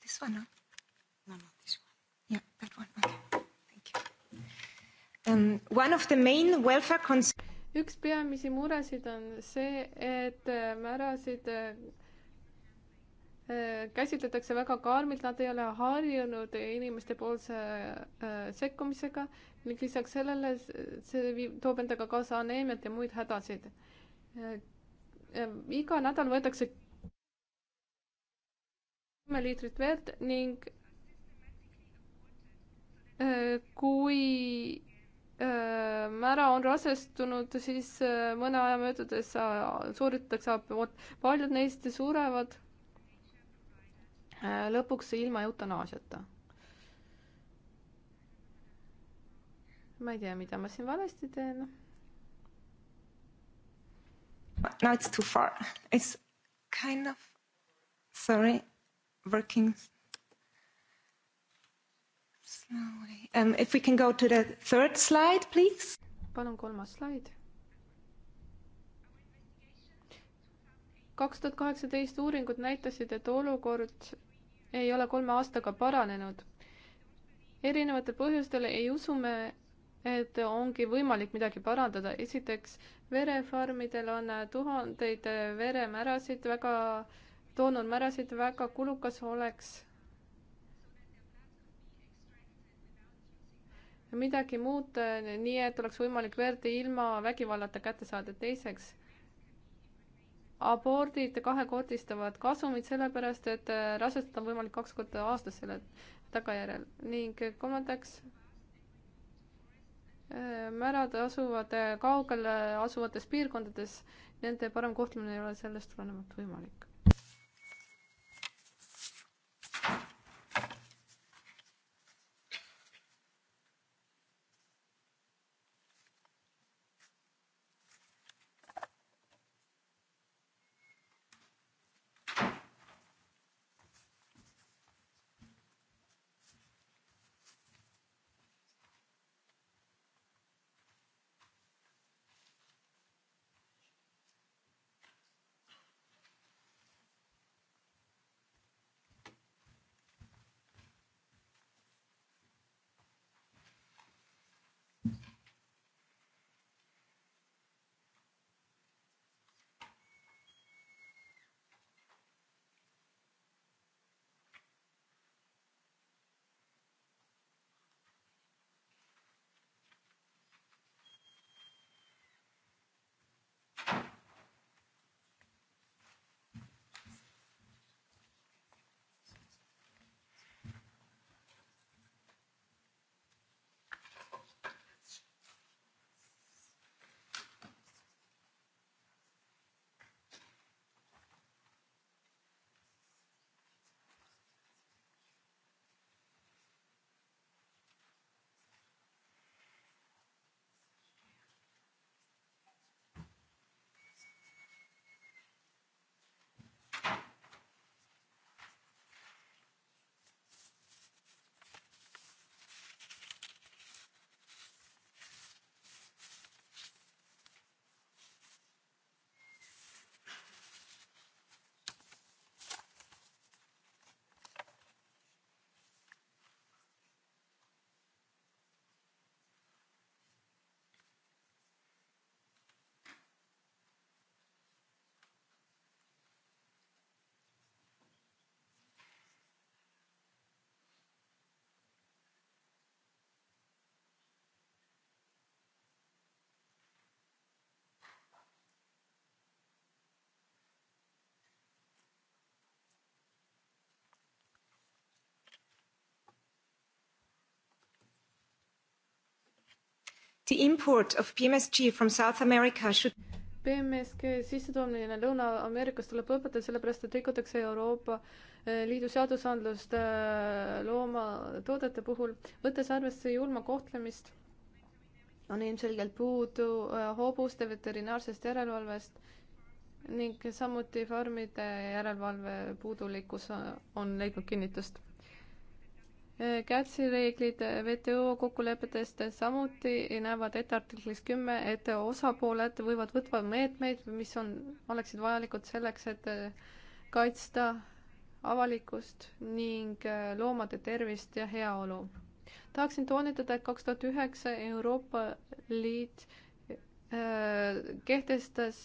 This one, no? No, no, this one. Yeah, that one. Okay. Thank you. Um, one of the main welfare concerns üks peamisi muresid on see, et äh, määrasid äh, Äh, käsitletakse väga karmilt, nad ei ole harjunud inimestepoolse äh, sekkumisega ning lisaks sellele see viib, toob endaga kaasa aneemiat ja muid hädasid. Äh, iga nädal võetakse kümme liitrit verd ning kui mära on rasestunud, siis mõne aja möödudes sooritatakse abort. paljud neist surevad Äh, lõpuks ilma eutanaasiata. ma ei tea, mida ma siin valesti teen. Now it's too far, it's kind of sorry, working slowly um,. If we can go to the third slide, please. palun kolmas slaid kaks tuhat kaheksateist uuringud näitasid, et olukord ei ole kolme aastaga paranenud. erinevatel põhjustel ei usu me, et ongi võimalik midagi parandada. esiteks, verefarmidel on tuhandeid veremärasid, väga, doonormärasid, väga kulukas oleks midagi muuta, nii et oleks võimalik verd ilma vägivallata kätte saada. teiseks abordid kahekordistavad kasumit sellepärast, et äh, rasedust on võimalik kaks korda aastas selle tagajärjel ning kolmandaks äh, määrad asuvad äh, kaugel asuvates piirkondades, nende parem kohtlemine ei ole sellest tulenevalt võimalik. The import of PMSG from South America should BMSG sissetoomine Lõuna-Ameerikast tuleb õpetada, sellepärast et rikutakse Euroopa eh, Liidu seadusandlust eh, loomatoodete puhul, võttes arvesse julma kohtlemist, on ilmselgelt puudu eh, hobuste veterinaarsest järelevalvest ning samuti farmide järelevalve puudulikkus on leidnud kinnitust kätsereeglid äh, äh, WTO kokkulepetest äh, samuti näevad ette artiklis kümme, et osapooled võivad võtma meetmeid, mis on, oleksid vajalikud selleks, et kaitsta avalikkust ning loomade tervist ja heaolu. tahaksin toonitada, et kaks tuhat üheksa Euroopa Liit äh, kehtestas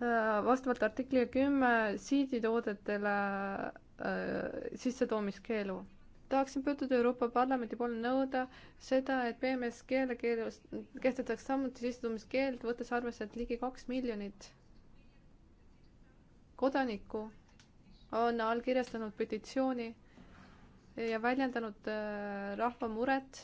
äh, vastavalt artiklile kümme siiditoodetele äh, sissetoomiskeelu tahaksin pöörduda Euroopa Parlamendi poole nõuda seda, et PMS keele keeles kehtestataks samuti sissetulemiskeeld, võttes arvesse, et ligi kaks miljonit kodanikku on allkirjastanud petitsiooni ja väljendanud äh, rahva muret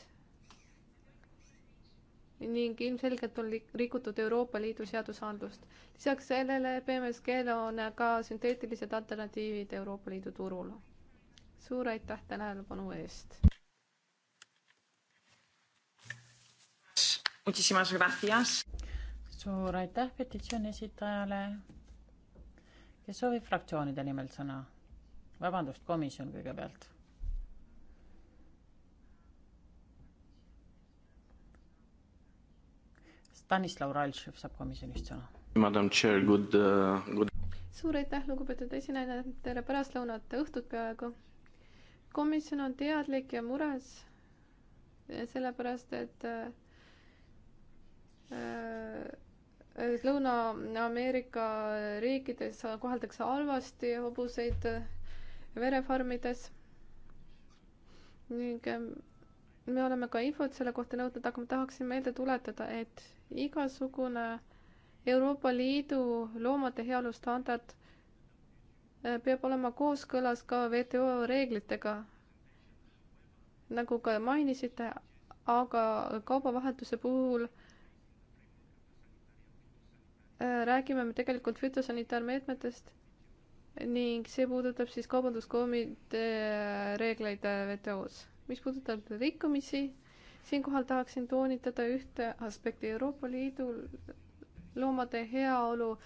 ning ilmselgelt on rikutud Euroopa Liidu seadusandlust. lisaks sellele PMS keele on ka sünteetilised alternatiivid Euroopa Liidu turul suur aitäh tähelepanu eest. suur aitäh petitsiooni esitajale, kes soovib fraktsioonide nimel sõna. vabandust, komisjon kõigepealt. Stanislav Raltšev saab komisjonist sõna. Madam Chair, good uh,, good. suur aitäh, lugupeetud esinejad, tere pärastlõunat, õhtut peaaegu komisjon on teadlik ja mures sellepärast, et äh, Lõuna-Ameerika riikides koheldakse halvasti hobuseid verefarmides ning ähm, me oleme ka infot selle kohta nõudnud, aga ma tahaksin meelde tuletada, et igasugune Euroopa Liidu loomade heaolu standard Äh, peab olema kooskõlas ka WTO reeglitega, nagu ka mainisite, aga kaubavahetuse puhul äh, räägime me tegelikult fütosanitaarmeetmetest ning see puudutab siis kaubanduskomitee äh, reegleid WTO-s. mis puudutab rikkumisi, siinkohal tahaksin toonitada ühte aspekti Euroopa Liidu loomade heaolu äh,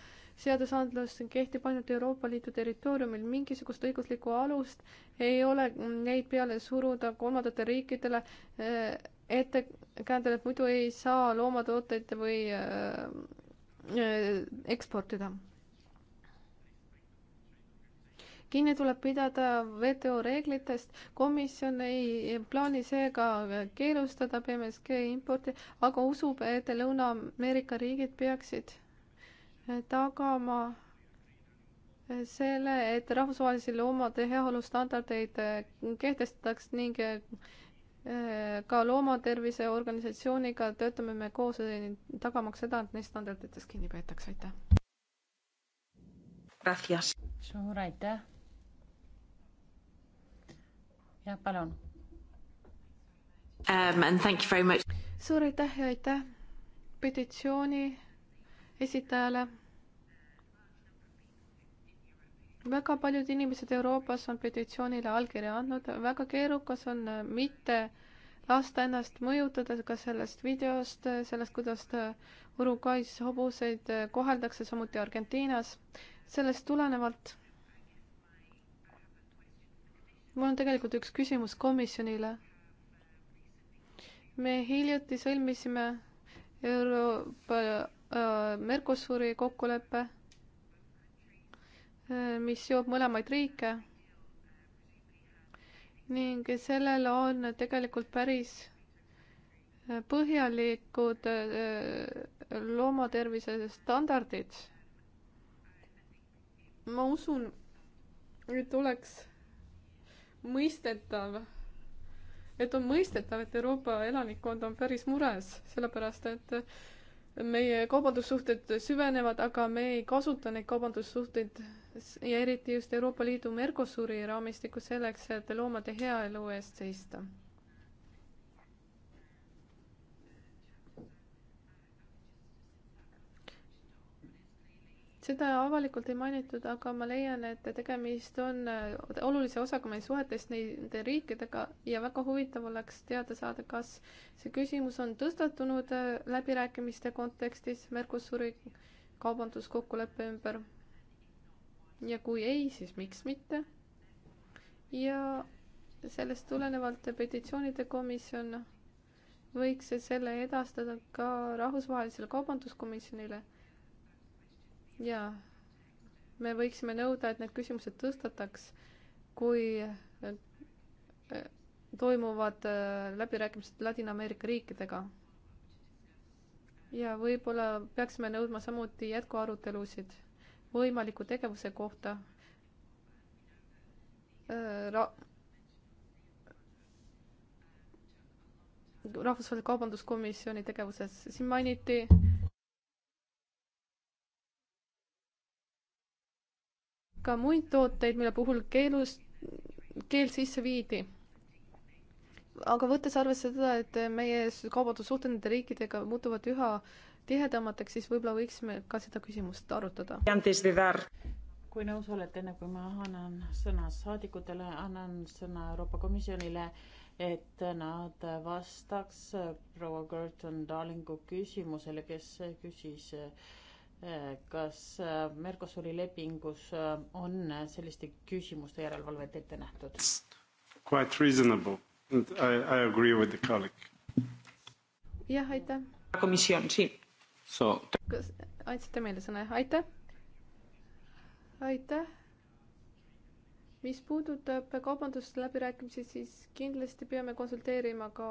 seadusandlus kehtib ainult Euroopa Liidu territooriumil, mingisugust õiguslikku alust ei ole neid peale suruda kolmandatele riikidele eh, ettekäändel, et muidu ei saa loomatooteid või eh, eh, eksportida. kinni tuleb pidada WTO reeglitest, komisjon ei plaani seega keelustada BMSG importi, aga usub, et Lõuna-Ameerika riigid peaksid tagama selle, et rahvusvahelisi loomade heaolustandardeid äh, kehtestataks ning äh, ka Loomatervise Organisatsiooniga töötame me koos, äh, tagamaks seda, et neist standarditest kinni peetakse, aitäh. suur aitäh. jah, palun um,. suur aitäh ja aitäh petitsiooni esitajale väga paljud inimesed Euroopas on petitsioonile allkirja andnud, väga keerukas on äh, mitte lasta ennast mõjutada ka sellest videost, äh, sellest, kuidas äh, Uruguay's hobuseid koheldakse, samuti Argentiinas. sellest tulenevalt mul on tegelikult üks küsimus komisjonile. me hiljuti sõlmisime Euroopa äh, Mercosuri kokkuleppe Eh, mis seob mõlemaid riike. ning sellel on tegelikult päris eh, põhjalikud eh, loomatervise standardid. ma usun, et oleks mõistetav, et on mõistetav, et Euroopa elanikkond on päris mures, sellepärast et meie kaubandussuhted süvenevad, aga me ei kasuta neid kaubandussuhteid ja eriti just Euroopa Liidu Mercosuri raamistikus selleks, et loomade heaelu eest seista. seda avalikult ei mainitud, aga ma leian, et tegemist on olulise osaga meie suhetest nende riikidega ja väga huvitav oleks teada saada, kas see küsimus on tõstatunud läbirääkimiste kontekstis Mercosuri kaubanduskokkuleppe ümber ja kui ei, siis miks mitte? ja sellest tulenevalt petitsioonide komisjon võiks selle edastada ka Rahvusvahelisele Kaubanduskomisjonile. ja me võiksime nõuda, et need küsimused tõstataks, kui äh, toimuvad äh, läbirääkimised Ladina-Ameerika riikidega. ja võib-olla peaksime nõudma samuti jätkuarutelusid võimaliku tegevuse kohta äh, ra-, Rahvusvahelise Kaubanduskomisjoni tegevuses, siin mainiti ka muid tooteid, mille puhul keelus, keel sisse viidi. aga võttes arvesse seda, et meie kaubandussuhted nende riikidega muutuvad üha äh, tihedamateks, siis võib-olla võiksime ka seda küsimust arutada. kui nõus olete, enne kui ma annan sõna saadikutele, annan sõna Euroopa Komisjonile, et nad vastaks proua Gerton Darlingu küsimusele, kes küsis eh, kas Mercosuri lepingus eh, on selliste küsimuste järelevalvet ette nähtud? quite reasonable and I, I agree with the colleague. jah, aitäh. komisjon siin So... kas andsite meile sõna, aitäh. aitäh. mis puudutab kaubandusläbirääkimisi, siis kindlasti peame konsulteerima ka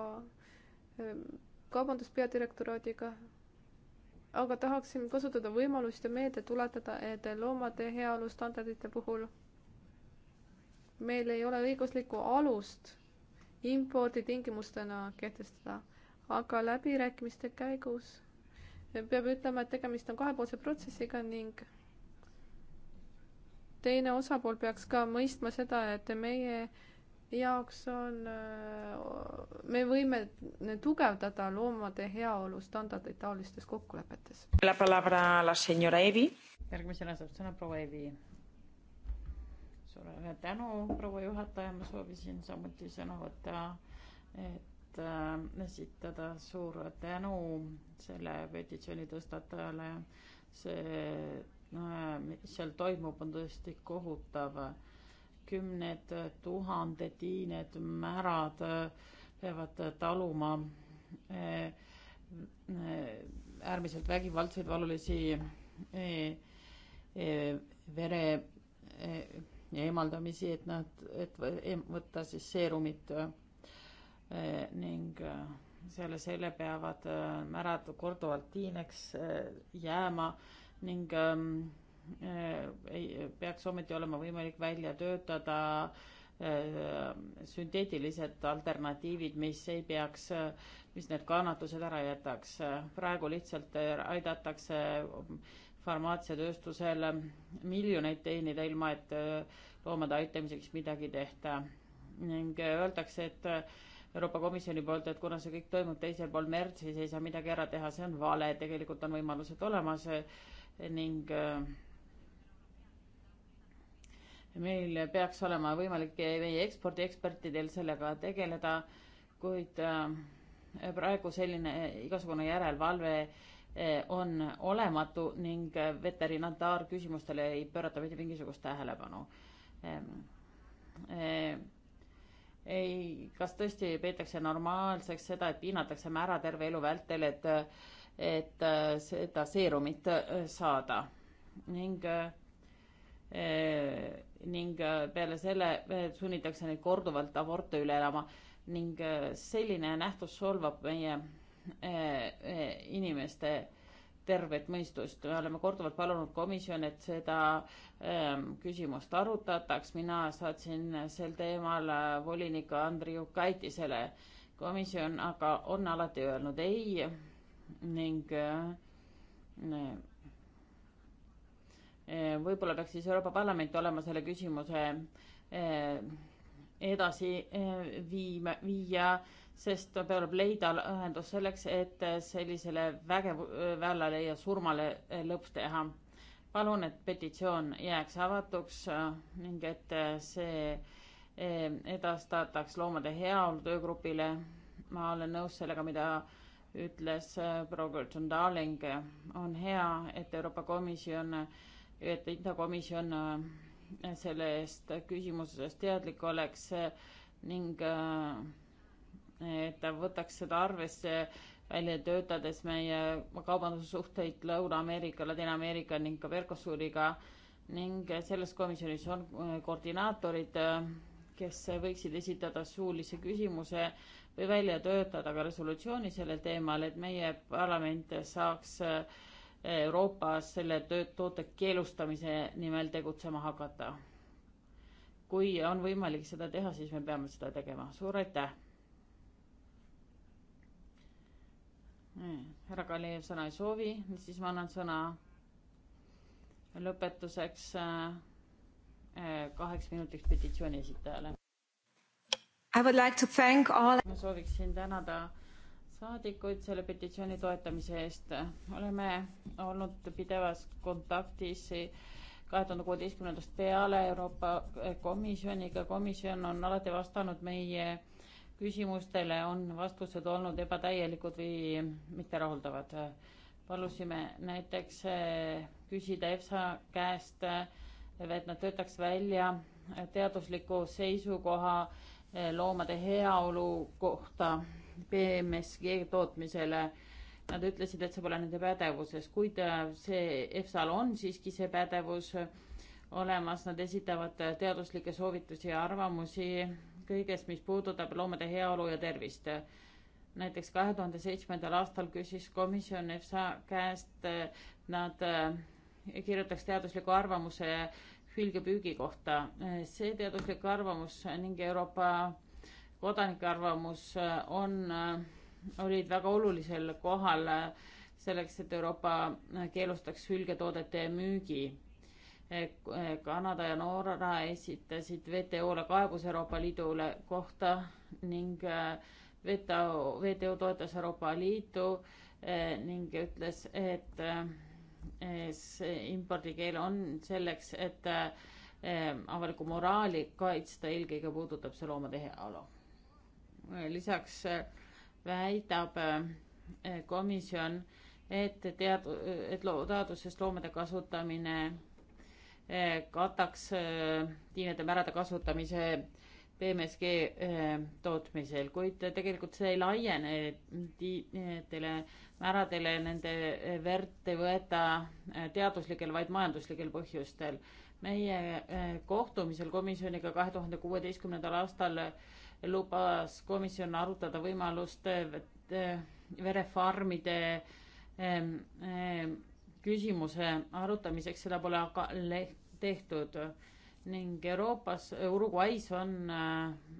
ehm, kaubanduspeadirektoraadiga. aga tahaksime kasutada võimalust ja meelde tuletada, et loomade heaolu standardite puhul meil ei ole õiguslikku alust imporditingimustena kehtestada, aga läbirääkimiste käigus peab ütlema, et tegemist on kahepoolse protsessiga ning teine osapool peaks ka mõistma seda, et meie jaoks on, me võime tugevdada loomade heaolu standardeid taolistes kokkulepetes. järgmisena saab sõna proua Evi. suur tänu, proua juhataja, ma soovisin samuti sõna võtta, et kõigepealt äh, esitada suur tänu selle petitsiooni tõstatajale. see, äh, mis seal toimub, on tõesti kohutav. kümned tuhanded hiined, märad äh, peavad taluma äärmiselt vägivaldseid, valulisi vere eemaldamisi, et nad, et võtta siis seerumit Eh, ning eh, selle, selle peavad eh, märad korduvalt tiineks jääma ning ehm, ei peaks ometi olema võimalik välja töötada sünteetilised alternatiivid, mis ei peaks, mis need kannatused ära jätaks. praegu lihtsalt aidatakse farmaatsiatööstusel miljoneid teenida, ilma et loomade aitamiseks midagi tehta. ning öeldakse, et Euroopa Komisjoni poolt, et kuna see kõik toimub teisel pool merd, siis ei saa midagi ära teha, see on vale, tegelikult on võimalused olemas eh, ning eh, meil peaks olema võimalik meie ekspordiekspertidel sellega tegeleda, kuid eh, praegu selline igasugune järelevalve on olematu ning veterinaarküsimustele ei pöörata mitte mingisugust tähelepanu ei, kas tõesti peetakse normaalseks seda, et piinatakse ära terve elu vältel, et, et seda seerumit saada ning ning peale selle sunnitakse neid korduvalt aborte üle elama ning selline nähtus solvab meie eh, eh, inimeste tervet mõistust. me oleme korduvalt palunud komisjon, et seda ähm, küsimust arutataks. mina saatsin sel teemal äh, volinik Andriu Kaitisele. komisjon aga on alati öelnud ei ning äh, äh, võib-olla peaks siis Euroopa Parlament olema selle küsimuse äh, edasi äh, viima, viia äh, sest ta peab leida ühendus selleks, et sellisele vägevallale ja surmale lõpp teha. palun, et petitsioon jääks avatuks äh, ning et äh, see äh, edastataks loomade heaolu töögrupile. ma olen nõus sellega, mida ütles Robertson Darling. on hea, et Euroopa Komisjon, et Indokomisjon sellest küsimusest teadlik oleks ning äh, et ta võtaks seda arvesse välja töötades meie kaubandussuhteid Lõuna-Ameerika, Ladina-Ameerika ning ka Mercosuriga ning selles komisjonis on äh, koordinaatorid, äh, kes võiksid esitada suulise küsimuse või välja töötada ka resolutsiooni sellel teemal, et meie parlament saaks äh, Euroopas selle toote keelustamise nimel tegutsema hakata. kui on võimalik seda teha, siis me peame seda tegema. suur aitäh! härra Kalev sõna ei soovi, siis ma annan sõna lõpetuseks äh, äh, kaheks minutiks petitsiooni esitajale. I would like to thank all. ma sooviksin tänada saadikuid selle petitsiooni toetamise eest. oleme olnud pidevas kontaktis kahe tuhande kuueteistkümnendast peale Euroopa äh, Komisjoniga. komisjon on alati vastanud meie küsimustele on vastused olnud ebatäielikud või mitterahuldavad. palusime näiteks eh, küsida EFSA käest, eh, et nad töötaks välja teadusliku seisukoha eh, loomade heaolu kohta BMSG tootmisele. Nad ütlesid, et see pole nende pädevuses, kuid see EFSA-l on siiski see pädevus olemas, nad esitavad teaduslikke soovitusi ja arvamusi kõigest, mis puudutab loomade heaolu ja tervist. näiteks kahe tuhande seitsmendal aastal küsis komisjon EFSA käest, nad äh, kirjutaks teadusliku arvamuse hülgepüügi kohta. see teaduslik arvamus ning Euroopa kodanike arvamus äh, on, äh, olid väga olulisel kohal selleks, et Euroopa keelustaks hülgetoodete müügi Kanada ja Norra esitasid WTO-le kaebuse Euroopa Liidule kohta ning äh, WTO, WTO toetas Euroopa Liitu äh, ning ütles, et äh, see impordikeel on selleks, et avalikku moraali kaitsta, eelkõige puudutab see loomade heaolu. lisaks väidab komisjon, et tead-, et loo-, teadusest loomade kasutamine Eh, kataks eh, tiinede määrade kasutamise BMSG eh, tootmisel, kuid tegelikult see ei laiene tiinedele määradele, nende verd ei võeta teaduslikel, vaid majanduslikel põhjustel. meie kohtumisel komisjoniga kahe tuhande kuueteistkümnendal aastal lubas komisjon arutada võimalust verefarmide küsimuse arutamiseks, seda pole aga tehtud ning Euroopas, Uruguay's on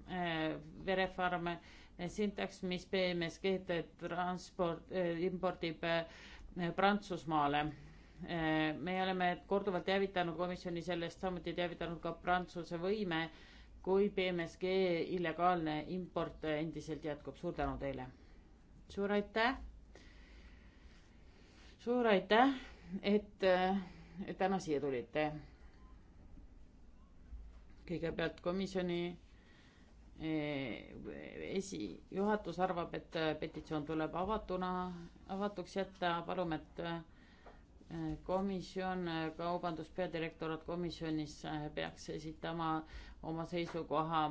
äh, verefarm Syntax, mis BMSG-d transport äh,, impordib äh, Prantsusmaale äh,. me oleme korduvalt teavitanud komisjoni sellest, samuti teavitanud ka Prantsuse võime, kui BMSG illegaalne import endiselt jätkub. suur tänu teile! suur aitäh! suur aitäh, et, äh, et täna siia tulite kõigepealt komisjoni eh, esi, juhatus arvab, et eh, petitsioon tuleb avatuna, avatuks jätta, palume, et eh, komisjon, kaubanduspeadirektorat komisjonis peaks esitama oma seisukoha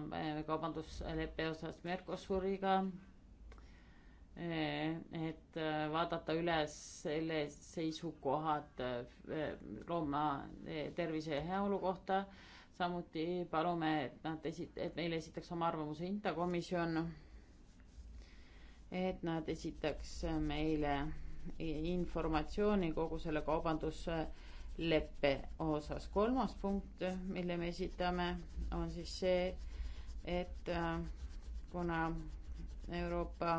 kaubandusleppe osas Mercosuriga. et vaadata üle selle seisukohad looma tervise ja heaolu kohta samuti palume, et nad esi-, et neile esitaks oma arvamuse Inta komisjon, et nad esitaks meile informatsiooni kogu selle kaubandusleppe osas. kolmas punkt, mille me esitame, on siis see, et äh, kuna Euroopa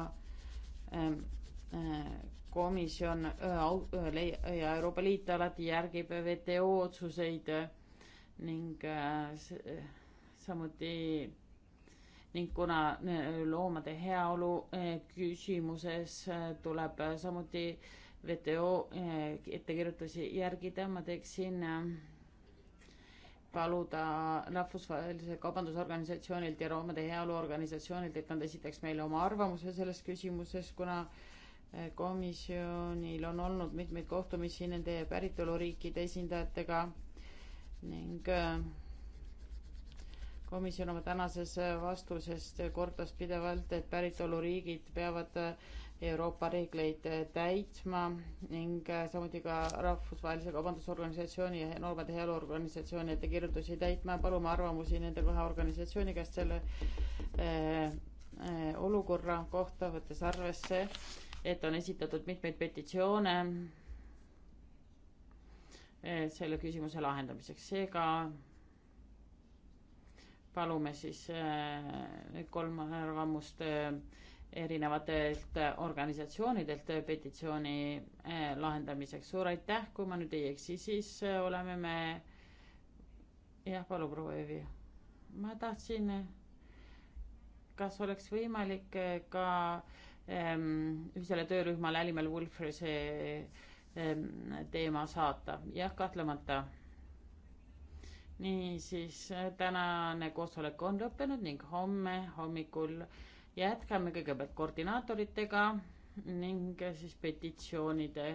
ähm, äh, komisjon äh, ja Euroopa Liit alati järgib WTO otsuseid ning äh, samuti ning kuna äh, loomade heaolu äh, küsimuses tuleb samuti WTO ettekirjutusi järgida, ma teeksin paluda Rahvusvahelise Kaubandusorganisatsioonilt ja Loomade Heaolu Organisatsioonilt, et nad esitaks meile oma arvamuse selles küsimuses, kuna komisjonil on olnud mitmeid kohtumisi nende päritoluriikide esindajatega ning äh, komisjon oma tänases äh, vastuses kordas pidevalt, et päritoluriigid peavad äh, Euroopa reegleid täitma ning samuti ka Rahvusvahelise Kaubandusorganisatsiooni ja Noormade Heaolu Organisatsiooni ettekirjutusi täitma. palume arvamusi nende kahe organisatsiooni käest selle eh, eh, olukorra kohta, võttes arvesse, et on esitatud mitmeid petitsioone Eh, selle küsimuse lahendamiseks. seega palume siis eh, need kolm arvamust eh, erinevatelt organisatsioonidelt petitsiooni lahendamiseks. suur aitäh, kui ma nüüd ei eksi, siis oleme me, jah, palun proua Jõvi. ma tahtsin, kas oleks võimalik ka ehm, ühisele töörühmale Animal Welfare'i Ehm, teema saata. jah, kahtlemata. niisiis, äh, tänane koosolek on lõppenud ning homme hommikul jätkame kõigepealt koordinaatoritega ning äh, siis petitsioonide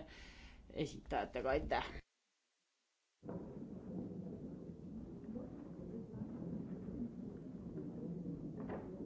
esitajatega, aitäh!